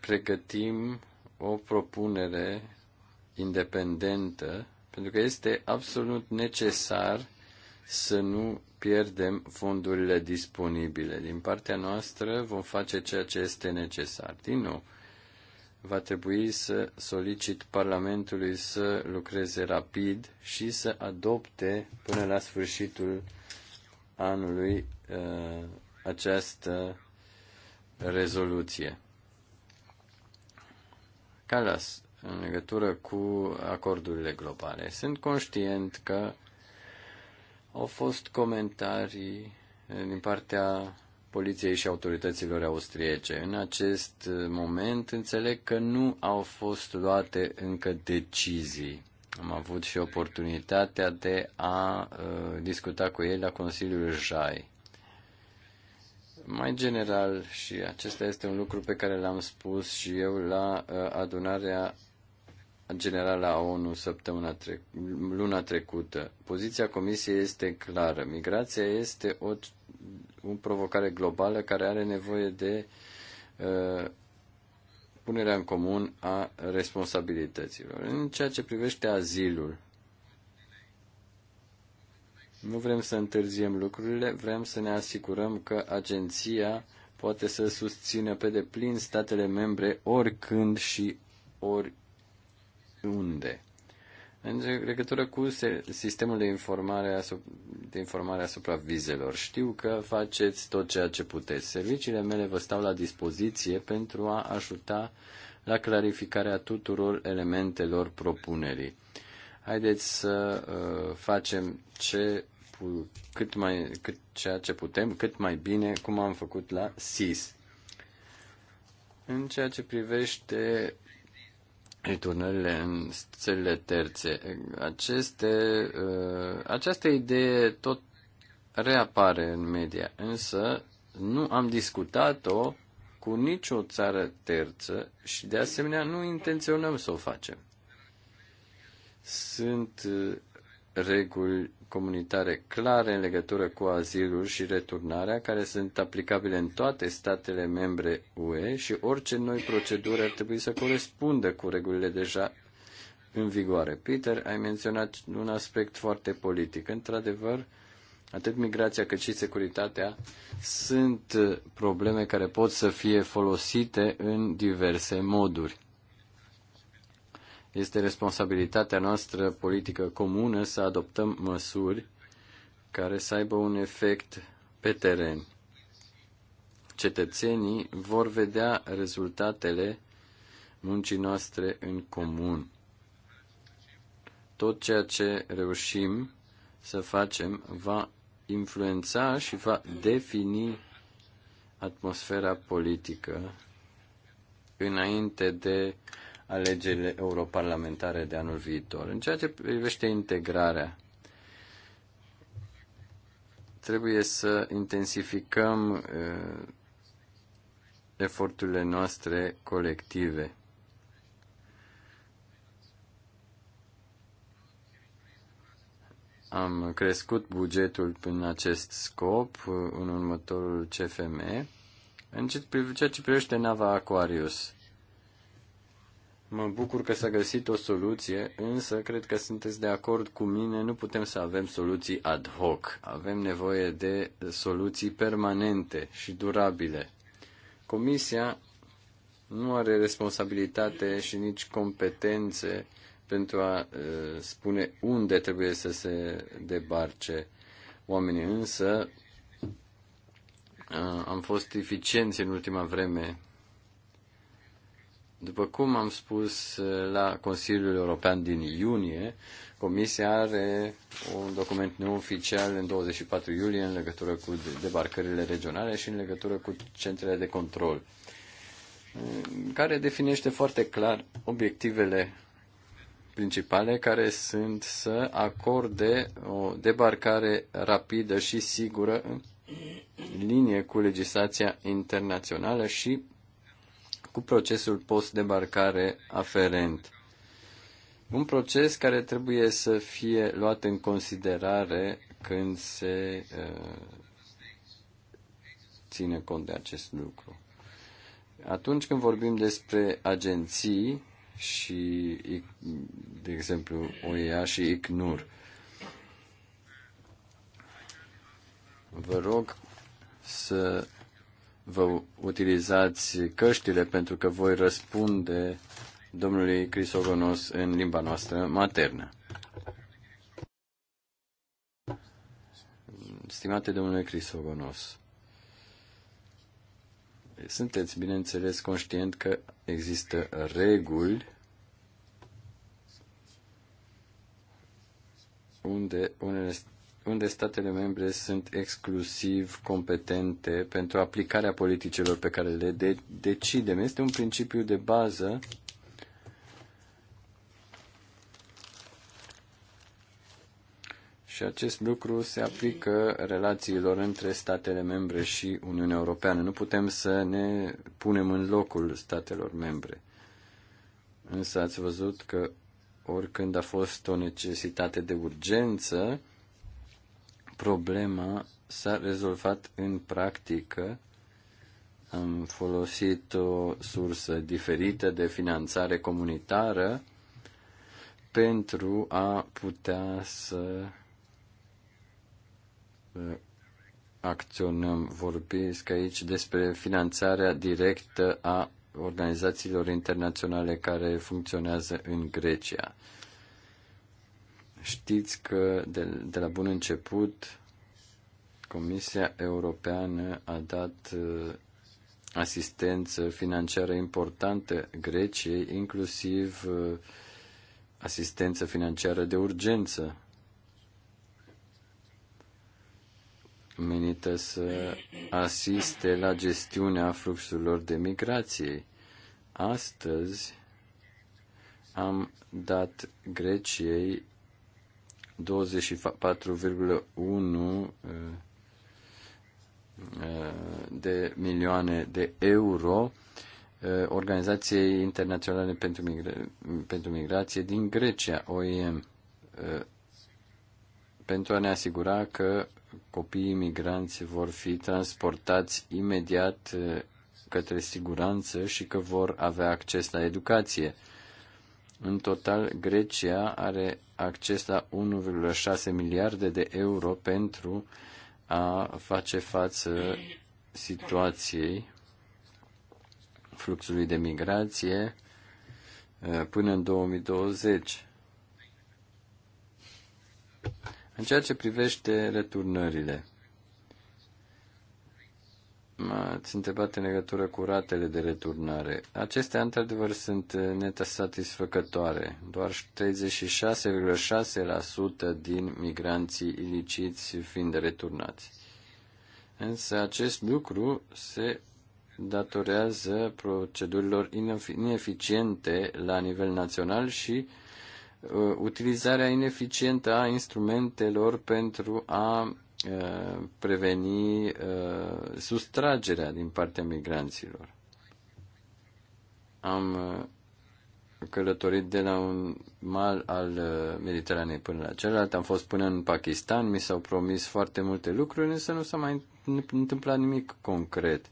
pregătim o propunere independentă pentru că este absolut necesar să nu pierdem fondurile disponibile. Din partea noastră vom face ceea ce este necesar. Din nou, va trebui să solicit Parlamentului să lucreze rapid și să adopte până la sfârșitul anului uh, această rezoluție. Calas, în legătură cu acordurile globale. Sunt conștient că au fost comentarii eh, din partea poliției și autorităților austriece. În acest eh, moment înțeleg că nu au fost luate încă decizii. Am avut și oportunitatea de a uh, discuta cu ei la Consiliul JAI. Mai general, și acesta este un lucru pe care l-am spus și eu la uh, adunarea Generală a ONU săptămâna trec, luna trecută. Poziția Comisiei este clară. Migrația este o, o provocare globală care are nevoie de uh, punerea în comun a responsabilităților. În ceea ce privește azilul, nu vrem să întârziem lucrurile, vrem să ne asigurăm că agenția poate să susțină pe deplin statele membre oricând și ori unde. În legătură cu sistemul de informare, asupra, de informare asupra vizelor, știu că faceți tot ceea ce puteți. Serviciile mele vă stau la dispoziție pentru a ajuta la clarificarea tuturor elementelor propunerii. Haideți să uh, facem ce, cât mai, cât, ceea ce putem, cât mai bine, cum am făcut la SIS. În ceea ce privește returnările în țările terțe. Aceste, uh, această idee tot reapare în media, însă nu am discutat-o cu nicio țară terță și de asemenea nu intenționăm să o facem. Sunt uh, reguli comunitare clare în legătură cu azilul și returnarea, care sunt aplicabile în toate statele membre UE și orice noi proceduri ar trebui să corespundă cu regulile deja în vigoare. Peter, ai menționat un aspect foarte politic. Într-adevăr, atât migrația cât și securitatea sunt probleme care pot să fie folosite în diverse moduri. Este responsabilitatea noastră politică comună să adoptăm măsuri care să aibă un efect pe teren. Cetățenii vor vedea rezultatele muncii noastre în comun. Tot ceea ce reușim să facem va influența și va defini atmosfera politică înainte de alegerile europarlamentare de anul viitor. În ceea ce privește integrarea, trebuie să intensificăm uh, eforturile noastre colective. Am crescut bugetul prin acest scop uh, în următorul CFM. În ceea ce privește nava Aquarius, Mă bucur că s-a găsit o soluție, însă cred că sunteți de acord cu mine, nu putem să avem soluții ad hoc. Avem nevoie de soluții permanente și durabile. Comisia nu are responsabilitate și nici competențe pentru a uh, spune unde trebuie să se debarce oamenii, însă uh, am fost eficienți în ultima vreme după cum am spus eh, la Consiliul European din iunie, Comisia are un document neoficial în 24 iulie în legătură cu debarcările regionale și în legătură cu centrele de control, eh, care definește foarte clar obiectivele principale care sunt să acorde o debarcare rapidă și sigură în linie cu legislația internațională și cu procesul post-debarcare aferent. Un proces care trebuie să fie luat în considerare când se uh, ține cont de acest lucru. Atunci când vorbim despre agenții și, de exemplu, OEA și ICNUR, vă rog să vă utilizați căștile pentru că voi răspunde domnului Crisogonos în limba noastră maternă. Stimate domnule Crisogonos, sunteți, bineînțeles, conștient că există reguli unde unele unde statele membre sunt exclusiv competente pentru aplicarea politicilor pe care le de- decidem. Este un principiu de bază și acest lucru se aplică relațiilor între statele membre și Uniunea Europeană. Nu putem să ne punem în locul statelor membre. Însă ați văzut că oricând a fost o necesitate de urgență, problema s-a rezolvat în practică. Am folosit o sursă diferită de finanțare comunitară pentru a putea să uh, acționăm. Vorbesc aici despre finanțarea directă a organizațiilor internaționale care funcționează în Grecia. Știți că de, de la bun început Comisia Europeană a dat uh, asistență financiară importantă Greciei, inclusiv uh, asistență financiară de urgență menită să asiste la gestiunea fluxurilor de migrație. Astăzi am dat Greciei 24,1 eh, eh, de milioane de euro eh, Organizației Internaționale pentru, Migra- pentru Migrație din Grecia, OIM, pentru a ne asigura că copiii migranți vor fi transportați imediat către siguranță și că vor avea acces la educație. În total, Grecia are acces la 1,6 miliarde de euro pentru a face față situației fluxului de migrație uh, până în 2020. În ceea ce privește returnările, M-ați întrebat în legătură cu ratele de returnare. Acestea, într-adevăr, sunt uh, neta satisfăcătoare. Doar 36,6% din migranții iliciți fiind returnați. Însă acest lucru se datorează procedurilor ineficiente la nivel național și uh, utilizarea ineficientă a instrumentelor pentru a Uh, preveni uh, sustragerea din partea migranților. Am uh, călătorit de la un mal al Mediteranei până la celălalt, am fost până în Pakistan, mi s-au promis foarte multe lucruri, însă nu s-a mai întâmplat nimic concret.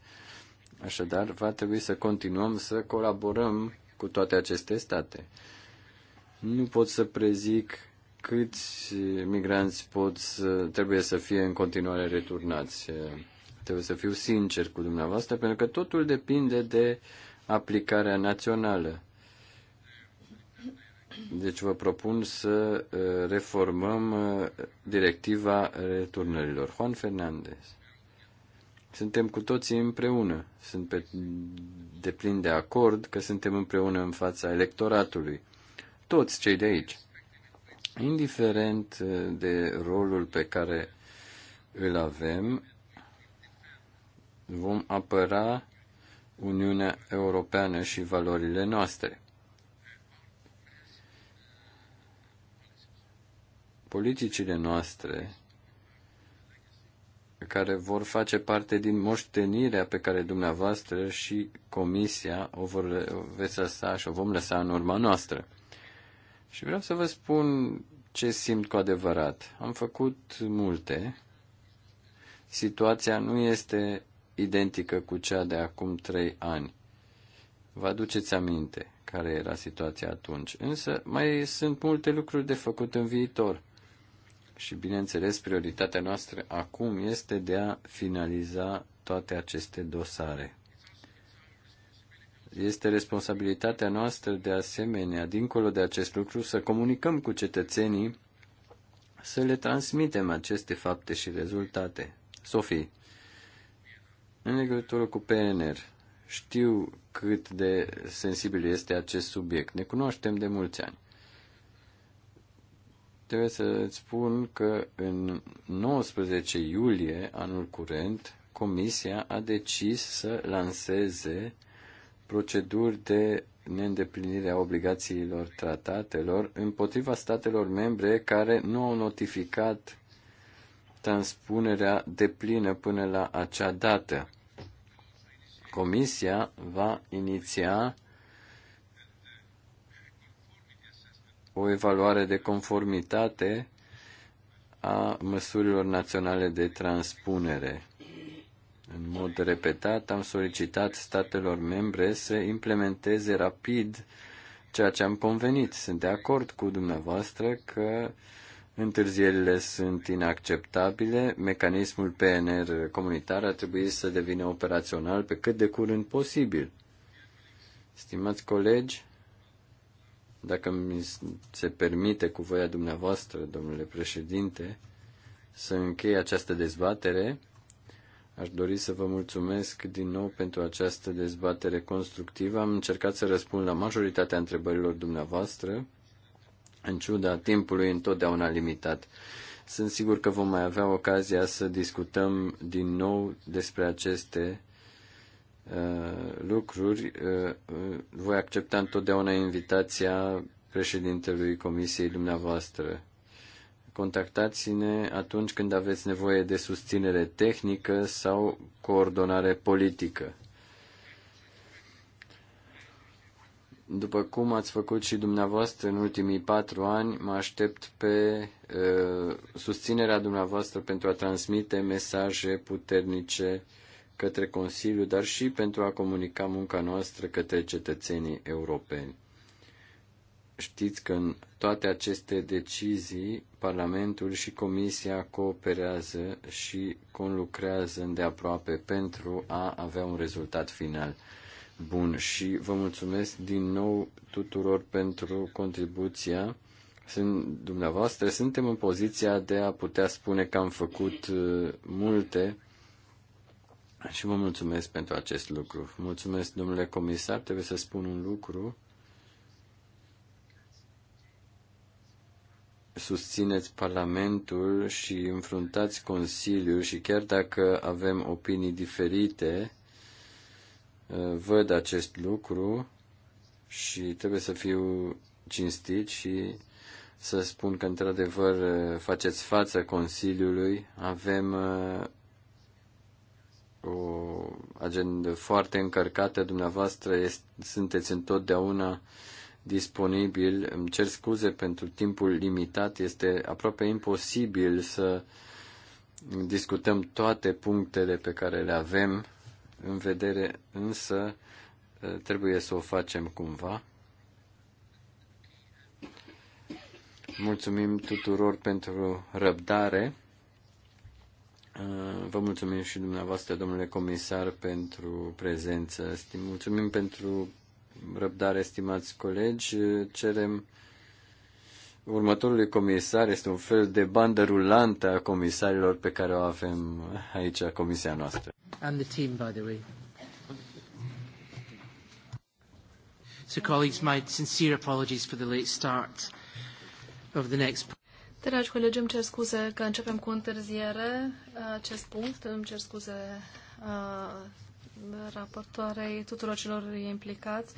Așadar, va trebui să continuăm să colaborăm cu toate aceste state. Nu pot să prezic câți migranți pot să, trebuie să fie în continuare returnați. Trebuie să fiu sincer cu dumneavoastră, pentru că totul depinde de aplicarea națională. Deci vă propun să uh, reformăm uh, directiva returnărilor. Juan Fernandez. Suntem cu toții împreună. Sunt pe deplin de acord că suntem împreună în fața electoratului. Toți cei de aici indiferent uh, de rolul pe care îl avem, vom apăra Uniunea Europeană și valorile noastre. Politicile noastre care vor face parte din moștenirea pe care dumneavoastră și Comisia o vor veți lăsa și o vom lăsa în urma noastră. Și vreau să vă spun ce simt cu adevărat. Am făcut multe. Situația nu este identică cu cea de acum trei ani. Vă aduceți aminte care era situația atunci. Însă mai sunt multe lucruri de făcut în viitor. Și bineînțeles, prioritatea noastră acum este de a finaliza toate aceste dosare. Este responsabilitatea noastră de asemenea, dincolo de acest lucru, să comunicăm cu cetățenii, să le transmitem aceste fapte și rezultate. Sofie, în legătură cu PNR, știu cât de sensibil este acest subiect. Ne cunoaștem de mulți ani. Trebuie să îți spun că în 19 iulie anul curent, Comisia a decis să lanseze proceduri de neîndeplinire a obligațiilor tratatelor împotriva statelor membre care nu au notificat transpunerea deplină până la acea dată. Comisia va iniția o evaluare de conformitate a măsurilor naționale de transpunere. În mod repetat am solicitat statelor membre să implementeze rapid ceea ce am convenit. Sunt de acord cu dumneavoastră că întârzierile sunt inacceptabile, mecanismul PNR comunitar ar trebui să devină operațional pe cât de curând posibil. Stimați colegi, dacă mi se permite cu voia dumneavoastră, domnule președinte, să închei această dezbatere, Aș dori să vă mulțumesc din nou pentru această dezbatere constructivă. Am încercat să răspund la majoritatea întrebărilor dumneavoastră, în ciuda timpului întotdeauna limitat. Sunt sigur că vom mai avea ocazia să discutăm din nou despre aceste uh, lucruri. Uh, voi accepta întotdeauna invitația președintelui Comisiei dumneavoastră. Contactați-ne atunci când aveți nevoie de susținere tehnică sau coordonare politică. După cum ați făcut și dumneavoastră în ultimii patru ani, mă aștept pe uh, susținerea dumneavoastră pentru a transmite mesaje puternice către Consiliu, dar și pentru a comunica munca noastră către cetățenii europeni. Știți că în toate aceste decizii, Parlamentul și Comisia cooperează și conlucrează îndeaproape pentru a avea un rezultat final bun. Și vă mulțumesc din nou tuturor pentru contribuția. Sunt, dumneavoastră, suntem în poziția de a putea spune că am făcut uh, multe și vă mulțumesc pentru acest lucru. Mulțumesc, domnule comisar. Trebuie să spun un lucru susțineți Parlamentul și înfruntați Consiliul și chiar dacă avem opinii diferite, uh, văd acest lucru și trebuie să fiu cinstit și să spun că, într-adevăr, uh, faceți față Consiliului. Avem uh, o agendă foarte încărcată. Dumneavoastră sunteți întotdeauna disponibil. Îmi cer scuze pentru timpul limitat. Este aproape imposibil să discutăm toate punctele pe care le avem în vedere, însă ă, trebuie să o facem cumva. Mulțumim tuturor pentru răbdare. Ă, vă mulțumim și dumneavoastră, domnule comisar, pentru prezență. Mulțumim pentru răbdare, stimați colegi. Cerem următorului comisar, este un fel de bandă rulantă a comisarilor pe care o avem aici, comisia noastră. And the team, by the way. So, colleagues, my sincere apologies for the late start of the next Dragi colegi, îmi cer scuze că începem cu întârziere acest punct. Îmi cer scuze uh, raportoarei, tuturor celor implicați.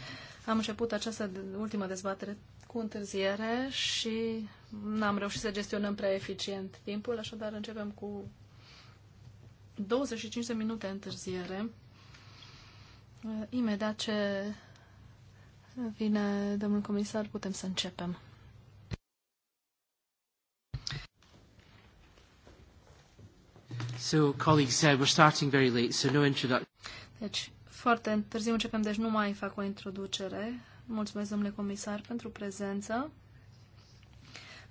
Am început această ultimă dezbatere cu întârziere și n-am reușit să gestionăm prea eficient timpul, așadar începem cu 25 de minute întârziere. Imediat ce vine domnul comisar, putem să începem. So, colleagues, uh, we're starting very late, so no introduction. Deci, foarte târziu începem, deci nu mai fac o introducere. Mulțumesc, domnule comisar, pentru prezență.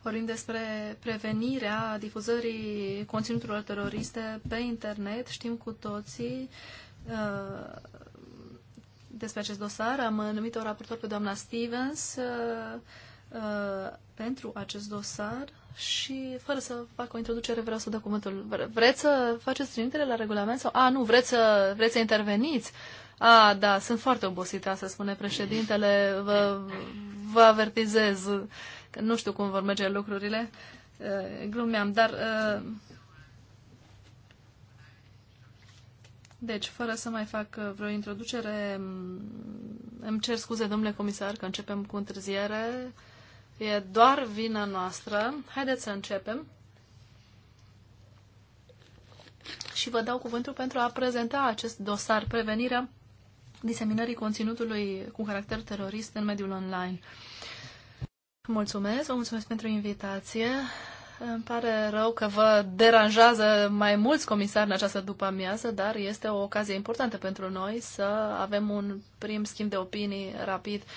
Vorbim despre prevenirea difuzării conținuturilor teroriste pe internet. Știm cu toții uh, despre acest dosar. Am numit o raportor pe doamna Stevens uh, uh, pentru acest dosar și fără să fac o introducere vreau să dau cuvântul. Vreți să faceți trimitere la regulament sau? A, nu, vreți să, vreți să interveniți? A, da, sunt foarte obosită, să spune președintele, vă, vă avertizez că nu știu cum vor merge lucrurile. Glumeam, dar... Deci, fără să mai fac vreo introducere, îmi cer scuze, domnule comisar, că începem cu întârziere E doar vina noastră. Haideți să începem. Și vă dau cuvântul pentru a prezenta acest dosar, prevenirea diseminării conținutului cu caracter terorist în mediul online. Mulțumesc, vă mulțumesc pentru invitație. Îmi pare rău că vă deranjează mai mulți comisari în această după-amiază, dar este o ocazie importantă pentru noi să avem un prim schimb de opinii rapid uh,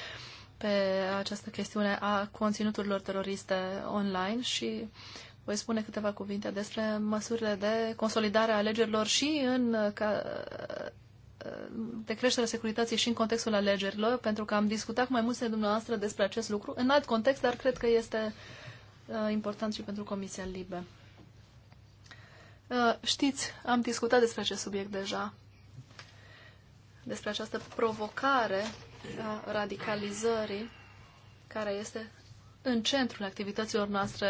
pe această chestiune a conținuturilor teroriste online și voi spune câteva cuvinte despre măsurile de consolidare a alegerilor și în ca, de creșterea securității și în contextul alegerilor, pentru că am discutat cu mai multe dumneavoastră despre acest lucru în alt context, dar cred că este uh, important și pentru Comisia Libe. Uh, știți, am discutat despre acest subiect deja, despre această provocare a radicalizării, care este în centrul activităților noastre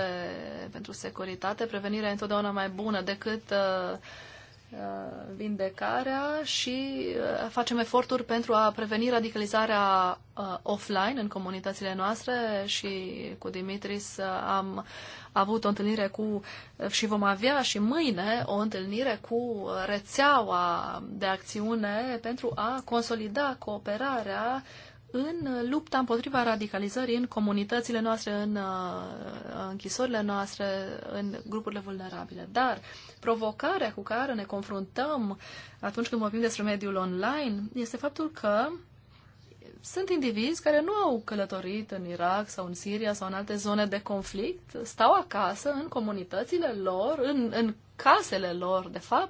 pentru securitate. Prevenirea e întotdeauna mai bună decât uh, uh, vindecarea și uh, facem eforturi pentru a preveni radicalizarea offline în comunitățile noastre și cu Dimitris am avut o întâlnire cu și vom avea și mâine o întâlnire cu rețeaua de acțiune pentru a consolida cooperarea în lupta împotriva radicalizării în comunitățile noastre, în uh, închisorile noastre, în grupurile vulnerabile. Dar provocarea cu care ne confruntăm atunci când vorbim despre mediul online este faptul că sunt indivizi care nu au călătorit în Irak sau în Siria sau în alte zone de conflict, stau acasă în comunitățile lor, în, în casele lor, de fapt,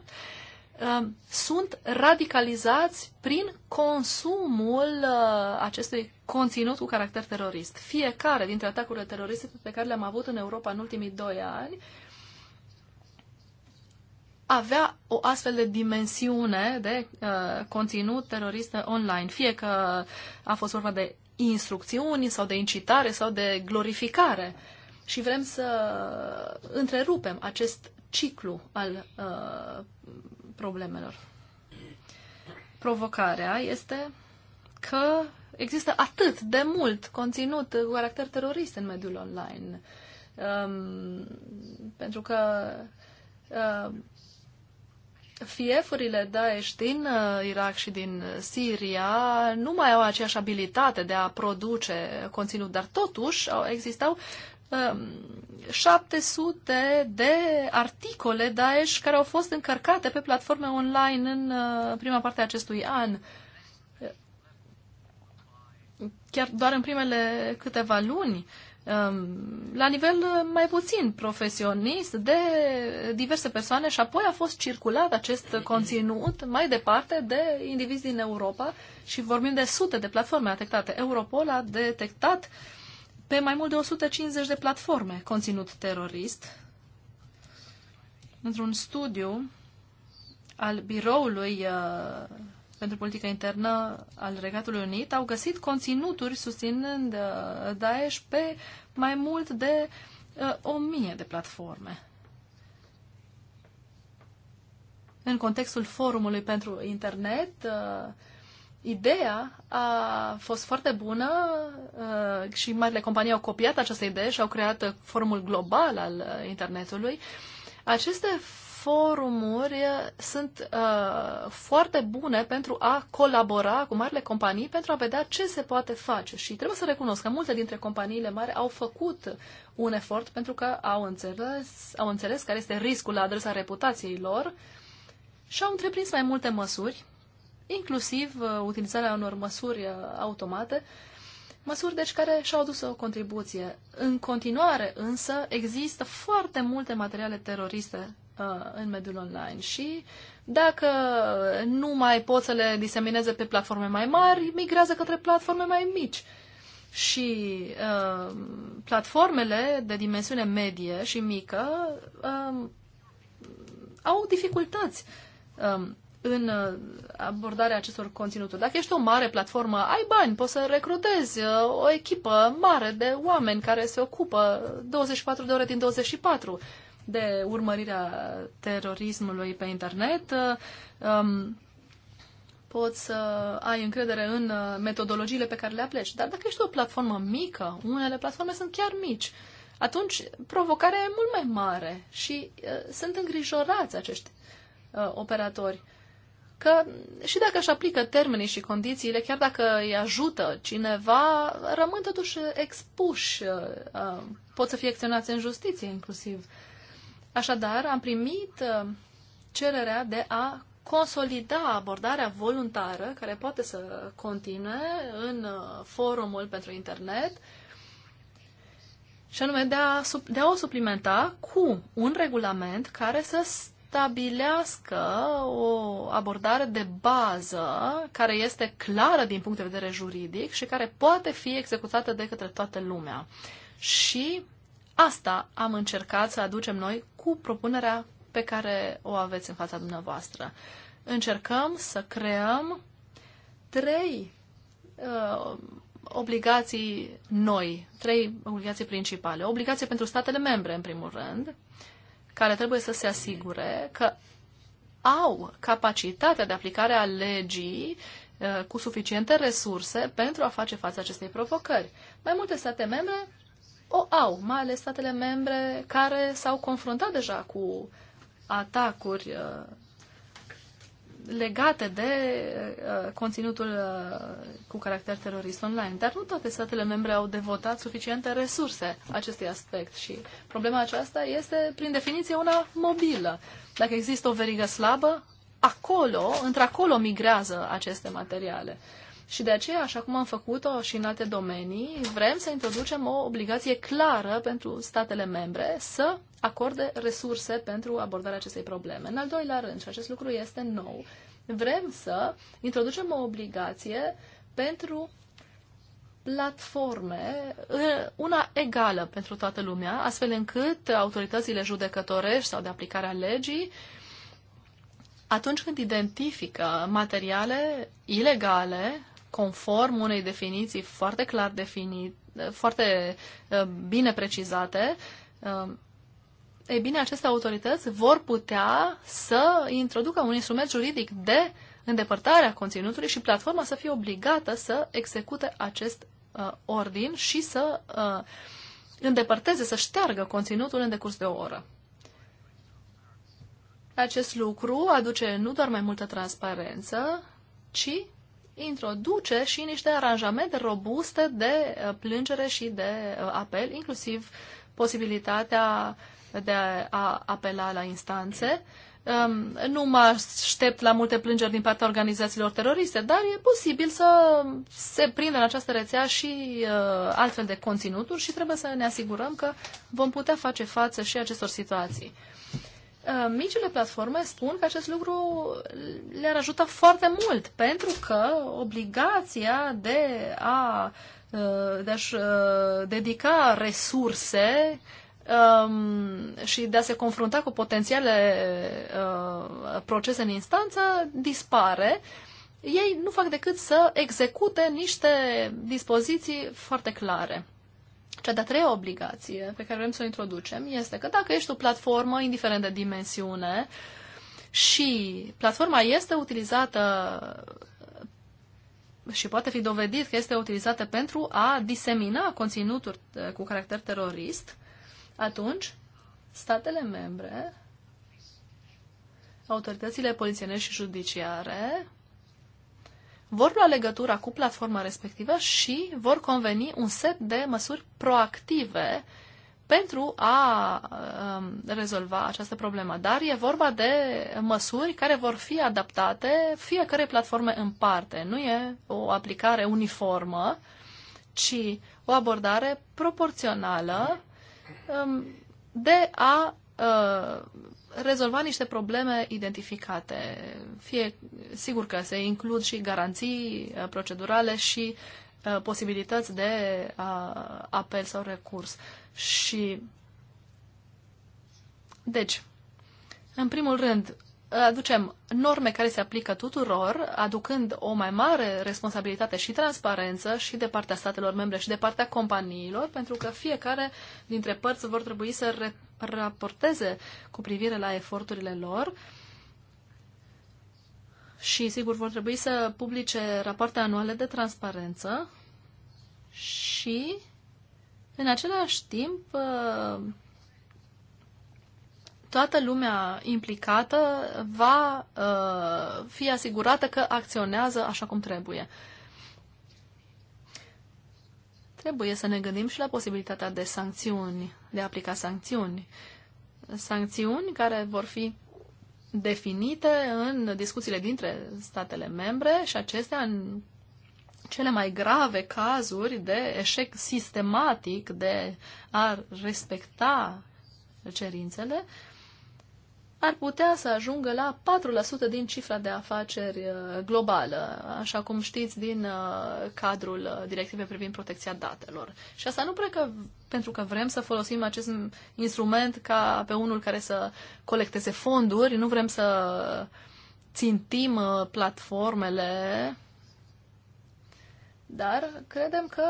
um, sunt radicalizați prin consumul uh, acestui conținut cu caracter terorist. Fiecare dintre atacurile teroriste pe care le-am avut în Europa în ultimii doi ani avea o astfel de dimensiune de uh, conținut terorist online, fie că a fost vorba de instrucțiuni sau de incitare sau de glorificare. Și vrem să întrerupem acest ciclu al uh, problemelor. Provocarea este că există atât de mult conținut cu uh, caracter terorist în mediul online. Um, pentru că uh, fiefurile Daesh din uh, Irak și din uh, Siria nu mai au aceeași abilitate de a produce conținut, dar totuși au, existau um, 700 de articole Daesh care au fost încărcate pe platforme online în uh, prima parte a acestui an. Chiar doar în primele câteva luni la nivel uh, mai puțin profesionist de diverse persoane și apoi a fost circulat acest conținut mai departe de indivizi din Europa și vorbim de sute de platforme detectate. Europol a detectat pe mai mult de 150 de platforme conținut terorist într-un studiu al biroului uh, pentru politică internă al Regatului Unit au găsit conținuturi susținând uh, Daesh pe mai mult de uh, o mie de platforme. În contextul forumului pentru internet, uh, ideea a fost foarte bună și marile companii au copiat această idee și au creat forumul global al internetului. Aceste forumuri uh, sunt uh, foarte bune pentru a colabora cu marile companii pentru a vedea ce se poate face. Și trebuie să recunosc că multe dintre companiile mari au făcut un efort pentru că au înțeles, au înțeles care este riscul la adresa reputației lor și au întreprins mai multe măsuri, inclusiv uh, utilizarea unor măsuri uh, automate, măsuri deci care și-au adus o contribuție. În continuare însă există foarte multe materiale teroriste Uh, în mediul online și dacă nu mai pot să le disemineze pe platforme mai mari, migrează către platforme mai mici. Și uh, platformele de dimensiune medie și mică uh, au dificultăți um, uh, în abordarea acestor conținuturi. Dacă ești o mare platformă, ai bani, poți să recrutezi uh, o echipă mare de oameni care se ocupă 24 uh, de ore din 24 de urmărirea terorismului pe internet, um, poți să ai încredere în uh, metodologiile pe care le apleci. Dar dacă ești o platformă mică, unele platforme sunt chiar mici, atunci provocarea e mult mai mare și uh, sunt îngrijorați acești uh, operatori. Că și dacă își aplică termenii și condițiile, chiar dacă îi ajută cineva, rămân totuși expuși, uh, uh pot să fie acționați în justiție inclusiv. Uh, Așadar, am primit uh, cererea de a consolida abordarea voluntară care poate să continue în uh, forumul pentru internet și anume de a, de a o suplimenta cu un regulament care să stabilească o abordare de bază care este clară din punct de vedere juridic și care poate fi executată de către toată lumea. Și asta am încercat să aducem noi cu propunerea pe care o aveți în fața dumneavoastră. Încercăm să creăm trei uh, obligații noi, trei obligații principale. O obligație pentru statele membre, în primul rând, care trebuie să se asigure că au capacitatea de aplicare a legii uh, cu suficiente resurse pentru a face față acestei provocări. Mai multe state membre o au, mai ales statele membre care s-au confruntat deja cu atacuri uh, legate de uh, conținutul uh, cu caracter terorist online. Dar nu toate statele membre au devotat suficiente resurse acestui aspect și problema aceasta este, prin definiție, una mobilă. Dacă există o verigă slabă, acolo, într-acolo migrează aceste materiale. Uh, și de aceea, așa cum am făcut-o și în alte domenii, vrem să introducem o obligație clară pentru statele membre să acorde resurse pentru abordarea acestei probleme. În al doilea rând, și acest lucru este nou, vrem să introducem o obligație pentru platforme, una egală pentru toată lumea, astfel încât autoritățile judecătorești sau de aplicare a legii, atunci când identifică materiale ilegale conform unei definiții foarte clar definite, foarte uh, bine precizate, um, ei bine, aceste autorități vor putea să introducă un instrument juridic de îndepărtare a conținutului și platforma să fie obligată să execute acest uh, ordin și să uh, îndepărteze, să șteargă conținutul în decurs de o oră. Acest lucru aduce nu doar mai multă transparență, ci introduce și niște aranjamente robuste de uh, plângere și de uh, apel, inclusiv posibilitatea de a apela la instanțe. Um, nu mă aștept la multe plângeri din partea organizațiilor teroriste, dar e posibil să se prindă în această rețea și uh, altfel de conținuturi și trebuie să ne asigurăm că vom putea face față și acestor situații. Uh, micile platforme spun că acest lucru le-ar ajuta foarte mult, pentru că obligația de a uh, de a-și uh, dedica resurse um, și de a se confrunta cu potențiale uh, procese în instanță dispare. Ei nu fac decât să execute niște dispoziții foarte clare. Cea de-a treia obligație pe care vrem să o introducem este că dacă ești o platformă, indiferent de dimensiune, și platforma este utilizată și poate fi dovedit că este utilizată pentru a disemina conținuturi cu caracter terorist, atunci statele membre, autoritățile polițienești și judiciare vor lua legătura cu platforma respectivă și vor conveni un set de măsuri proactive pentru a um, rezolva această problemă. Dar e vorba de măsuri care vor fi adaptate fiecare platforme în parte. Nu e o aplicare uniformă, ci o abordare proporțională um, de a uh, rezolva niște probleme identificate. Fie, sigur că se includ și garanții uh, procedurale și uh, posibilități de uh, apel sau recurs. Și deci, în primul rând, aducem norme care se aplică tuturor, aducând o mai mare responsabilitate și transparență și de partea statelor membre și de partea companiilor, pentru că fiecare dintre părți vor trebui să raporteze cu privire la eforturile lor și, sigur, vor trebui să publice rapoarte anuale de transparență și, în același timp, uh, toată lumea implicată va uh, fi asigurată că acționează așa cum trebuie. Trebuie să ne gândim și la posibilitatea de sancțiuni, de a aplica sancțiuni. Sancțiuni care vor fi definite în discuțiile dintre statele membre și acestea în cele mai grave cazuri de eșec sistematic de a respecta cerințele, ar putea să ajungă la 4% din cifra de afaceri uh, globală, așa cum știți din uh, cadrul uh, directivei privind protecția datelor. Și asta nu prea că, pentru că vrem să folosim acest instrument ca pe unul care să colecteze fonduri, nu vrem să țintim platformele, dar credem că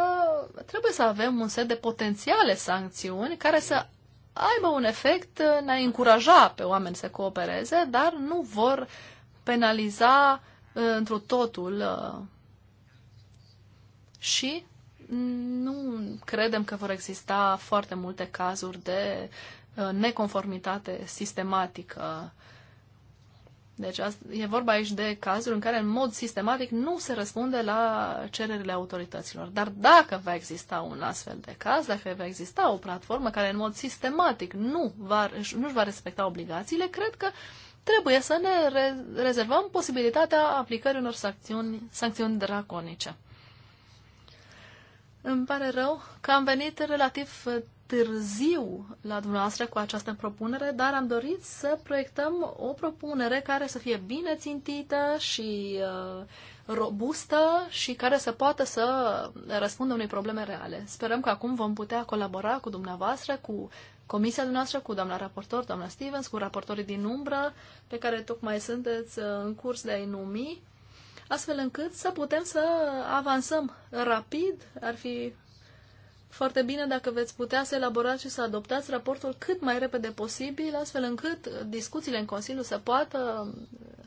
trebuie să avem un set de potențiale sancțiuni care să aibă un efect în a încuraja pe oameni să coopereze, dar nu vor penaliza uh, întru totul uh. și nu credem că vor exista foarte multe cazuri de uh, neconformitate sistematică deci e vorba aici de cazuri în care în mod sistematic nu se răspunde la cererile autorităților. Dar dacă va exista un astfel de caz, dacă va exista o platformă care în mod sistematic nu va, nu-și va respecta obligațiile, cred că trebuie să ne re- rezervăm posibilitatea aplicării unor sancțiuni, sancțiuni draconice. Îmi pare rău că am venit relativ târziu la dumneavoastră cu această propunere, dar am dorit să proiectăm o propunere care să fie bine țintită și uh, robustă și care să poată să răspundă unei probleme reale. Sperăm că acum vom putea colabora cu dumneavoastră, cu comisia dumneavoastră, cu doamna raportor, doamna Stevens, cu raportorii din umbră, pe care tocmai sunteți uh, în curs de a-i numi, astfel încât să putem să avansăm rapid. Ar fi foarte bine dacă veți putea să elaborați și să adoptați raportul cât mai repede posibil, astfel încât discuțiile în Consiliu să poată uh,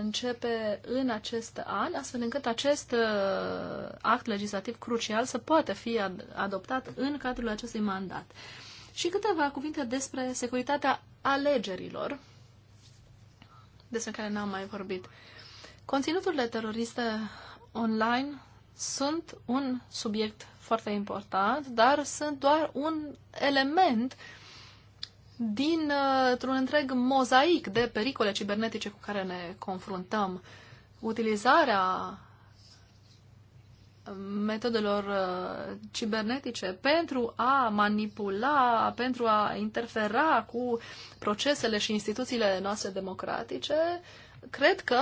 începe în acest an, astfel încât acest uh, act legislativ crucial să poată fi adoptat în cadrul acestui mandat. Și câteva cuvinte despre securitatea alegerilor, despre care n-am mai vorbit. Conținuturile teroriste online sunt un subiect foarte important, dar sunt doar un element dintr-un uh, întreg mozaic de pericole cibernetice cu care ne confruntăm. Utilizarea uh, metodelor uh, cibernetice pentru a manipula, pentru a interfera cu procesele și instituțiile noastre democratice, cred că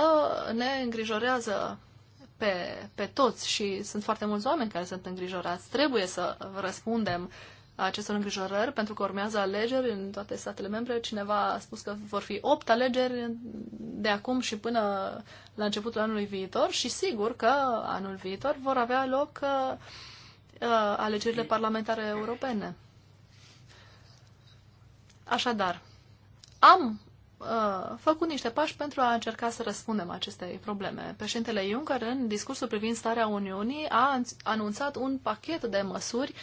ne îngrijorează pe, pe toți și sunt foarte mulți oameni care sunt îngrijorați. Trebuie să răspundem acestor îngrijorări pentru că urmează alegeri în toate statele membre. Cineva a spus că vor fi opt alegeri de acum și până la începutul anului viitor și sigur că anul viitor vor avea loc uh, alegerile parlamentare europene. Așadar, am Uh, făcut niște pași pentru a încerca să răspundem acestei probleme. Președintele Juncker, în discursul privind starea Uniunii, a anunțat un pachet de măsuri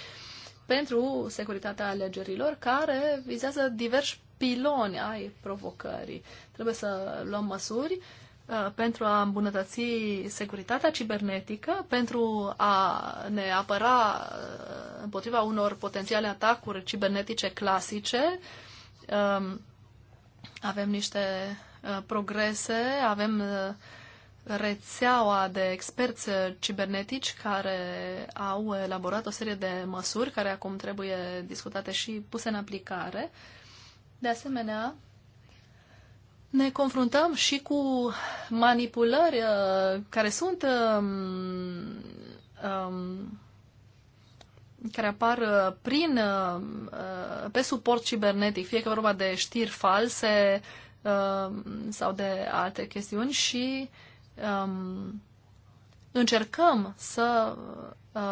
pentru securitatea alegerilor, care vizează diversi piloni ai provocării. Trebuie să luăm măsuri uh, pentru a îmbunătăți securitatea cibernetică, pentru a ne apăra uh, împotriva unor potențiale atacuri cibernetice clasice, um, avem niște uh, progrese, avem uh, rețeaua de experți uh, cibernetici care au elaborat o serie de măsuri care acum trebuie discutate și puse în aplicare. De asemenea, ne confruntăm și cu manipulări care sunt Uh, um, um care apar uh, prin, uh, pe suport cibernetic, fie că vorba de știri false uh, sau de alte chestiuni și um, încercăm să uh,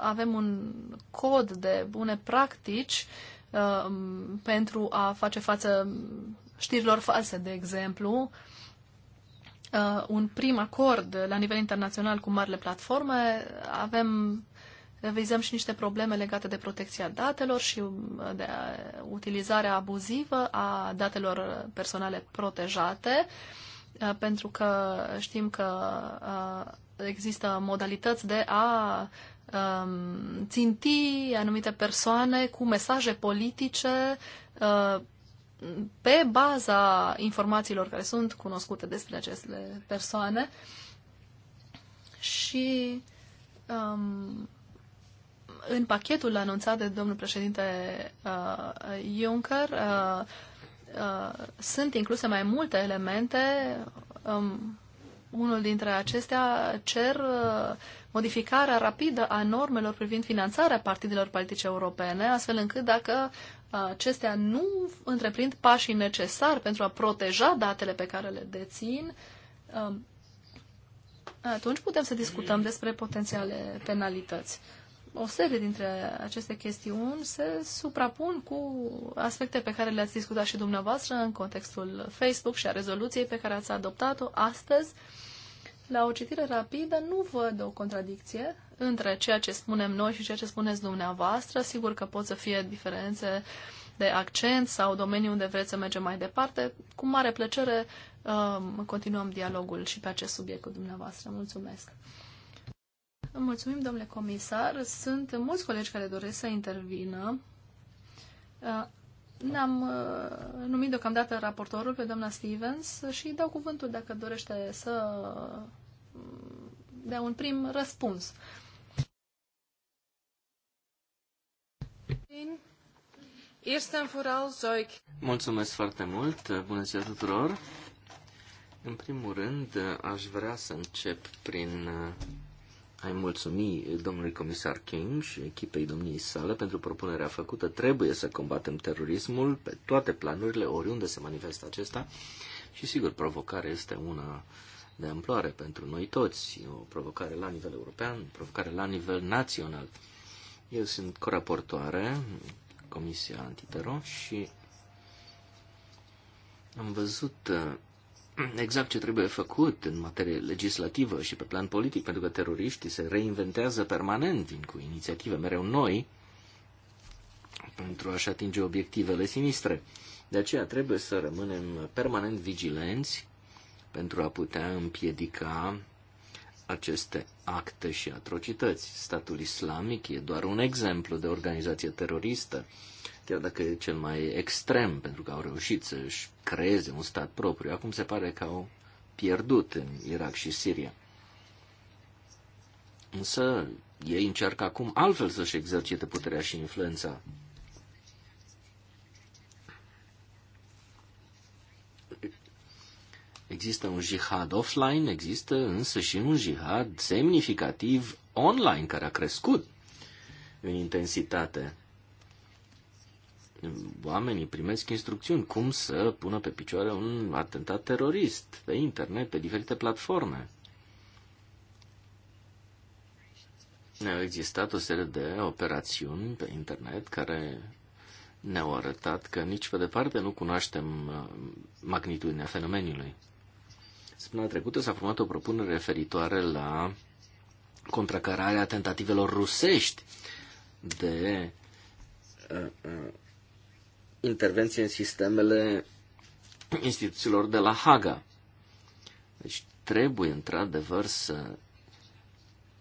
avem un cod de bune practici uh, pentru a face față știrilor false, de exemplu, uh, un prim acord la nivel internațional cu marile platforme. Avem vizăm și niște probleme legate de protecția datelor și uh, de uh, utilizarea abuzivă a datelor personale protejate, uh, pentru că știm că există modalități de a um, ținti anumite persoane cu mesaje politice pe baza informațiilor care sunt cunoscute despre aceste persoane și um, în pachetul anunțat de domnul președinte uh, Juncker uh, uh, sunt incluse mai multe elemente. Um, unul dintre acestea cer uh, modificarea rapidă a normelor privind finanțarea partidelor politice europene, astfel încât dacă uh, acestea nu întreprind pașii necesari pentru a proteja datele pe care le dețin, um, atunci putem să discutăm despre potențiale penalități o serie dintre aceste chestiuni se suprapun cu aspecte pe care le-ați discutat și dumneavoastră în contextul Facebook și a rezoluției pe care ați adoptat-o astăzi. La o citire rapidă nu văd o contradicție între ceea ce spunem noi și ceea ce spuneți dumneavoastră. Sigur că pot să fie diferențe de accent sau domenii unde vreți să mergem mai departe. Cu mare plăcere um, continuăm dialogul și pe acest subiect cu dumneavoastră. Mulțumesc! Mulțumim, domnule comisar. Sunt mulți colegi care doresc să intervină. Uh, ne-am uh, numit deocamdată raportorul pe doamna Stevens și dau cuvântul dacă dorește să mm, dea un prim răspuns. Mulțumesc foarte mult! Bună ziua tuturor! În primul rând, aș vrea să încep prin uh, ai mulțumi domnului comisar King și echipei domniei sale pentru propunerea făcută. Trebuie să combatem terorismul pe toate planurile, oriunde se manifestă acesta. Și sigur, provocarea este una de amploare pentru noi toți, o provocare la nivel european, o provocare la nivel național. Eu sunt coraportoare, Comisia Antitero, și am văzut uh, exact ce trebuie făcut în materie legislativă și pe plan politic, pentru că teroriștii se reinventează permanent, vin cu inițiative mereu noi pentru a-și atinge obiectivele sinistre. De aceea trebuie să rămânem permanent vigilenți pentru a putea împiedica aceste acte și atrocități. Statul islamic e doar un exemplu de organizație teroristă chiar dacă e cel mai extrem, pentru că au reușit să-și creeze un stat propriu. Acum se pare că au pierdut în Irak și Siria. Însă ei încearcă acum altfel să-și exercite puterea și influența. Există un jihad offline, există însă și un jihad semnificativ online care a crescut în intensitate oamenii primesc instrucțiuni cum să pună pe picioare un atentat terorist pe internet, pe diferite platforme. ne Au existat o serie de operațiuni pe internet care ne-au arătat că nici pe departe nu cunoaștem uh, magnitudinea fenomenului. Săptămâna trecută s-a format o propunere referitoare la contracararea tentativelor rusești de uh, uh, intervenție în sistemele instituțiilor de la Haga. Deci trebuie, într-adevăr, să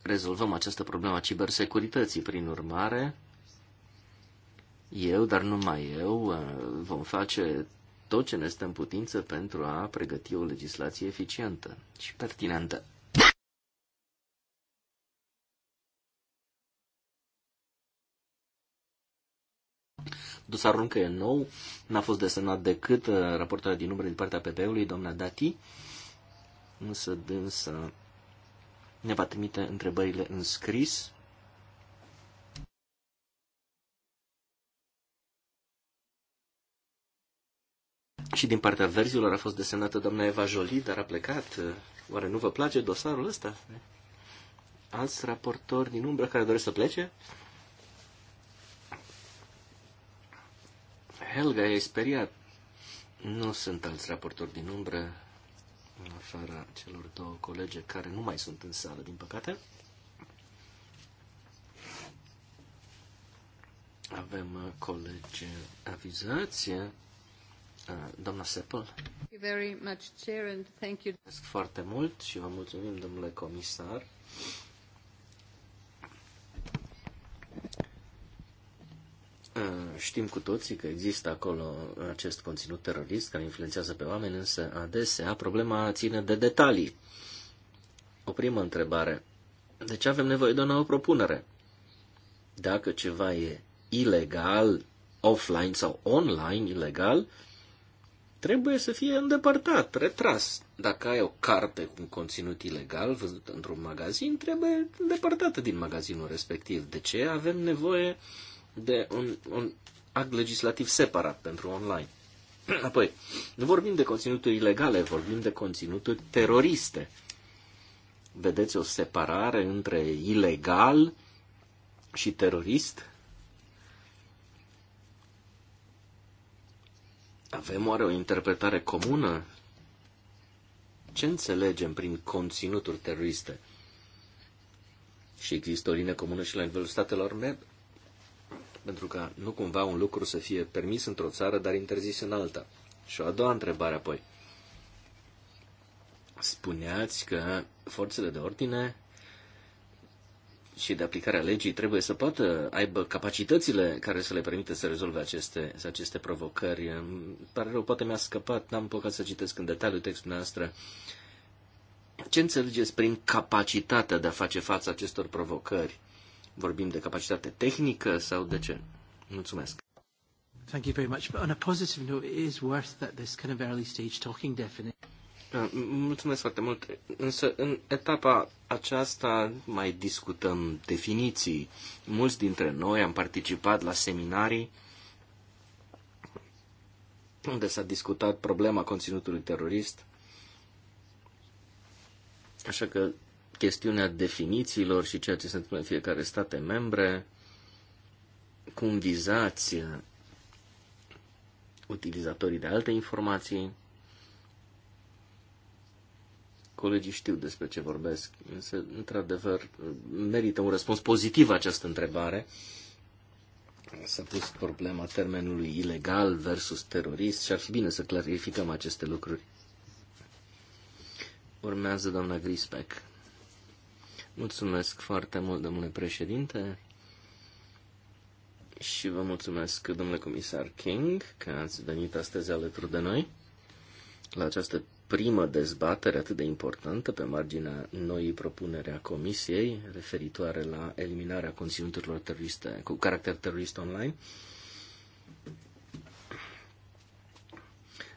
rezolvăm această problemă a cibersecurității. Prin urmare, eu, dar numai eu, uh, vom face tot ce ne stă în putință pentru a pregăti o legislație eficientă și pertinentă. Dosarul încă e nou, n-a fost desemnat decât uh, raportarea din umbră din partea PP-ului, doamna Dati, însă dânsă ne va trimite întrebările în scris. Și din partea verzilor a fost desemnată doamna Eva Jolie, dar a plecat. Oare nu vă place dosarul ăsta? Alți raportori din umbră care doresc să plece? Helga, e speriat. Nu sunt alți raportori din umbră, în afara celor două colege care nu mai sunt în sală, din păcate. Avem uh, colegi avizați. Uh, doamna Seppel. Mulțumesc foarte mult și vă mulțumim, domnule comisar. Știm cu toții că există acolo acest conținut terorist care influențează pe oameni, însă adesea problema ține de detalii. O primă întrebare. De ce avem nevoie de o nouă propunere? Dacă ceva e ilegal, offline sau online ilegal, trebuie să fie îndepărtat, retras. Dacă ai o carte cu un conținut ilegal văzut într-un magazin, trebuie îndepărtată din magazinul respectiv. De ce avem nevoie de un, un act legislativ separat pentru online. Apoi, nu vorbim de conținuturi ilegale, vorbim de conținuturi teroriste. Vedeți o separare între ilegal și terorist? Avem oare o interpretare comună? Ce înțelegem prin conținuturi teroriste? Și există o linie comună și la nivelul statelor membre? pentru ca nu cumva un lucru să fie permis într-o țară, dar interzis în alta. Și o a doua întrebare apoi. Spuneați că forțele de ordine și de aplicare a legii trebuie să poată aibă capacitățile care să le permită să rezolve aceste, să aceste provocări. Îmi pare rău, poate mi-a scăpat, n-am păcat să citesc în detaliu textul noastră. Ce înțelegeți prin capacitatea de a face față acestor provocări? Vorbim de capacitate tehnică sau de ce? Mulțumesc. Thank you very much. But on a positive note, it is worth that this kind of early stage talking definitely. Uh, mulțumesc foarte mult. Însă, în etapa aceasta mai discutăm definiții. Mulți dintre noi am participat la seminarii unde s-a discutat problema conținutului terorist. Așa că chestiunea definițiilor și ceea ce se întâmplă în fiecare state membre, cum vizați utilizatorii de alte informații. Colegii știu despre ce vorbesc, însă, într-adevăr, merită un răspuns pozitiv această întrebare. S-a pus problema termenului ilegal versus terorist și ar fi bine să clarificăm aceste lucruri. Urmează doamna Grispec. Mulțumesc foarte mult, domnule președinte, și vă mulțumesc, domnule comisar King, că ați venit astăzi alături de noi la această primă dezbatere atât de importantă pe marginea noii propunere a Comisiei referitoare la eliminarea conținuturilor teroriste cu caracter terorist online.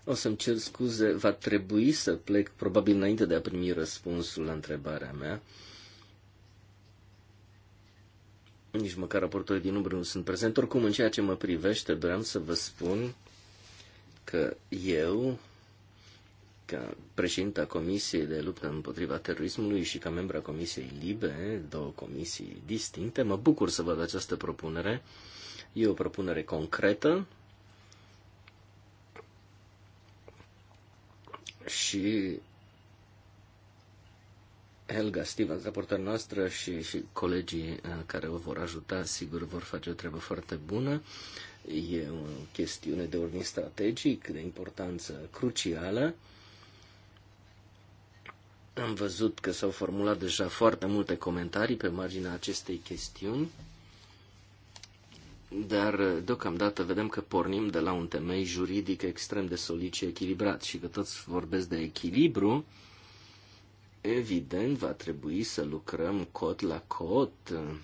O să-mi cer scuze, va trebui să plec probabil înainte de a primi răspunsul la întrebarea mea nici măcar raportorii din umbră nu sunt prezent. Oricum, în ceea ce mă privește, doream să vă spun că eu, ca președinta Comisiei de Luptă împotriva Terorismului și ca membra Comisiei Libe, două comisii distincte, mă bucur să văd această propunere. E o propunere concretă și Helga Stevens, raportor noastră și, și colegii uh, care o vor ajuta, sigur, vor face o treabă foarte bună. E o chestiune de ordin strategic, de importanță crucială. Am văzut că s-au formulat deja foarte multe comentarii pe marginea acestei chestiuni, dar uh, deocamdată vedem că pornim de la un temei juridic extrem de solid și echilibrat și că toți vorbesc de echilibru, evident va trebui să lucrăm cot la cot uh,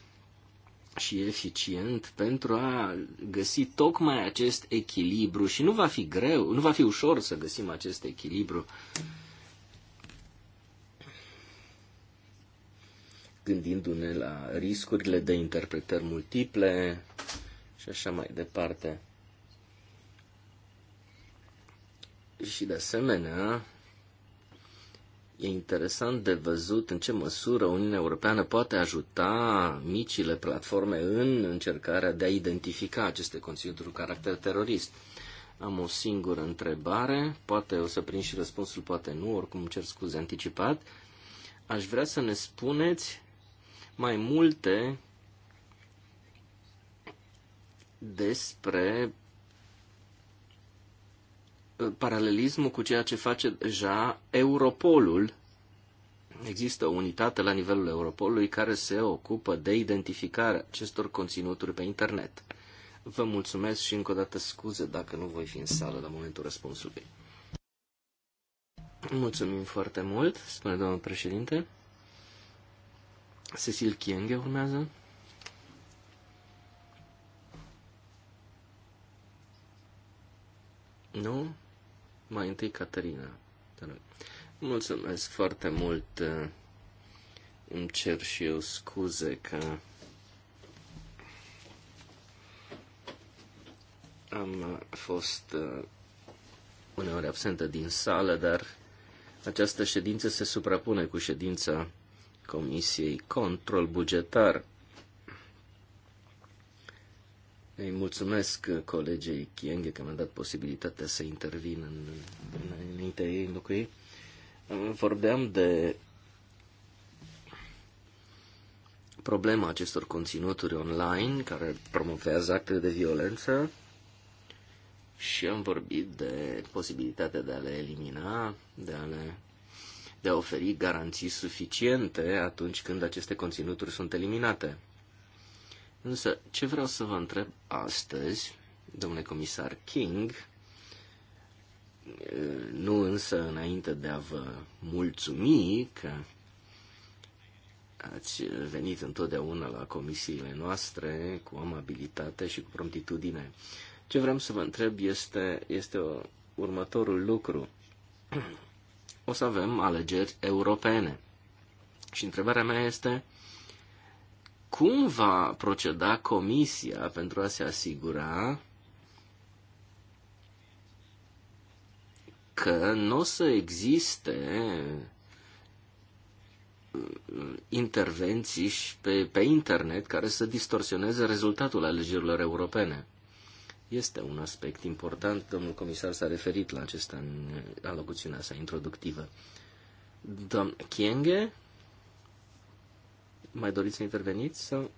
și eficient pentru a găsi tocmai acest echilibru și nu va fi greu, nu va fi ușor să găsim acest echilibru. Gândindu-ne la riscurile de interpretări multiple și așa mai departe. Și de asemenea, E interesant de văzut în ce măsură Uniunea Europeană poate ajuta micile platforme în încercarea de a identifica aceste conținuturi cu caracter terorist. Am o singură întrebare, poate o să prind și răspunsul, poate nu, oricum cer scuze anticipat. Aș vrea să ne spuneți mai multe despre paralelismul cu ceea ce face deja Europolul. Există o unitate la nivelul Europolului care se ocupă de identificarea acestor conținuturi pe internet. Vă mulțumesc și încă o dată scuze dacă nu voi fi în sală la momentul răspunsului. Mulțumim foarte mult, spune domnul președinte. Cecil Chienghe urmează. Nu? Mai întâi, Caterina. Mulțumesc foarte mult. Îmi cer și eu scuze că am fost uh, uneori absentă din sală, dar această ședință se suprapune cu ședința Comisiei Control Bugetar. Îi mulțumesc colegei Chienghe că mi-a dat posibilitatea să intervin în, în, înaintea ei, în locul ei. Vorbeam de problema acestor conținuturi online care promovează acte de violență și am vorbit de posibilitatea de a le elimina, de a, le, de a oferi garanții suficiente atunci când aceste conținuturi sunt eliminate. Însă, ce vreau să vă întreb astăzi, domnule comisar King, nu însă înainte de a vă mulțumi că ați venit întotdeauna la comisiile noastre cu amabilitate și cu promptitudine. Ce vreau să vă întreb este, este următorul lucru. O să avem alegeri europene. Și întrebarea mea este cum va proceda Comisia pentru a se asigura că nu o să existe uh, intervenții și pe, pe internet care să distorsioneze rezultatul alegerilor europene. Este un aspect important, domnul comisar s-a referit la acesta în alocuțiunea sa introductivă. domn Kienge mai doriți să interveniți sau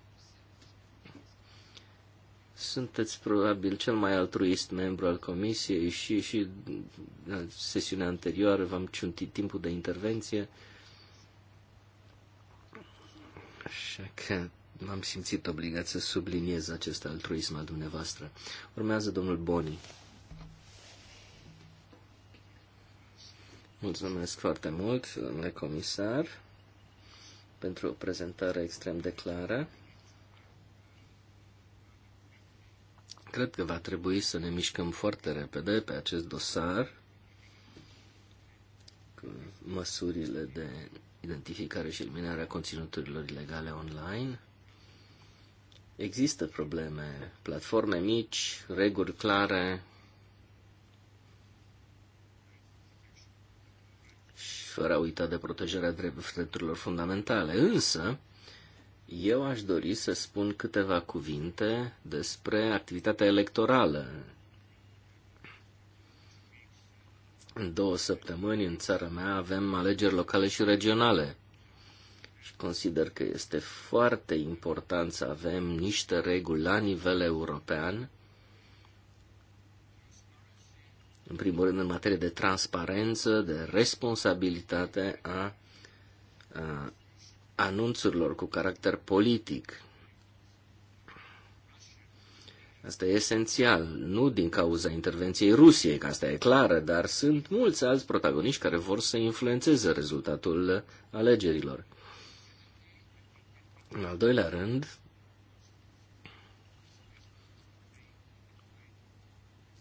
sunteți probabil cel mai altruist membru al comisiei și, și în sesiunea anterioară v-am ciuntit timpul de intervenție. Așa că m-am simțit obligat să subliniez acest altruism al dumneavoastră. Urmează domnul Boni. Mulțumesc foarte mult, domnule comisar pentru o prezentare extrem de clară. Cred că va trebui să ne mișcăm foarte repede pe acest dosar cu măsurile de identificare și eliminare a conținuturilor ilegale online. Există probleme, platforme mici, reguli clare, fără a uita de protejarea drepturilor fundamentale. Însă, eu aș dori să spun câteva cuvinte despre activitatea electorală. În două săptămâni în țara mea avem alegeri locale și regionale și consider că este foarte important să avem niște reguli la nivel european în primul rând în materie de transparență, de responsabilitate a, a anunțurilor cu caracter politic. Asta e esențial, nu din cauza intervenției Rusiei, că asta e clară, dar sunt mulți alți protagoniști care vor să influențeze rezultatul alegerilor. În al doilea rând,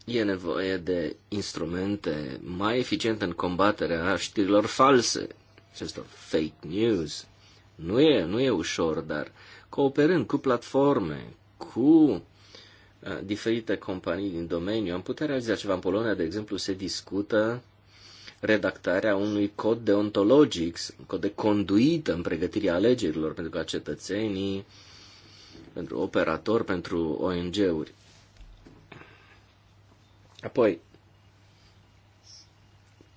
E nevoie de instrumente mai eficiente în combaterea știrilor false, acestor fake news. Nu e, nu e ușor, dar cooperând cu platforme, cu diferite companii din domeniu, am putea realiza ceva. În Polonia, de exemplu, se discută redactarea unui cod deontologic, un cod de conduită în pregătirea alegerilor pentru ca cetățenii, pentru operatori, pentru ONG-uri. Apoi,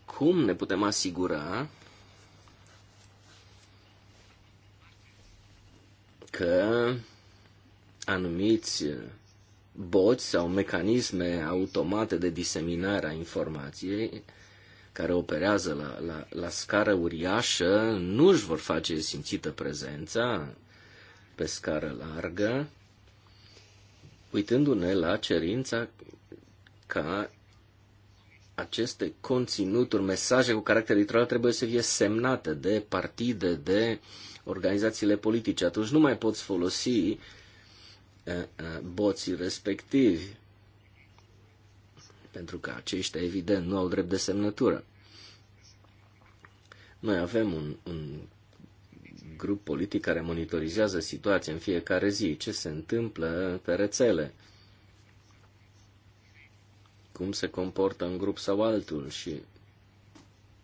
cum ne putem asigura că anumiți boți sau mecanisme automate de diseminare a informației care operează la, la, la scară uriașă nu își vor face simțită prezența pe scară largă, uitându-ne la cerința ca aceste conținuturi, mesaje cu caracter electoral trebuie să fie semnate de partide, de organizațiile politice. Atunci nu mai poți folosi uh, uh, boții respectivi, pentru că aceștia, evident, nu au drept de semnătură. Noi avem un, un grup politic care monitorizează situația în fiecare zi, ce se întâmplă pe rețele cum se comportă în grup sau altul și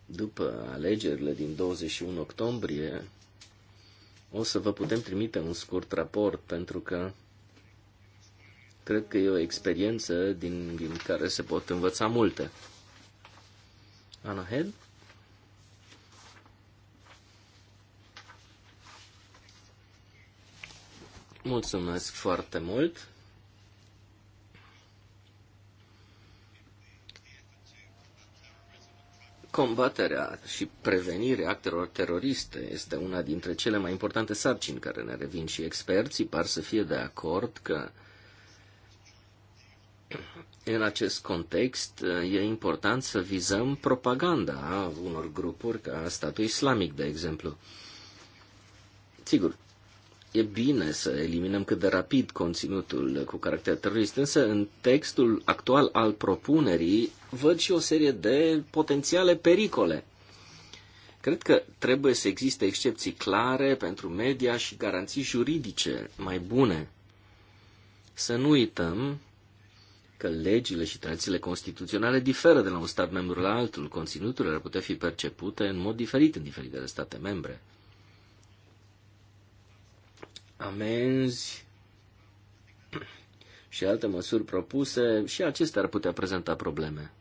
după alegerile din 21 octombrie o să vă putem trimite un scurt raport pentru că cred că e o experiență din, din care se pot învăța multe. Ana Head? Mulțumesc foarte mult! Combaterea și prevenirea actelor teroriste este una dintre cele mai importante sarcini care ne revin și experții par să fie de acord că în acest context e important să vizăm propaganda a unor grupuri ca statul islamic, de exemplu. Sigur, e bine să eliminăm cât de rapid conținutul cu caracter terorist, însă în textul actual al propunerii văd și o serie de potențiale pericole. Cred că trebuie să existe excepții clare pentru media și garanții juridice mai bune. Să nu uităm că legile și tradițiile constituționale diferă de la un stat membru la altul. Conținuturile ar putea fi percepute în mod diferit în diferitele state membre amenzi și alte măsuri propuse, și acestea ar putea prezenta probleme.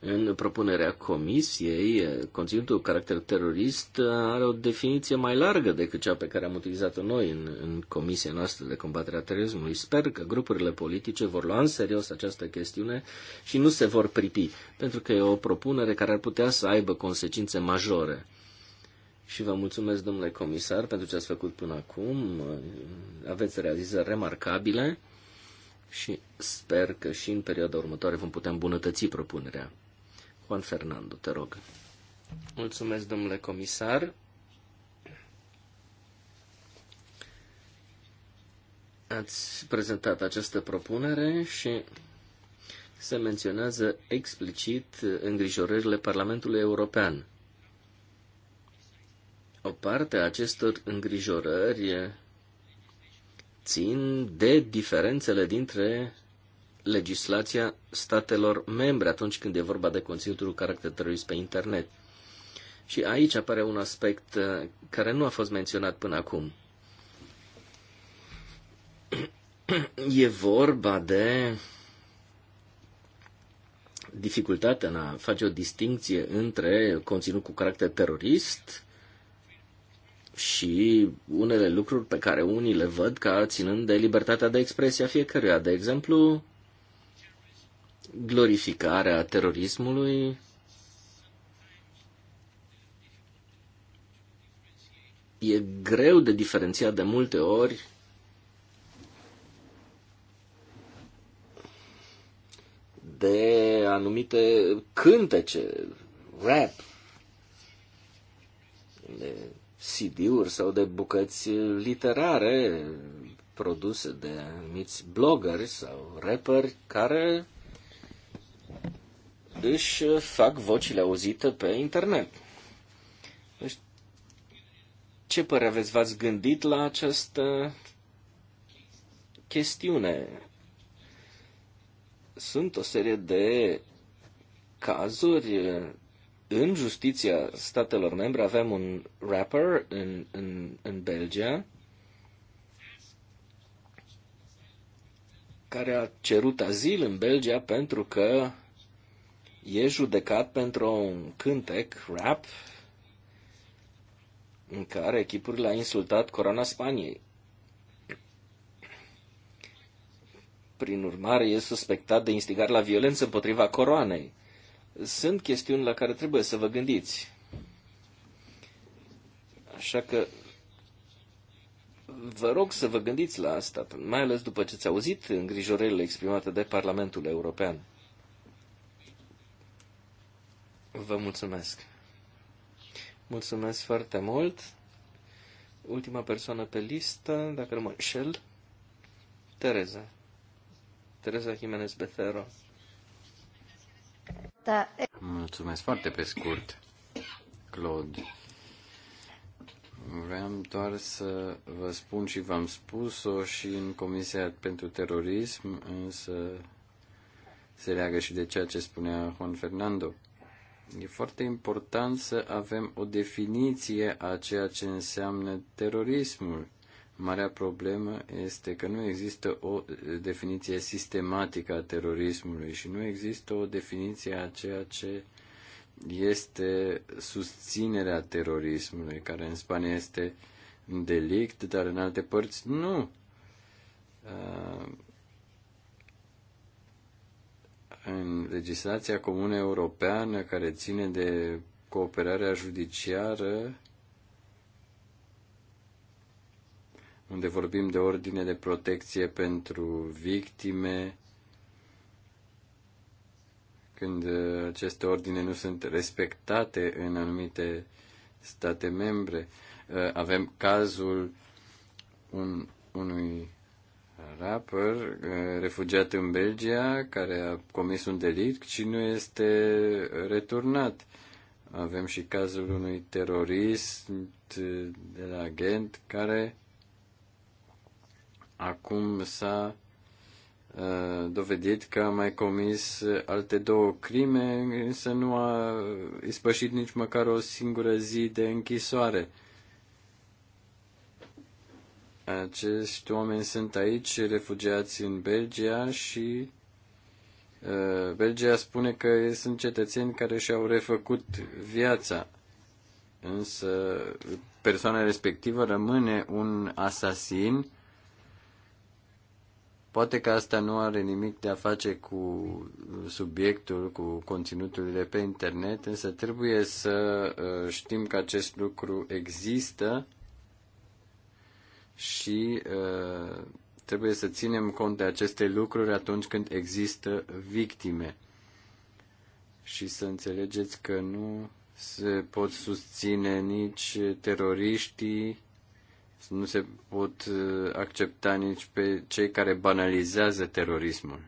În propunerea comisiei, eh, conținutul caracter terorist eh, are o definiție mai largă decât cea pe care am utilizat-o noi în, în comisia noastră de combatere a terorismului. Sper că grupurile politice vor lua în serios această chestiune și nu se vor pripi, pentru că e o propunere care ar putea să aibă consecințe majore. Și vă mulțumesc, domnule comisar, pentru ce ați făcut până acum. Eh, aveți realizări remarcabile și sper că și în perioada următoare vom putea îmbunătăți propunerea. Juan Fernando, te rog. Mulțumesc, domnule comisar. Ați prezentat această propunere și se menționează explicit îngrijorările Parlamentului European. O parte a acestor îngrijorări țin de diferențele dintre legislația statelor membre atunci când e vorba de conținutul cu caracter terorist pe internet. Și aici apare un aspect uh, care nu a fost menționat până acum. E vorba de dificultatea în a face o distinție între conținut cu caracter terorist și unele lucruri pe care unii le văd ca ținând de libertatea de expresie a fiecăruia. De exemplu, glorificarea terorismului e greu de diferențiat de multe ori de anumite cântece, rap, de CD-uri sau de bucăți literare produse de anumiți bloggeri sau rapperi care își fac vocile auzite pe internet. Deci, ce părere aveți? V-ați gândit la această chestiune? Sunt o serie de cazuri în justiția statelor membre. Avem un rapper în, în, în Belgia care a cerut azil în Belgia pentru că e judecat pentru un cântec, rap, în care echipurile a insultat corona Spaniei. Prin urmare, e suspectat de instigare la violență împotriva coroanei. Sunt chestiuni la care trebuie să vă gândiți. Așa că vă rog să vă gândiți la asta, mai ales după ce ți auzit îngrijorările exprimate de Parlamentul European. Vă mulțumesc. Mulțumesc foarte mult. Ultima persoană pe listă, dacă nu mă înșel, Tereza. Tereza Jimenez Becero. Da. Mulțumesc foarte pe scurt, Claude. Vreau doar să vă spun și v-am spus-o și în Comisia pentru Terorism, însă se leagă și de ceea ce spunea Juan Fernando. E foarte important să avem o definiție a ceea ce înseamnă terorismul. Marea problemă este că nu există o definiție sistematică a terorismului și nu există o definiție a ceea ce este susținerea terorismului, care în Spania este un delict, dar în alte părți nu. Uh, în legislația comună europeană care ține de cooperarea judiciară, unde vorbim de ordine de protecție pentru victime, când aceste ordine nu sunt respectate în anumite state membre. Avem cazul un, unui rapper eh, refugiat în Belgia care a comis un delict și nu este returnat. Avem și cazul unui terorist eh, de la Ghent care acum s-a eh, dovedit că a mai comis alte două crime, însă nu a ispășit nici măcar o singură zi de închisoare. Acești oameni sunt aici, refugiați în Belgia și uh, Belgia spune că sunt cetățeni care și-au refăcut viața. Însă persoana respectivă rămâne un asasin. Poate că asta nu are nimic de a face cu subiectul, cu conținutul de pe internet, însă trebuie să uh, știm că acest lucru există și uh, trebuie să ținem cont de aceste lucruri atunci când există victime. Și să înțelegeți că nu se pot susține nici teroriștii, nu se pot uh, accepta nici pe cei care banalizează terorismul.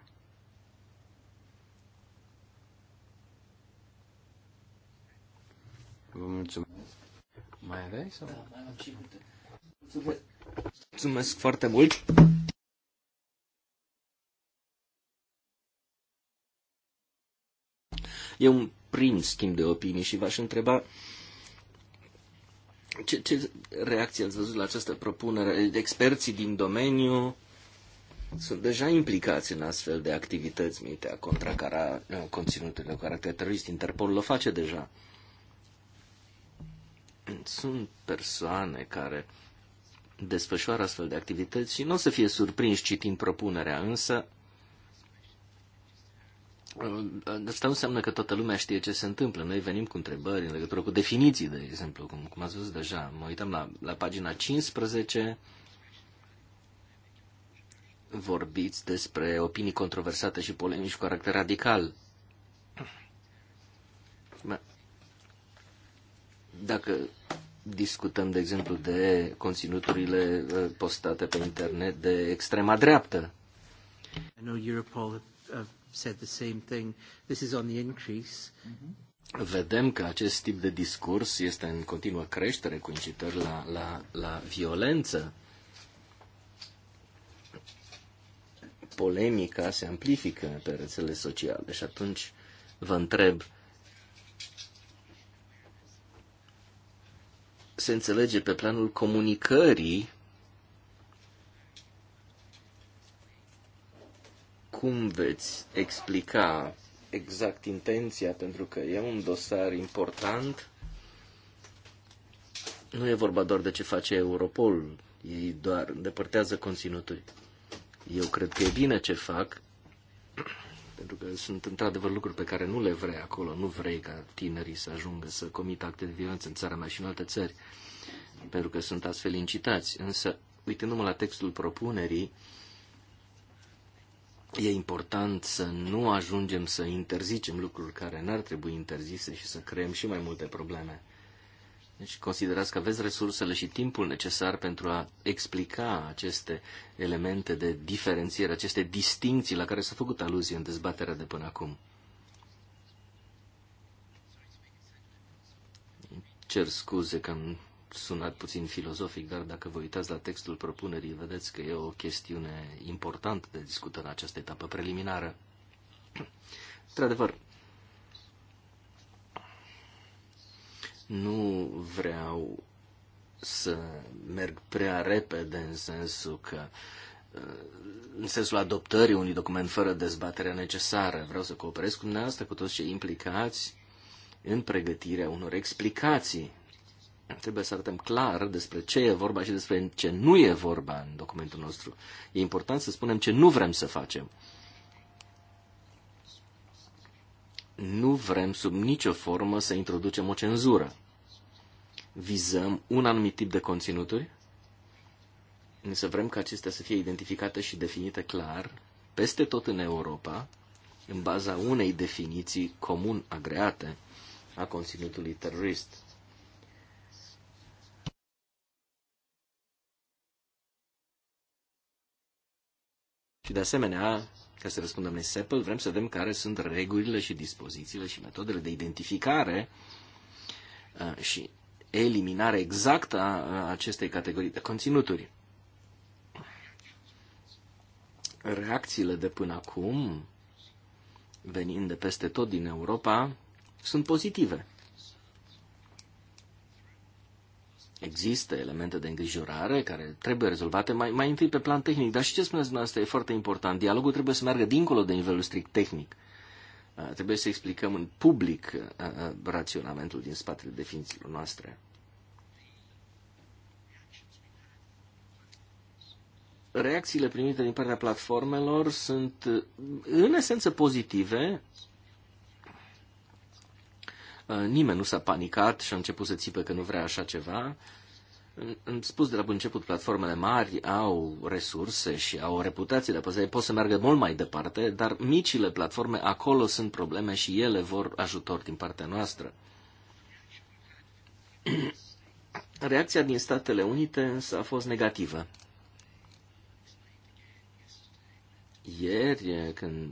Vă mulțumesc. Mai aveai sau? Da, mai am Mulțumesc. Mulțumesc foarte mult! E un prim schimb de opinii și v-aș întreba ce, ce reacție ați văzut la această propunere? Experții din domeniu sunt deja implicați în astfel de activități mi a cara, conținutului de caracter terorist. Interpol o face deja. Sunt persoane care desfășoară astfel de activități și nu o să fie surprinși citind propunerea, însă uh, Asta nu înseamnă că toată lumea știe ce se întâmplă. Noi venim cu întrebări în legătură cu definiții, de exemplu, cum, cum ați văzut deja. Mă uitam la, la pagina 15. Vorbiți despre opinii controversate și polemici cu caracter radical. Dacă discutăm, de exemplu, de conținuturile uh, postate pe internet de extrema dreaptă. I know Europol have said the same thing. This is on the increase. Mm-hmm. Vedem că acest tip de discurs este în continuă creștere cu incitări la, la, la violență. Polemica se amplifică pe rețele sociale și atunci vă întreb uh, se înțelege pe planul comunicării cum veți explica exact intenția, pentru că e un dosar important. Nu e vorba doar de ce face Europol, ei doar îndepărtează conținutul. Eu cred că e bine ce fac, pentru că sunt într-adevăr lucruri pe care nu le vrei acolo. Nu vrei ca tinerii să ajungă să comită acte de violență în țara mea și în alte țări, pentru că sunt astfel incitați. Însă, uitându-mă la textul propunerii, e important să nu ajungem să interzicem lucruri care n-ar trebui interzise și să creăm și mai multe probleme. Deci considerați că aveți resursele și timpul necesar pentru a explica aceste elemente de diferențiere, aceste distinții la care s-a făcut aluzie în dezbaterea de până acum. Cer scuze că am sunat puțin filozofic, dar dacă vă uitați la textul propunerii, vedeți că e o chestiune importantă de discutat în această etapă preliminară. Într-adevăr, Nu vreau să merg prea repede în sensul că uh, în sensul adoptării unui document fără dezbaterea necesară. Vreau să cooperez cu dumneavoastră, cu toți cei implicați în pregătirea unor explicații. Trebuie să arătăm clar despre ce e vorba și despre ce nu e vorba în documentul nostru. E important să spunem ce nu vrem să facem. Nu vrem sub nicio formă să introducem o cenzură vizăm un anumit tip de conținuturi, însă vrem ca acestea să fie identificate și definite clar peste tot în Europa, în baza unei definiții comun agreate a conținutului terorist. Și de asemenea, ca să răspundem la SEPL, vrem să vedem care sunt regulile și dispozițiile și metodele de identificare uh, și eliminare exactă a acestei categorii de conținuturi. Reacțiile de până acum, venind de peste tot din Europa, sunt pozitive. Există elemente de îngrijorare care trebuie rezolvate mai, mai întâi pe plan tehnic, dar și ce spuneți dumneavoastră e foarte important. Dialogul trebuie să meargă dincolo de nivelul strict tehnic. Uh, Uh, trebuie să explicăm în public uh, uh, raționamentul din spatele definițiilor noastre. reacțiile primite din partea platformelor sunt în esență pozitive. Nimeni nu s-a panicat și a început să țipe că nu vrea așa ceva. Am spus de la bun început, platformele mari au resurse și au o reputație de apăsare, pot să meargă mult mai departe, dar micile platforme, acolo sunt probleme și ele vor ajutor din partea noastră. Reacția din Statele Unite însă a fost negativă. Ieri, când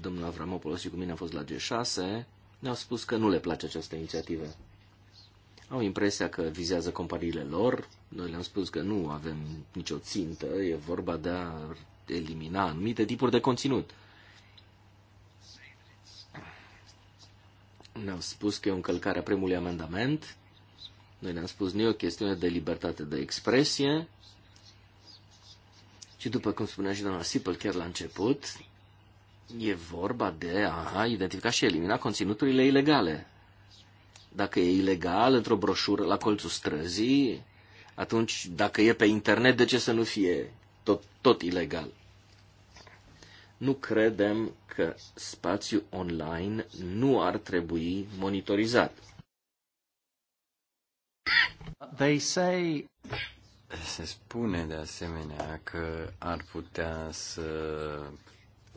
domnul Avramopoulos și cu mine a fost la G6, ne-au spus că nu le place această inițiativă au impresia că vizează companiile lor. Noi le-am spus că nu avem nicio țintă, e vorba de a elimina anumite tipuri de conținut. Ne-au spus că e o încălcare a primului amendament. Noi ne-am spus nu e o chestiune de libertate de expresie. Și după cum spunea și doamna Sipel chiar la început, e vorba de a identifica și elimina conținuturile ilegale dacă e ilegal într-o broșură la colțul străzii, atunci dacă e pe internet, de ce să nu fie tot, tot ilegal? Nu credem că spațiul online nu ar trebui monitorizat. They say... Se spune de asemenea că ar putea să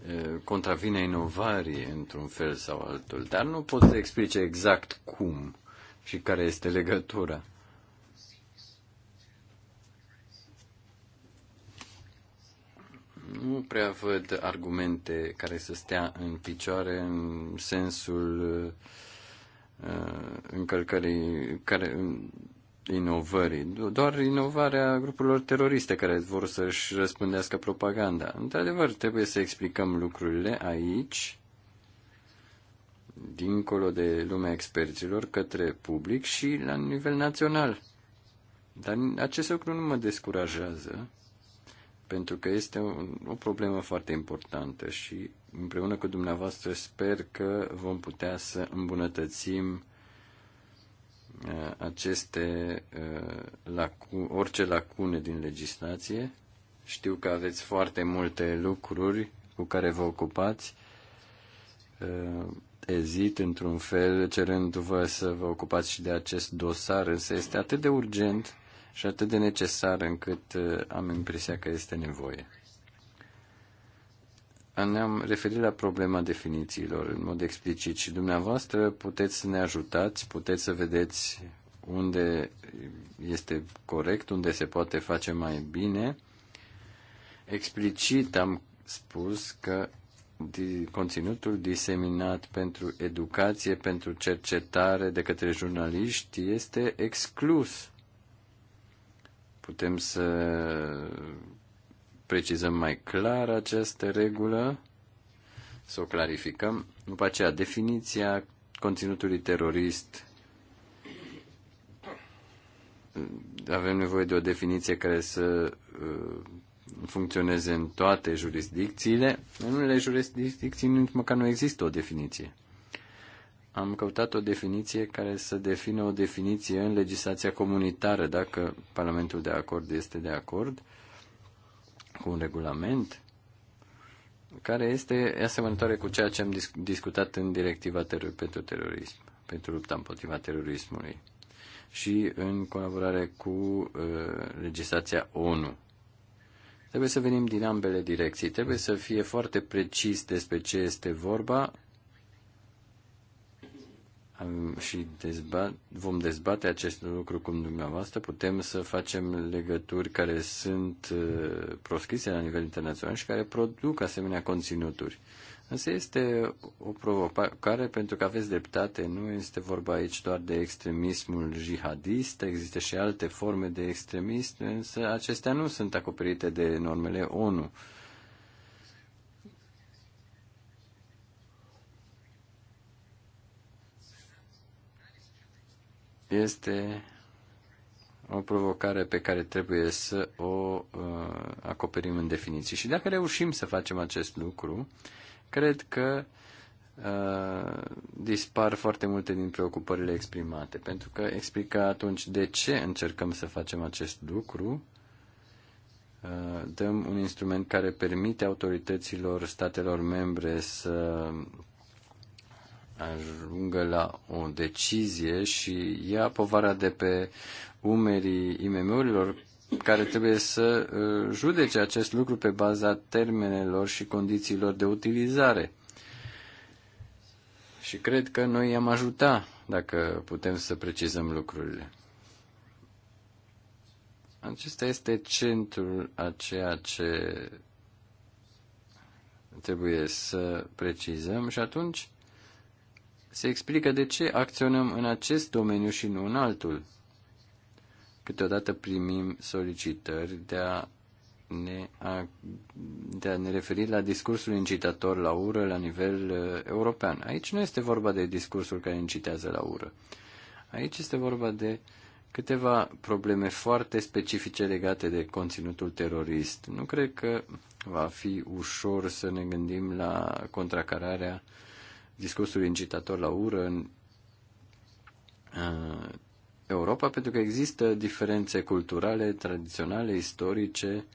Eh, contravine inovării într-un fel sau altul, dar nu pot să explice exact cum și care este legătura. Nu prea văd argumente care să stea în picioare în sensul eh, încălcării, care, în inovării, doar inovarea grupurilor teroriste care vor să-și răspândească propaganda. Într-adevăr, trebuie să explicăm lucrurile aici, dincolo de lumea experților, către public și la nivel național. Dar acest lucru nu mă descurajează, pentru că este o, o problemă foarte importantă și împreună cu dumneavoastră sper că vom putea să îmbunătățim Uh, aceste uh, orice lacune din legislație. Știu că aveți foarte multe lucruri cu care vă ocupați. Uh, ezit într-un fel cerându-vă să vă ocupați și de acest dosar, însă este atât de urgent și atât de necesar încât am impresia că este nevoie ne-am referit la problema definițiilor în mod explicit și dumneavoastră puteți să ne ajutați, puteți să vedeți unde este corect, unde se poate face mai bine. Explicit am spus că conținutul diseminat pentru educație, pentru cercetare de către jurnaliști este exclus. Putem să precizăm mai clar această regulă, să o clarificăm. După aceea, definiția conținutului terorist. Avem nevoie de o definiție care să uh, funcționeze în toate jurisdicțiile. În unele jurisdicții nici măcar nu există o definiție. Am căutat o definiție care să defină o definiție în legislația comunitară, dacă Parlamentul de acord este de acord. Uh, cu un regulament care este asemănătoare cu ceea ce am discutat în directiva teror pentru terorism, pentru lupta împotriva terorismului și în colaborare cu uh, legislația ONU. Trebuie să venim din ambele direcții, trebuie să fie foarte precis despre ce este vorba și dezbat, vom dezbate acest lucru cum dumneavoastră, putem să facem legături care sunt uh, proscrise la nivel internațional și care produc asemenea conținuturi. Însă este o provocare pentru că aveți dreptate, nu este vorba aici doar de extremismul jihadist, există și alte forme de extremism, însă acestea nu sunt acoperite de normele ONU. este o provocare pe care trebuie să o uh, acoperim în definiție. Și dacă reușim să facem acest lucru, cred că uh, dispar foarte multe din preocupările exprimate, pentru că explică atunci de ce încercăm să facem acest lucru. Uh, dăm un instrument care permite autorităților statelor membre să ajungă la o decizie și ia povara de pe umerii IMM-urilor care trebuie să uh, judece acest lucru pe baza termenelor și condițiilor de utilizare. Și cred că noi i-am ajuta dacă putem să precizăm lucrurile. Acesta este centrul a ceea ce trebuie să precizăm și atunci se explică de ce acționăm în acest domeniu și nu în altul. Câteodată primim solicitări de a ne, a, de a ne referi la discursul incitator la ură la nivel uh, european. Aici nu este vorba de discursul care incitează la ură. Aici este vorba de câteva probleme foarte specifice legate de conținutul terorist. Nu cred că va fi ușor să ne gândim la contracararea uh, discursul incitator la ură în uh, Europa, pentru că există diferențe culturale, tradiționale, istorice.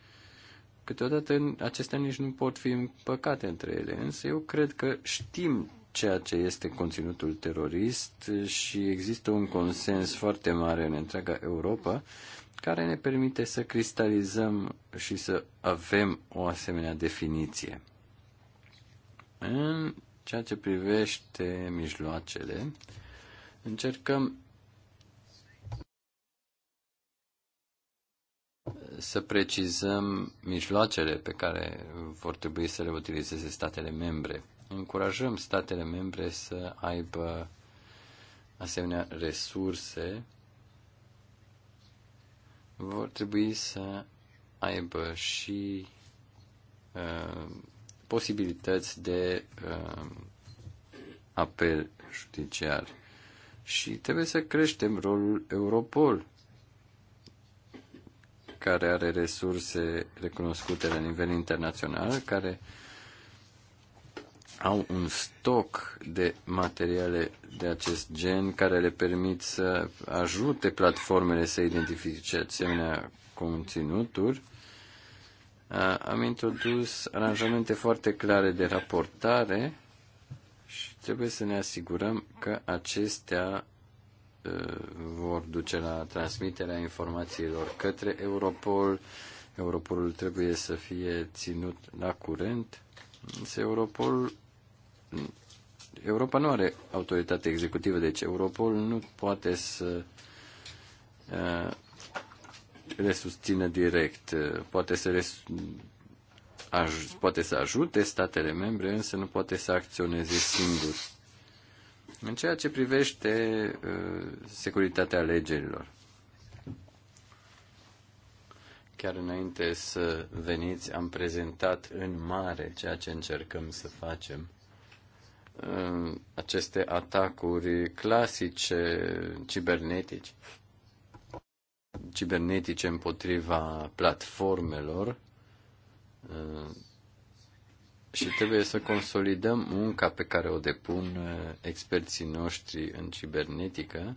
Câteodată acestea nici nu pot fi împăcate între ele, însă eu cred că știm ceea ce este conținutul terorist și există un consens foarte mare în întreaga Europa care ne permite să cristalizăm și să avem o asemenea definiție. În ceea ce privește mijloacele, încercăm să precizăm mijloacele pe care vor trebui să le utilizeze statele membre. Încurajăm statele membre să aibă asemenea resurse. Vor trebui să aibă și uh, posibilități de uh, apel judiciar. Și trebuie să creștem rolul Europol, care are resurse recunoscute la nivel internațional, care au un stoc de materiale de acest gen care le permit să ajute platformele să identifice asemenea conținuturi am introdus aranjamente foarte clare de raportare și trebuie să ne asigurăm că acestea uh, vor duce la transmiterea informațiilor către Europol. Europolul trebuie să fie ținut la curent. Însă Europol Europa nu are autoritate executivă, deci Europol nu poate să uh, le susțină direct. Poate să, le, aj, poate să ajute statele membre, însă nu poate să acționeze singur. În ceea ce privește uh, securitatea alegerilor, chiar înainte să veniți, am prezentat în mare ceea ce încercăm să facem. Uh, aceste atacuri clasice cibernetici cibernetice împotriva platformelor eh, și trebuie să consolidăm munca pe care o depun eh, experții noștri în cibernetică,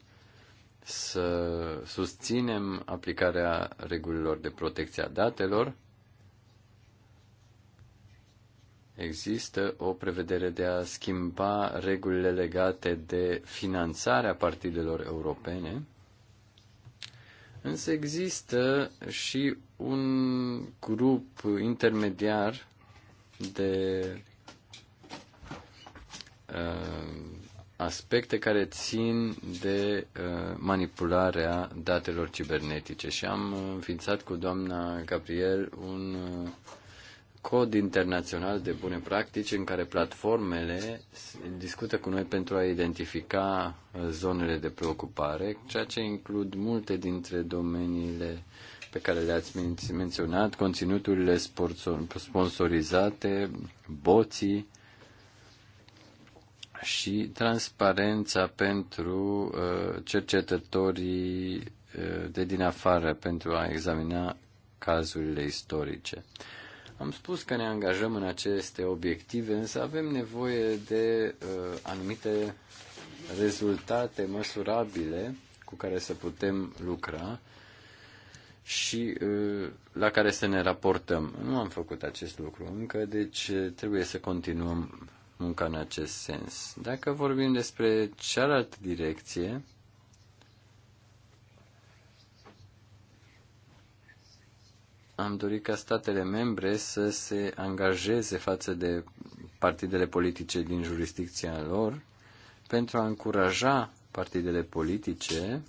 să susținem aplicarea regulilor de protecție a datelor. Există o prevedere de a schimba regulile legate de finanțarea partidelor europene Însă există și un grup intermediar de uh, aspecte care țin de uh, manipularea datelor cibernetice și am înființat cu doamna Gabriel un uh, cod internațional de bune practici în care platformele discută cu noi pentru a identifica uh, zonele de preocupare, ceea ce includ multe dintre domeniile pe care le-ați menționat, conținuturile sponsorizate, boții și transparența pentru uh, cercetătorii uh, de din afară pentru a examina cazurile istorice. Am spus că ne angajăm în aceste obiective, însă avem nevoie de uh, anumite rezultate măsurabile cu care să putem lucra și uh, la care să ne raportăm. Nu am făcut acest lucru încă, deci uh, trebuie să continuăm munca în acest sens. Dacă vorbim despre cealaltă direcție, am dorit ca statele membre să se angajeze față de partidele politice din jurisdicția lor pentru a încuraja partidele politice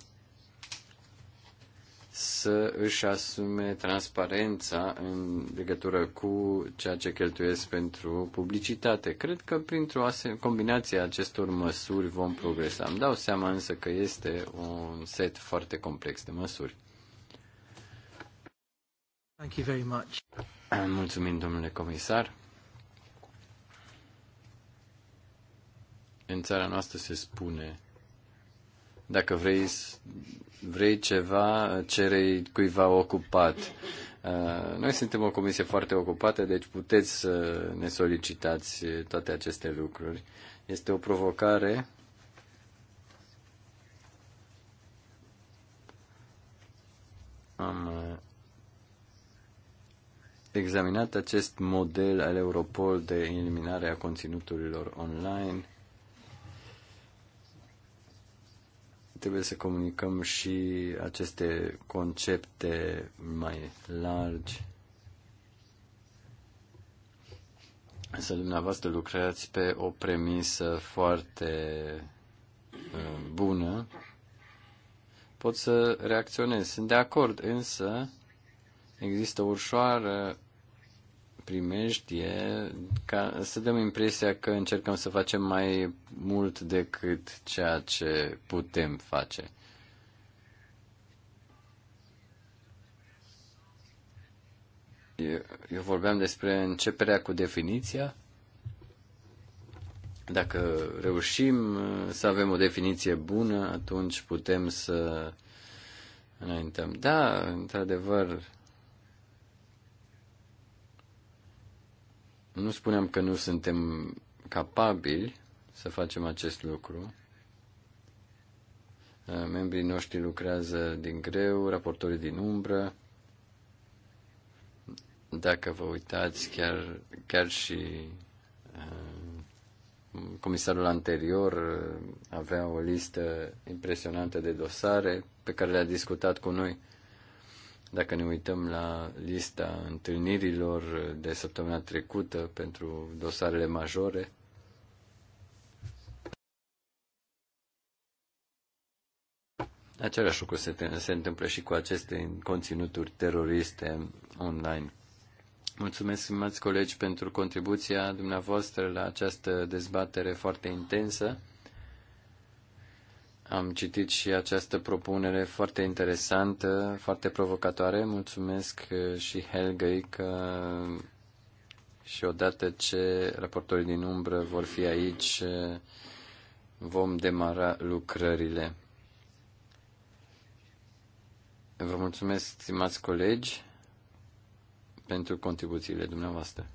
să își asume transparența în legătură cu ceea ce cheltuiesc pentru publicitate. Cred că printr-o combinație a acestor măsuri vom progresa. Îmi dau seama însă că este un set foarte complex de măsuri. Thank you very much. Mulțumim, domnule comisar. În țara noastră se spune dacă vrei, vrei ceva, cere cuiva ocupat. Uh, noi suntem o comisie foarte ocupată, deci puteți să ne solicitați toate aceste lucruri. Este o provocare. Am uh, examinat acest model al Europol de eliminare a conținuturilor online. Trebuie să comunicăm și aceste concepte mai largi. Să dumneavoastră lucrați pe o premisă foarte uh, bună. Pot să reacționez. Sunt de acord, însă Există ușoară primejdie ca să dăm impresia că încercăm să facem mai mult decât ceea ce putem face. Eu, eu vorbeam despre începerea cu definiția. Dacă reușim uh, să avem o definiție bună, atunci putem să înaintăm. Da, într-adevăr, Nu spuneam că nu suntem capabili să facem acest lucru. Uh, membrii noștri lucrează din greu, raportorii din umbră. Dacă vă uitați, chiar, chiar și uh, comisarul anterior uh, avea o listă impresionantă de dosare pe care le-a discutat cu noi. Dacă ne uităm la lista întâlnirilor de săptămâna trecută pentru dosarele majore, Același lucru se, se întâmplă și cu aceste conținuturi teroriste online. Mulțumesc, stimați colegi, pentru contribuția dumneavoastră la această dezbatere foarte intensă. Am citit și această propunere foarte interesantă, foarte provocatoare. Mulțumesc uh, și Helgei că și odată ce raportorii din umbră vor fi aici, uh, vom demara lucrările. Vă mulțumesc, stimați colegi, pentru contribuțiile dumneavoastră.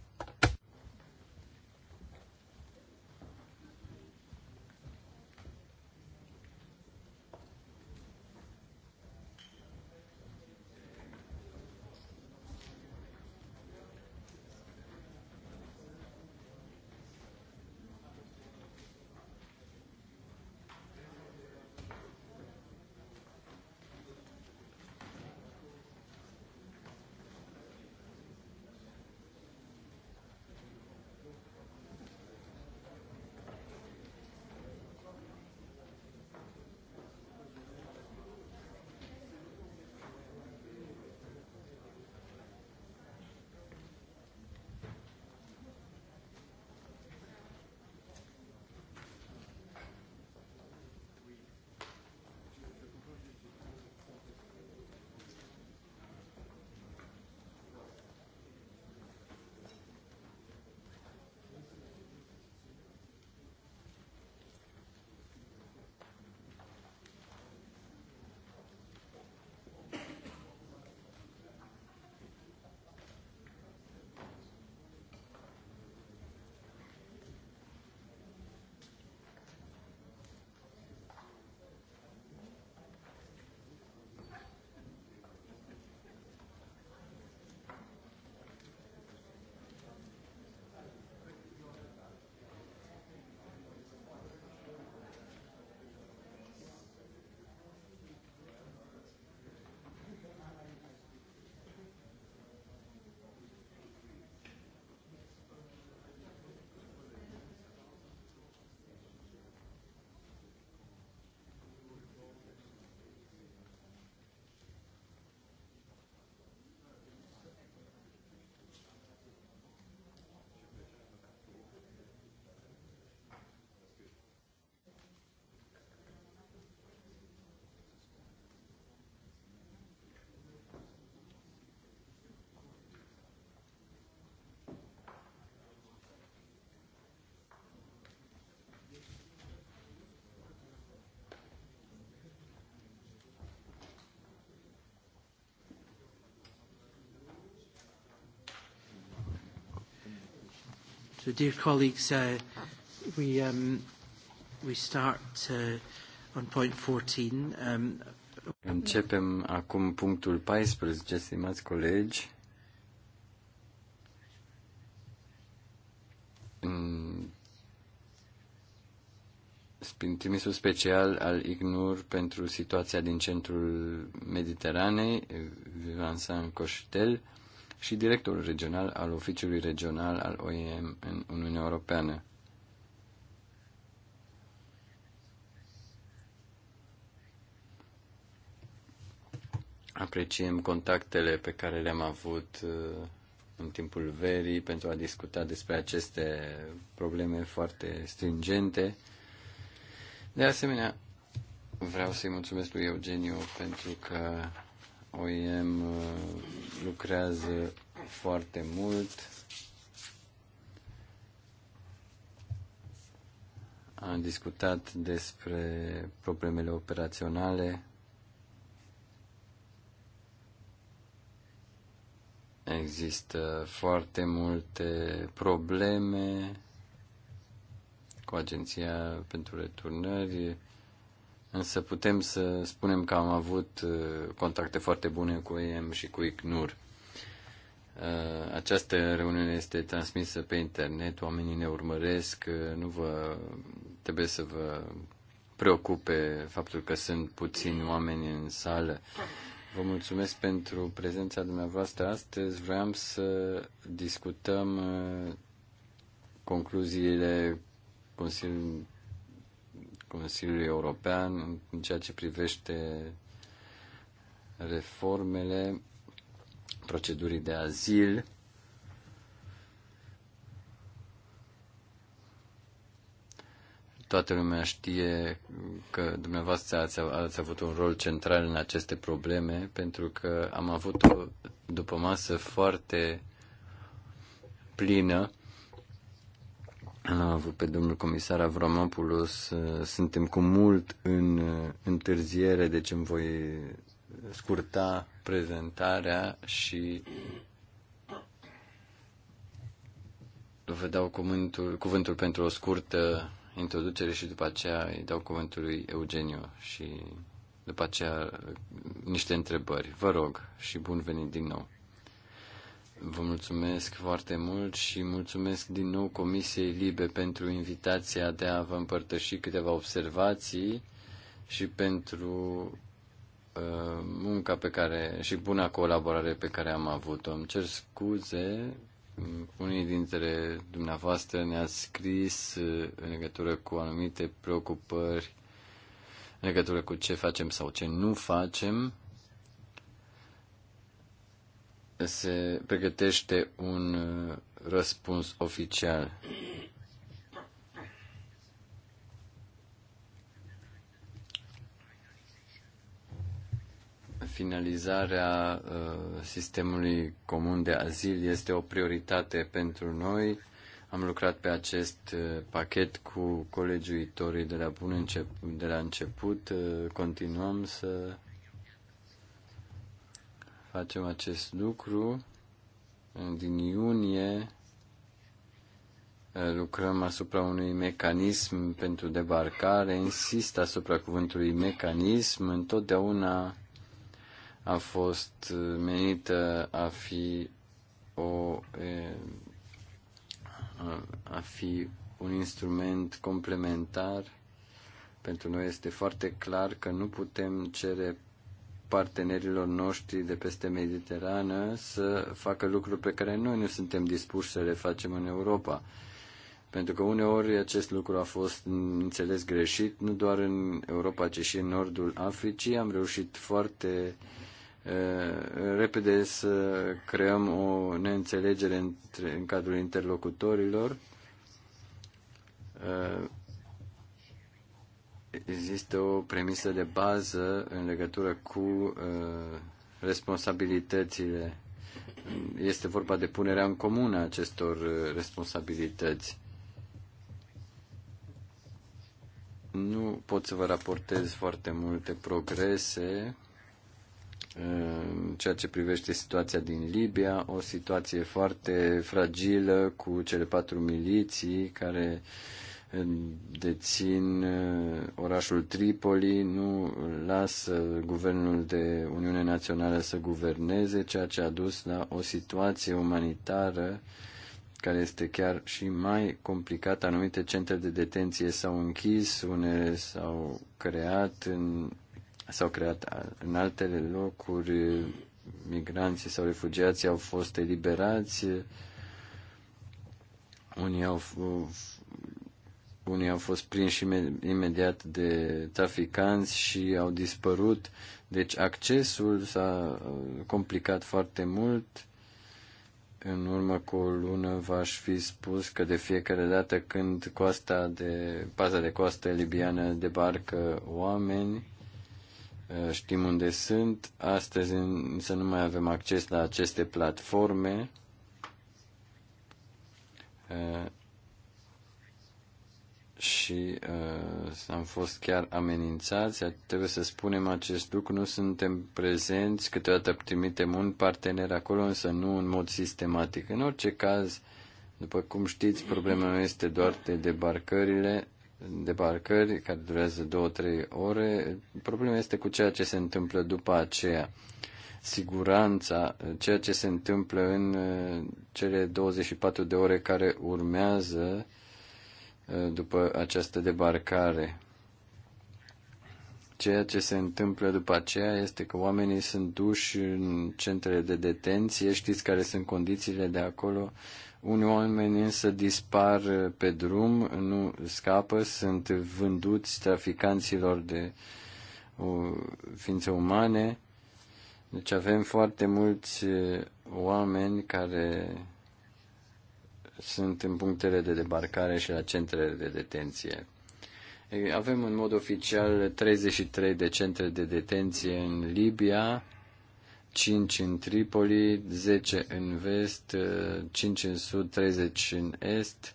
So, dear colleagues, uh, we, um, we start uh, on point 14. Um, Începem acum punctul 14, stimați colegi. Trimisul special al IGNUR pentru situația din centrul Mediteranei, Vivansan Coștel, și directorul regional al Oficiului Regional al OIM în Uniunea Europeană. Apreciem contactele pe care le-am avut uh, în timpul verii pentru a discuta despre aceste probleme foarte stringente. De asemenea, vreau să-i mulțumesc lui Eugeniu pentru că OIM uh, lucrează foarte mult. Am discutat despre problemele operaționale. Există foarte multe probleme cu Agenția pentru Returnări Însă putem să spunem că am avut uh, contacte foarte bune cu EM și cu ICNUR. Uh, această reuniune este transmisă pe internet, oamenii ne urmăresc, uh, nu vă trebuie să vă preocupe faptul că sunt puțini oameni în sală. Vă mulțumesc pentru prezența dumneavoastră astăzi. Vreau să discutăm concluziile Consiliului Consiliului European în ceea ce privește reformele procedurii de azil. Toată lumea știe că dumneavoastră ați, ați avut un rol central în aceste probleme, pentru că am avut o după masă foarte plină a avut pe domnul comisar Avramopoulos. Uh, suntem cu mult în uh, întârziere, deci îmi voi scurta prezentarea și vă dau cuvântul, cuvântul pentru o scurtă introducere și după aceea îi dau cuvântul lui Eugeniu și după aceea uh, niște întrebări. Vă rog și bun venit din nou. Vă mulțumesc foarte mult și mulțumesc din nou Comisiei Libe pentru invitația de a vă împărtăși câteva observații și pentru uh, munca pe care și buna colaborare pe care am avut-o. Îmi cer scuze, unii dintre dumneavoastră ne a scris uh, în legătură cu anumite preocupări, în legătură cu ce facem sau ce nu facem se pregătește un uh, răspuns oficial. Finalizarea uh, sistemului comun de azil este o prioritate pentru noi. Am lucrat pe acest uh, pachet cu colegiuitorii de la bun început, de la început. Continuăm să facem acest lucru. Din iunie eh, lucrăm asupra unui mecanism pentru debarcare. Insist asupra cuvântului mecanism. Întotdeauna a fost eh, menită a fi o eh, a fi un instrument complementar. Pentru noi este foarte clar că nu putem cere partenerilor noștri de peste Mediterană să facă lucruri pe care noi nu suntem dispuși să le facem în Europa. Pentru că uneori acest lucru a fost înțeles greșit, nu doar în Europa, ci și în nordul Africii. Am reușit foarte uh, repede să creăm o neînțelegere între, în cadrul interlocutorilor. Uh, există o premisă de bază în legătură cu uh, responsabilitățile. Este vorba de punerea în comun a acestor uh, responsabilități. Nu pot să vă raportez foarte multe progrese uh, în ceea ce privește situația din Libia, o situație foarte fragilă cu cele patru miliții care uh, dețin uh, orașul Tripoli, nu lasă guvernul de Uniune Națională să guverneze, ceea ce a dus la o situație umanitară care este chiar și mai complicată. Anumite centre de detenție s-au închis, unele s-au creat în, s-au creat în altele locuri, migranții sau refugiații au fost eliberați, unii au unii au fost prinși imediat de traficanți și au dispărut, deci accesul s-a uh, complicat foarte mult. În urmă cu o lună v-aș fi spus că de fiecare dată când coasta de, paza de coastă libiană debarcă oameni, uh, știm unde sunt. Astăzi să nu mai avem acces la aceste platforme uh, și uh, am fost chiar amenințați, trebuie să spunem acest lucru, nu suntem prezenți, câteodată trimitem un partener acolo, însă nu în mod sistematic. În orice caz, după cum știți, problema nu este doar de debarcările, debarcări care durează 2-3 ore, problema este cu ceea ce se întâmplă după aceea siguranța, ceea ce se întâmplă în uh, cele 24 de ore care urmează după această debarcare. Ceea ce se întâmplă după aceea este că oamenii sunt duși în centrele de detenție, știți care sunt condițiile de acolo. Unii oameni însă dispar pe drum, nu scapă, sunt vânduți traficanților de ființe umane. Deci avem foarte mulți oameni care sunt în punctele de debarcare și la centrele de detenție. Avem în mod oficial 33 de centre de detenție în Libia, 5 în Tripoli, 10 în vest, 5 în sud, 30 în est.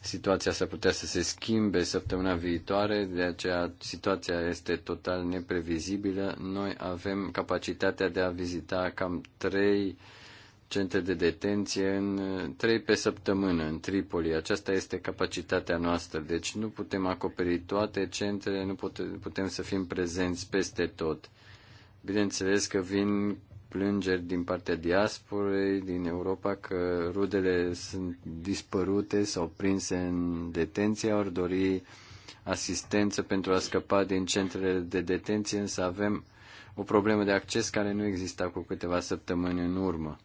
Situația s-ar putea să se schimbe săptămâna viitoare, de aceea situația este total neprevizibilă. Noi avem capacitatea de a vizita cam 3 centre de detenție în uh, trei pe săptămână în Tripoli. Aceasta este capacitatea noastră, deci nu putem acoperi toate centrele, nu putem să fim prezenți peste tot. Bineînțeles că vin plângeri din partea diasporei din Europa că rudele sunt dispărute sau prinse în detenție, ori dori asistență pentru a scăpa din centrele de detenție, însă avem o problemă de acces care nu exista cu câteva săptămâni în urmă.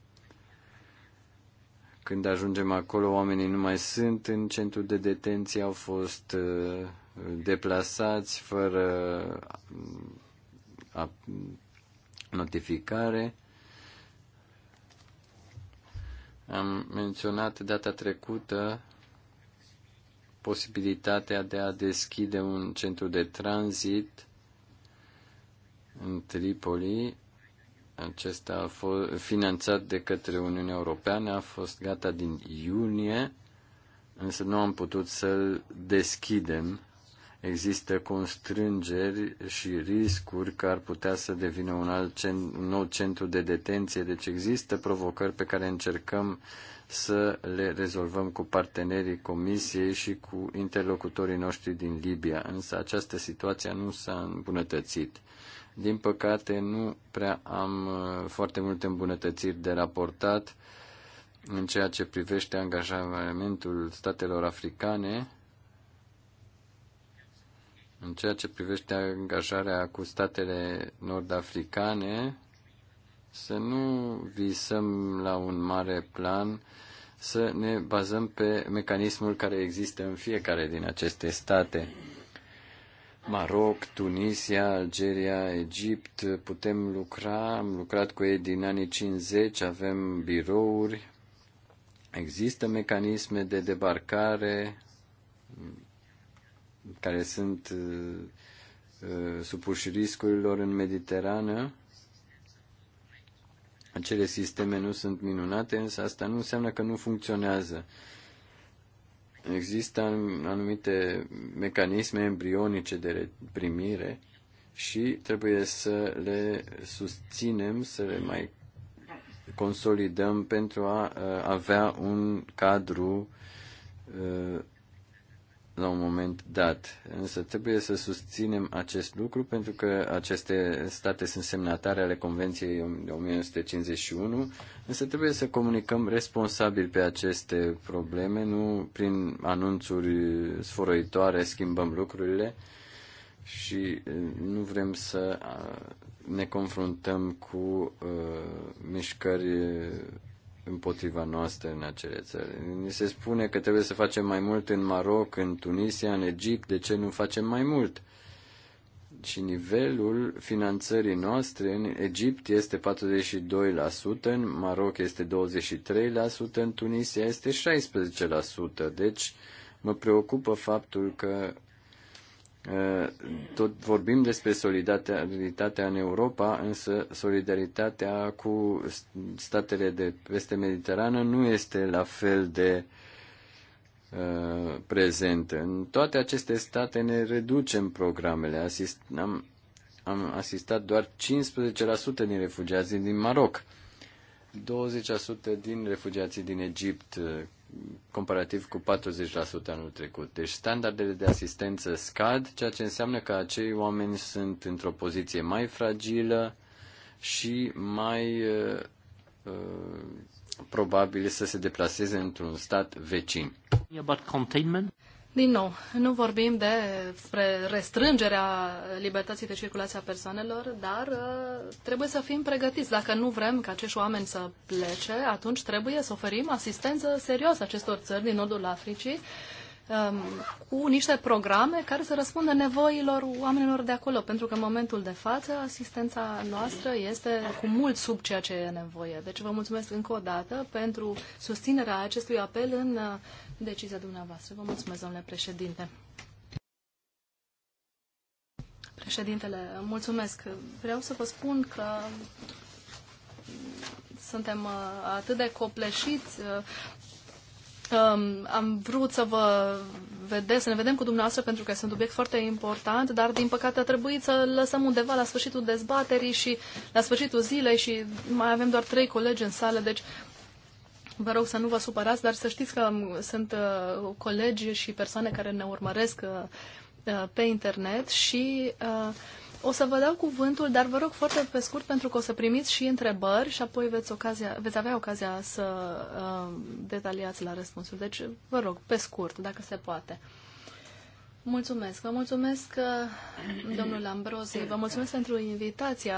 Când ajungem acolo, oamenii nu mai sunt în centru de detenție, au fost uh, deplasați fără uh, notificare. Am menționat data trecută posibilitatea de a deschide un centru de tranzit în Tripoli acesta a fost finanțat de către Uniunea Europeană, a fost gata din iunie, însă nu am putut să-l deschidem. Există constrângeri și riscuri că ar putea să devină un, alt cent, un nou centru de detenție, deci există provocări pe care încercăm să le rezolvăm cu partenerii Comisiei și cu interlocutorii noștri din Libia, însă această situație nu s-a îmbunătățit. Din păcate, nu prea am uh, foarte multe îmbunătățiri de raportat în ceea ce privește angajamentul statelor africane, în ceea ce privește angajarea cu statele nord-africane, să nu visăm la un mare plan, să ne bazăm pe mecanismul care există în fiecare din aceste state. Maroc, Tunisia, Algeria, Egipt, putem lucra, am lucrat cu ei din anii 50, avem birouri, există mecanisme de debarcare care sunt uh, supuși riscurilor în Mediterană. Acele sisteme nu sunt minunate, însă asta nu înseamnă că nu funcționează. Uh, Există anumite mecanisme embrionice de primire și trebuie să le susținem, să le mai consolidăm pentru a avea un cadru la un moment dat. Însă trebuie să susținem acest lucru pentru că aceste state sunt semnatare ale Convenției 1951, însă trebuie să comunicăm responsabil pe aceste probleme, nu prin anunțuri sfărăitoare schimbăm lucrurile și eh, nu vrem să eh, ne confruntăm cu uh, mișcări împotriva noastră în acele țări. Ni se spune că trebuie să facem mai mult în Maroc, în Tunisia, în Egipt, de ce nu facem mai mult? Și nivelul finanțării noastre în Egipt este 42%, în Maroc este 23%, în Tunisia este 16%. Deci mă preocupă faptul că Eh, tot vorbim despre solidaritatea în Europa, însă solidaritatea cu statele de peste Mediterană nu este la fel de eh, prezent. În toate aceste state ne reducem programele. Asist, am, am asistat doar 15% din refugiații din Maroc, 20% din refugiații din Egipt eh, comparativ cu 40% anul trecut. Deci standardele de asistență scad, ceea ce înseamnă că acei oameni sunt într-o poziție mai fragilă și mai uh, uh probabil să se deplaseze într-un stat vecin. About containment? Din nou, nu vorbim despre restrângerea libertății de circulație a persoanelor, dar uh, trebuie să fim pregătiți. Dacă nu vrem ca acești oameni să plece, atunci trebuie să oferim asistență serioasă acestor țări din nordul Africii um, cu niște programe care să răspundă nevoilor oamenilor de acolo, pentru că în momentul de față asistența noastră este cu mult sub ceea ce e nevoie. Deci vă mulțumesc încă o dată pentru susținerea acestui apel în uh, decizia dumneavoastră. Vă mulțumesc, domnule președinte. Președintele, mulțumesc. Vreau să vă spun că suntem uh, atât de copleșiți. Uh, um, am vrut să vă vedeți, să ne vedem cu dumneavoastră pentru că este un subiect foarte important, dar din păcate a trebuit să lăsăm undeva la sfârșitul dezbaterii și la sfârșitul zilei și mai avem doar trei colegi în sală, deci Vă rog să nu vă supărați, dar să știți că um, sunt uh, colegi și persoane care ne urmăresc uh, uh, pe internet și o să vă dau cuvântul, dar vă rog foarte pe scurt pentru că o să primiți și întrebări și apoi veți, ocazia, veți avea ocazia să um, detaliați la răspunsul. Deci, vă rog, pe scurt, dacă se poate. Mulțumesc. Vă mulțumesc, domnul Ambrozi, vă mulțumesc pentru invitația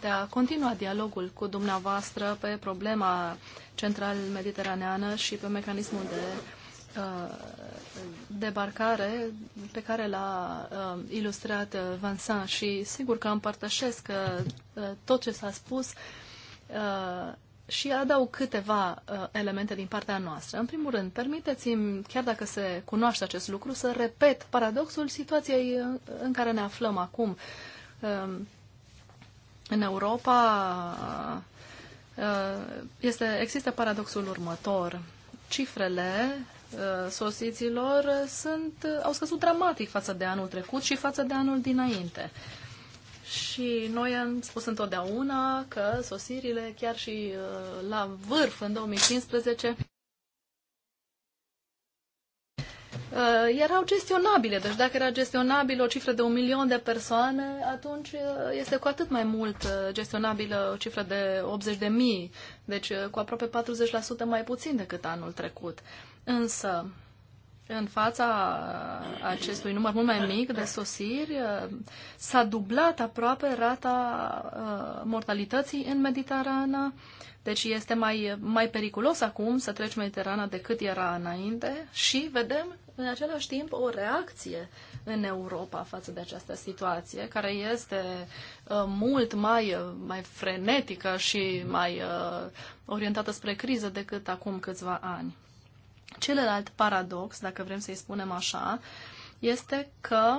de a continua dialogul cu dumneavoastră pe problema central-mediteraneană și pe mecanismul de uh, debarcare pe care l-a uh, ilustrat Vincent și sigur că împărtășesc uh, tot ce s-a spus și adaug câteva elemente din partea noastră. În primul rând, permiteți-mi, chiar dacă se cunoaște acest lucru, să repet paradoxul situației în care ne aflăm acum în Europa uh, este, există paradoxul următor. Cifrele uh, sosiților sunt, au scăzut dramatic față de anul trecut și față de anul dinainte. Și noi am spus întotdeauna că sosirile, chiar și uh, la vârf în 2015, uh, erau gestionabile. Deci dacă era gestionabil o cifră de un milion de persoane, atunci uh, este cu atât mai mult uh, gestionabilă o cifră de 80 de mii, deci uh, cu aproape 40% mai puțin decât anul trecut. Însă, în fața acestui număr mult mai mic de sosiri, s-a dublat aproape rata uh, mortalității în Mediterana. Deci este mai, mai periculos acum să treci Mediterana decât era înainte și vedem în același timp o reacție în Europa față de această situație, care este uh, mult mai, uh, mai frenetică și mai uh, orientată spre criză decât acum câțiva ani. Celălalt paradox, dacă vrem să-i spunem așa, este că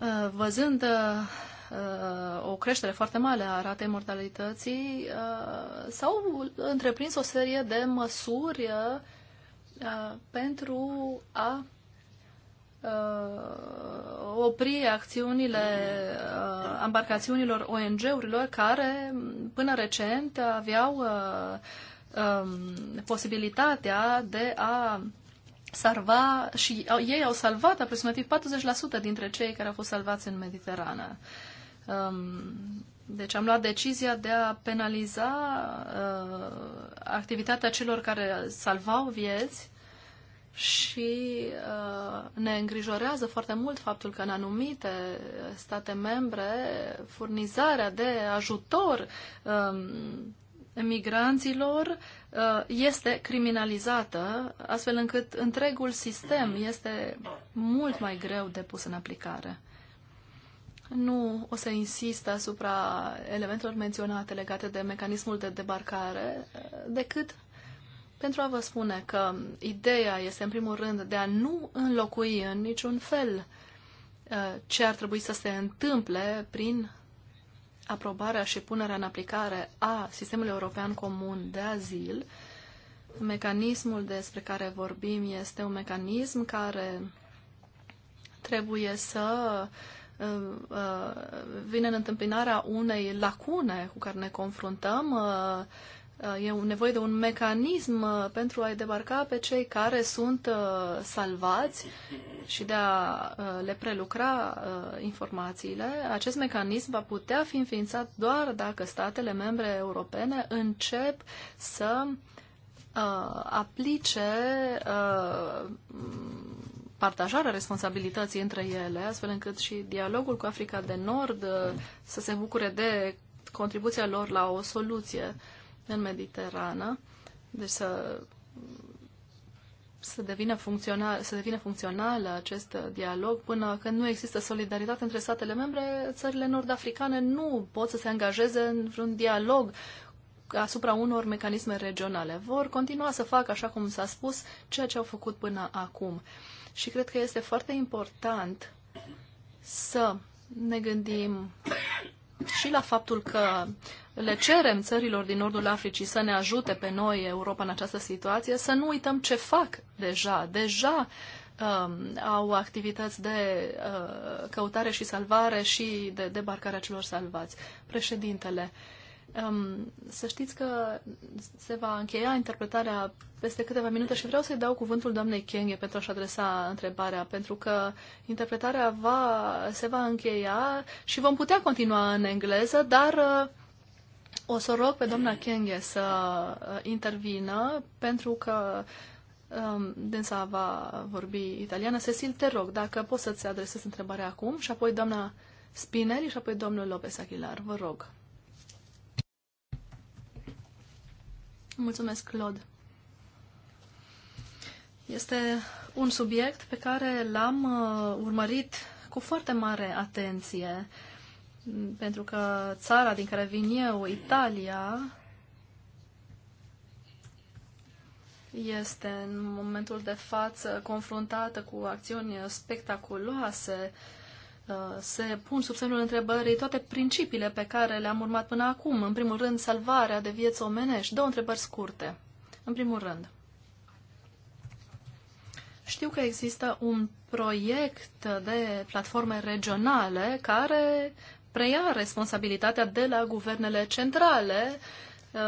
uh, văzând uh, o creștere foarte mare a ratei mortalității, uh, s-au întreprins o serie de măsuri pentru a opri acțiunile embarcațiunilor ONG-urilor care până recent aveau um, posibilitatea de a salva și au, ei au salvat aproximativ 40% dintre cei care au fost salvați în Mediterană. Um, deci am luat decizia de a penaliza uh, activitatea celor care salvau vieți și uh, ne îngrijorează foarte mult faptul că în anumite state membre furnizarea de ajutor uh, migranților uh, este criminalizată, astfel încât întregul sistem este mult mai greu de pus în aplicare. Nu o să insist asupra elementelor menționate legate de mecanismul de debarcare, uh, decât pentru a vă spune că ideea este, în primul rând, de a nu înlocui în niciun fel uh, ce ar trebui să se întâmple prin aprobarea și punerea în aplicare a sistemului european comun de azil. Mecanismul despre care vorbim este un mecanism care trebuie să uh, uh, vine în întâmpinarea unei lacune cu care ne confruntăm uh, Uh, e nevoie de un mecanism uh, pentru a-i debarca pe cei care sunt uh, salvați și de a le prelucra informațiile. Acest mecanism va putea fi înființat doar dacă statele membre europene încep să aplice partajarea responsabilității între ele, astfel încât și dialogul cu Africa de Nord să se bucure de contribuția lor la o soluție uh, în Mediterana, deci să, să, devină funcțional, să devină funcțional acest dialog până când nu există solidaritate între statele membre, țările nord-africane nu pot să se angajeze în vreun dialog asupra unor mecanisme regionale. Vor continua să facă, așa cum s-a spus, ceea ce au făcut până acum. Și cred că este foarte important să ne gândim și la faptul că le cerem țărilor din nordul Africii să ne ajute pe noi, Europa, în această situație, să nu uităm ce fac deja. Deja um, au activități de uh, căutare și salvare și de debarcarea celor salvați. Președintele, uh, Um, să știți că se va încheia interpretarea peste câteva minute și vreau să-i dau cuvântul doamnei Kenge pentru a-și adresa întrebarea, pentru că interpretarea va, se va încheia și vom putea continua în engleză, dar uh, o să rog pe doamna Kenge să uh, intervină, pentru că um, Densa va vorbi italiană. Cecil, te rog, dacă poți să-ți adresezi întrebarea acum și apoi doamna Spineri și apoi domnul Lopez Aguilar. Vă rog. Mulțumesc, Claude. Este un subiect pe care l-am uh, urmărit cu foarte mare atenție, pentru că țara din care vin eu, Italia, este în momentul de față confruntată cu acțiuni spectaculoase uh, Uh, se pun sub semnul întrebării toate principiile pe care le-am urmat până acum. În primul rând, salvarea de vieți omenești. Două întrebări scurte. În primul rând, știu că există un proiect de platforme regionale care preia responsabilitatea de la guvernele centrale. Uh,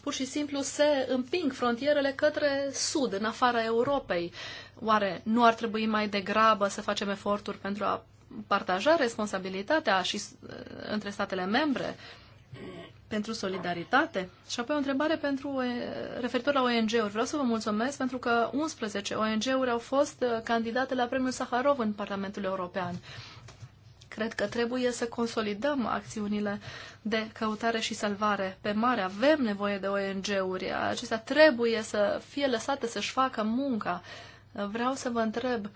pur și simplu se împing frontierele către sud, în afara Europei. Oare nu ar trebui mai degrabă să facem eforturi pentru a partaja responsabilitatea și uh, între statele membre pentru solidaritate. Și apoi o întrebare pentru, referitor la ONG-uri. Vreau să vă mulțumesc pentru că 11 ONG-uri au fost uh, candidate la premiul Saharov în Parlamentul European. Cred că trebuie să consolidăm acțiunile de căutare și salvare pe mare. Avem nevoie de ONG-uri. Acestea trebuie să fie lăsate să-și facă munca. Vreau să vă întreb uh,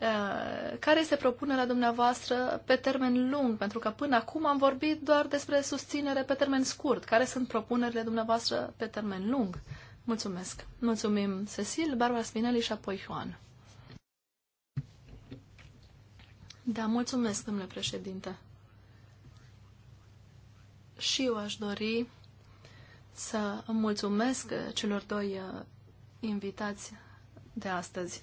Uh, care este propunerea dumneavoastră pe termen lung? Pentru că până acum am vorbit doar despre susținere pe termen scurt. Care sunt propunerile dumneavoastră pe termen lung? Mulțumesc. Mulțumim, Cecil, Barbara Spinelli și apoi Ioan. Da, mulțumesc, domnule președinte. Și eu aș dori să mulțumesc celor doi uh, invitați de astăzi.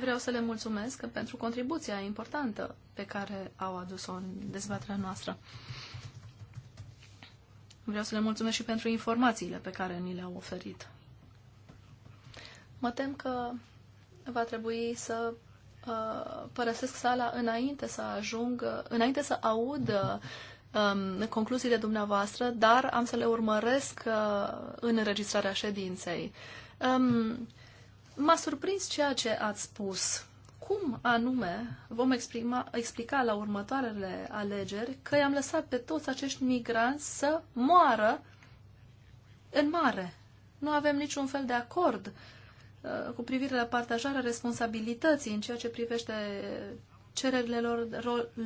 Vreau să le mulțumesc pentru contribuția importantă pe care au adus-o în dezbaterea noastră. Vreau să le mulțumesc și pentru informațiile pe care ni le-au oferit. Mă tem că va trebui să uh, părăsesc sala înainte să ajung, înainte să aud uh, concluziile dumneavoastră, dar am să le urmăresc uh, în înregistrarea ședinței. Um, M-a surprins ceea ce ați spus. Cum anume vom exprima, explica la următoarele alegeri că i-am lăsat pe toți acești migranți să moară în mare? Nu avem niciun fel de acord uh, cu privire la partajarea responsabilității în ceea ce privește cererile lor,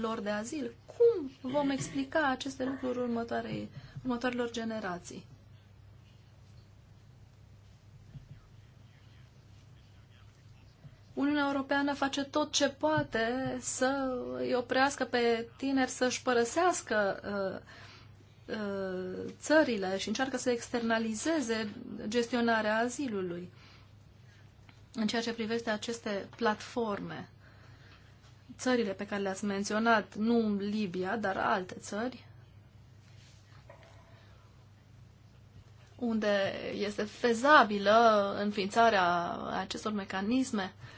lor de azil. Cum vom explica aceste lucruri următoarei, următoarelor generații? Uniunea Europeană face tot ce poate să îi oprească pe tineri să-și părăsească uh, uh, țările și încearcă să externalizeze gestionarea azilului în ceea ce privește aceste platforme. Țările pe care le-ați menționat, nu Libia, dar alte țări, unde este fezabilă înființarea acestor mecanisme, uh,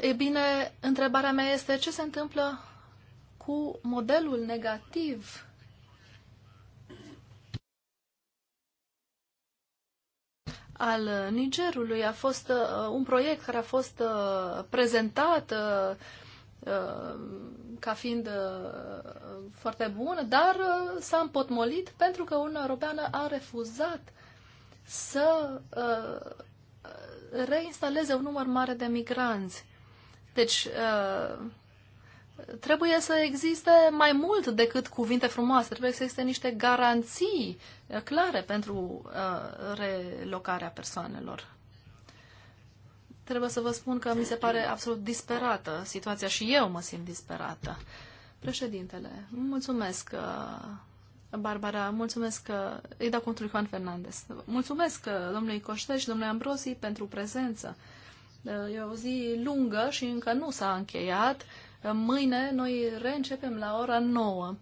E bine, întrebarea mea este ce se întâmplă cu modelul negativ al Nigerului. A fost uh, un proiect care a fost uh, prezentat uh, uh ca fiind uh, foarte bun, dar uh, s-a împotmolit pentru că Uniunea Europeană a refuzat să reinstaleze un număr mare de migranți. Deci, uh, trebuie să existe mai mult decât cuvinte frumoase, trebuie să existe niște garanții clare pentru uh, relocarea persoanelor. Trebuie să vă spun că mi se pare absolut disperată situația și eu mă simt disperată. Președintele, mulțumesc, uh, Barbara, mulțumesc îi dau contul Juan Fernandez. Mulțumesc domnului Coșteș și domnului Ambrosi pentru prezență. E o zi lungă și încă nu s-a încheiat. Mâine noi reîncepem la ora 9.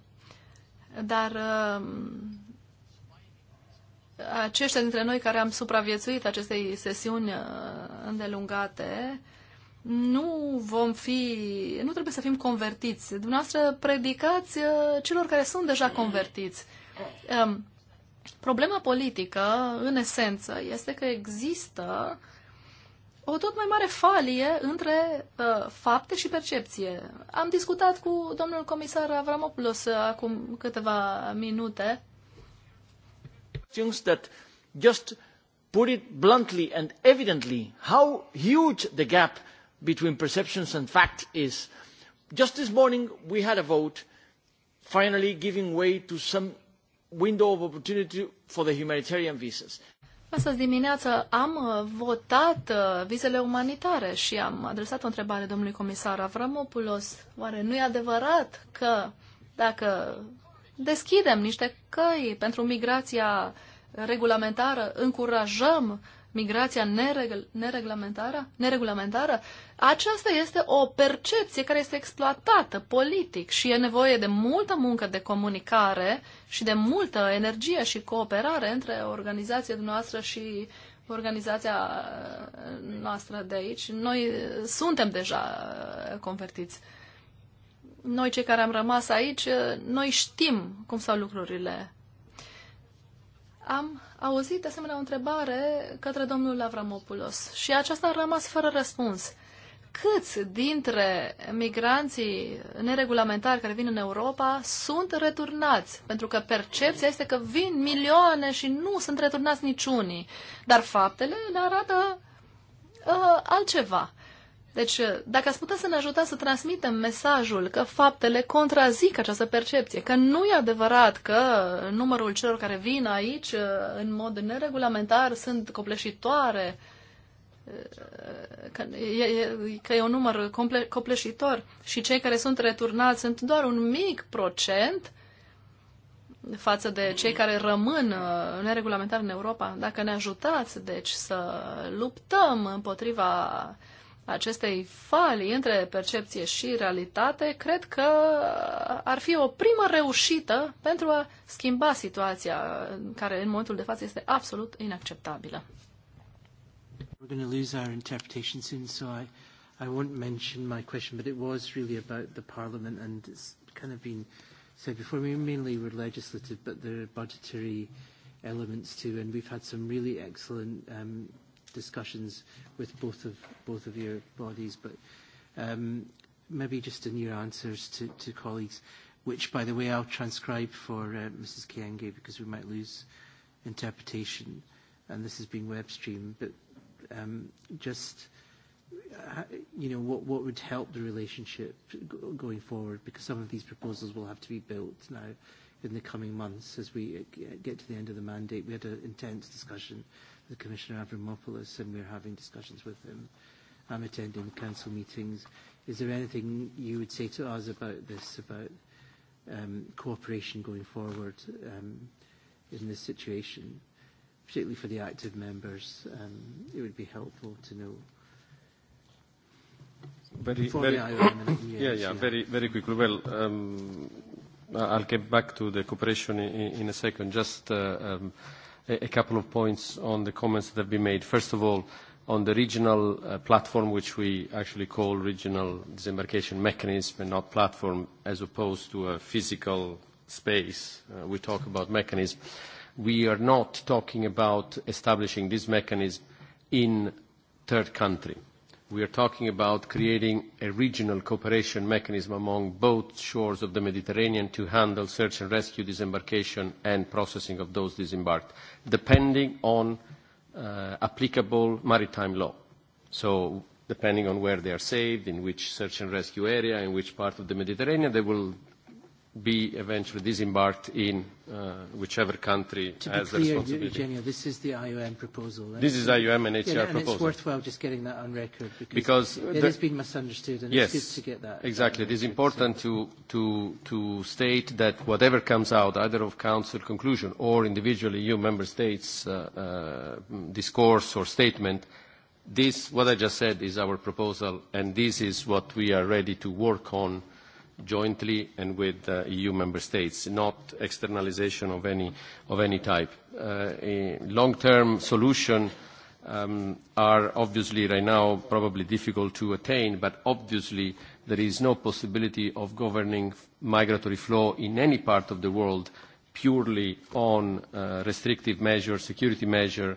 Dar um, aceștia dintre noi care am supraviețuit acestei sesiuni uh, îndelungate, nu vom fi, nu trebuie să fim convertiți. Dumneavoastră predicați uh, celor care sunt deja convertiți. Um, problema politică, în esență, este că există uh, o tot mai mare falie între uh, fapte și percepție. Am discutat cu domnul comisar Avramopoulos uh, acum câteva minute. Things That just put it bluntly and evidently how huge the gap between perceptions and fact is. Just this morning we had a vote finally giving way to some window of opportunity for the humanitarian visas Astăzi dimineață am uh, votat uh, vizele umanitare și am adresat o întrebare domnului comisar Avramopoulos. Oare nu e adevărat că dacă deschidem niște căi pentru migrația regulamentară, încurajăm migrația neregl- nereglementară, neregulamentară, aceasta este o percepție care este exploatată politic și e nevoie de multă muncă de comunicare și de multă energie și cooperare între organizația noastră și organizația uh, noastră de aici. Noi uh, suntem deja uh, convertiți. Noi, cei care am rămas aici, noi știm cum stau lucrurile am auzit, asemenea, o întrebare către domnul Avramopoulos și aceasta a rămas fără răspuns. Câți dintre migranții neregulamentari care vin în Europa sunt returnați? Pentru că percepția este că vin milioane și nu sunt returnați niciunii. Dar faptele ne arată uh, altceva. Deci, dacă ați putea să ne ajutați să transmitem mesajul că faptele contrazic această percepție, că nu e adevărat că numărul celor care vin aici uh, în mod neregulamentar sunt copleșitoare, uh, că e, e, că e un număr comple, copleșitor și cei care sunt returnați sunt doar un mic procent față de cei care rămân uh, neregulamentar în Europa. Dacă ne ajutați, deci, să luptăm împotriva acestei falii între percepție și realitate, cred că ar fi o primă reușită pentru a schimba situația care în momentul de față este absolut inacceptabilă. We're going to lose our interpretation soon, so I, I won't mention my question, but it was really about the Parliament and it's kind of been said before. We mainly were legislative, but there are budgetary elements too, and we've had some really excellent um, discussions with both of both of your bodies, but um, maybe just in your answers to, to colleagues, which, by the way, I'll transcribe for uh, Mrs. Kienge because we might lose interpretation, and this is being web streamed. But um, just uh, you know what what would help the relationship going forward because some of these proposals will have to be built now in the coming months as we uh, get to the end of the mandate. We had an intense discussion the Commissioner Avramopoulos, and we're having discussions with him. I'm attending council meetings. Is there anything you would say to us about this, about um, cooperation going forward um, in this situation, particularly for the active members? Um, it would be helpful to know. Very, Before very, IOM, yeah, yeah, yeah, very, very quickly. Well, um, I'll get back to the cooperation in, in a second. Just. Uh, um, a, couple of points on the comments that have been made. First of all, on the regional uh, platform, which we actually call regional disembarkation mechanism and not platform, as opposed to a physical space. Uh, we talk about mechanism. We are not talking about establishing this mechanism in third country we are talking about creating a regional cooperation mechanism among both shores of the Mediterranean to handle search and rescue, disembarkation and processing of those disembarked, depending on uh, applicable maritime law. So depending on where they are saved, in which search and rescue area, in which part of the Mediterranean, they will be eventually disembarked in uh, whichever country to has be clear, the responsibility. Eugenio, this is the IOM proposal. Right? This is IOM and HCR yeah, and proposal. it's worthwhile just getting that on record because, because it the, has been misunderstood and yes, it's good to get that. Uh, exactly. It is important so. to, to, to state that whatever comes out, either of Council conclusion or individually EU member states' uh, uh, discourse or statement, this, what I just said, is our proposal and this is what we are ready to work on jointly and with uh, EU member states, not externalization of any, of any type. Uh, a long-term solution um, are obviously right now probably difficult to attain, but obviously there is no possibility of governing migratory flow in any part of the world purely on uh, restrictive measures, security measures,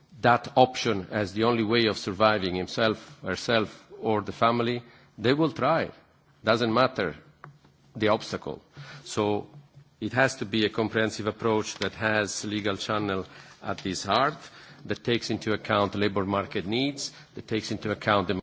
that option as the only way of surviving himself, herself, or the family, they will try. Doesn't matter the obstacle. So it has to be a comprehensive approach that has legal channel at its heart, that takes into account labour market needs, that takes into account the.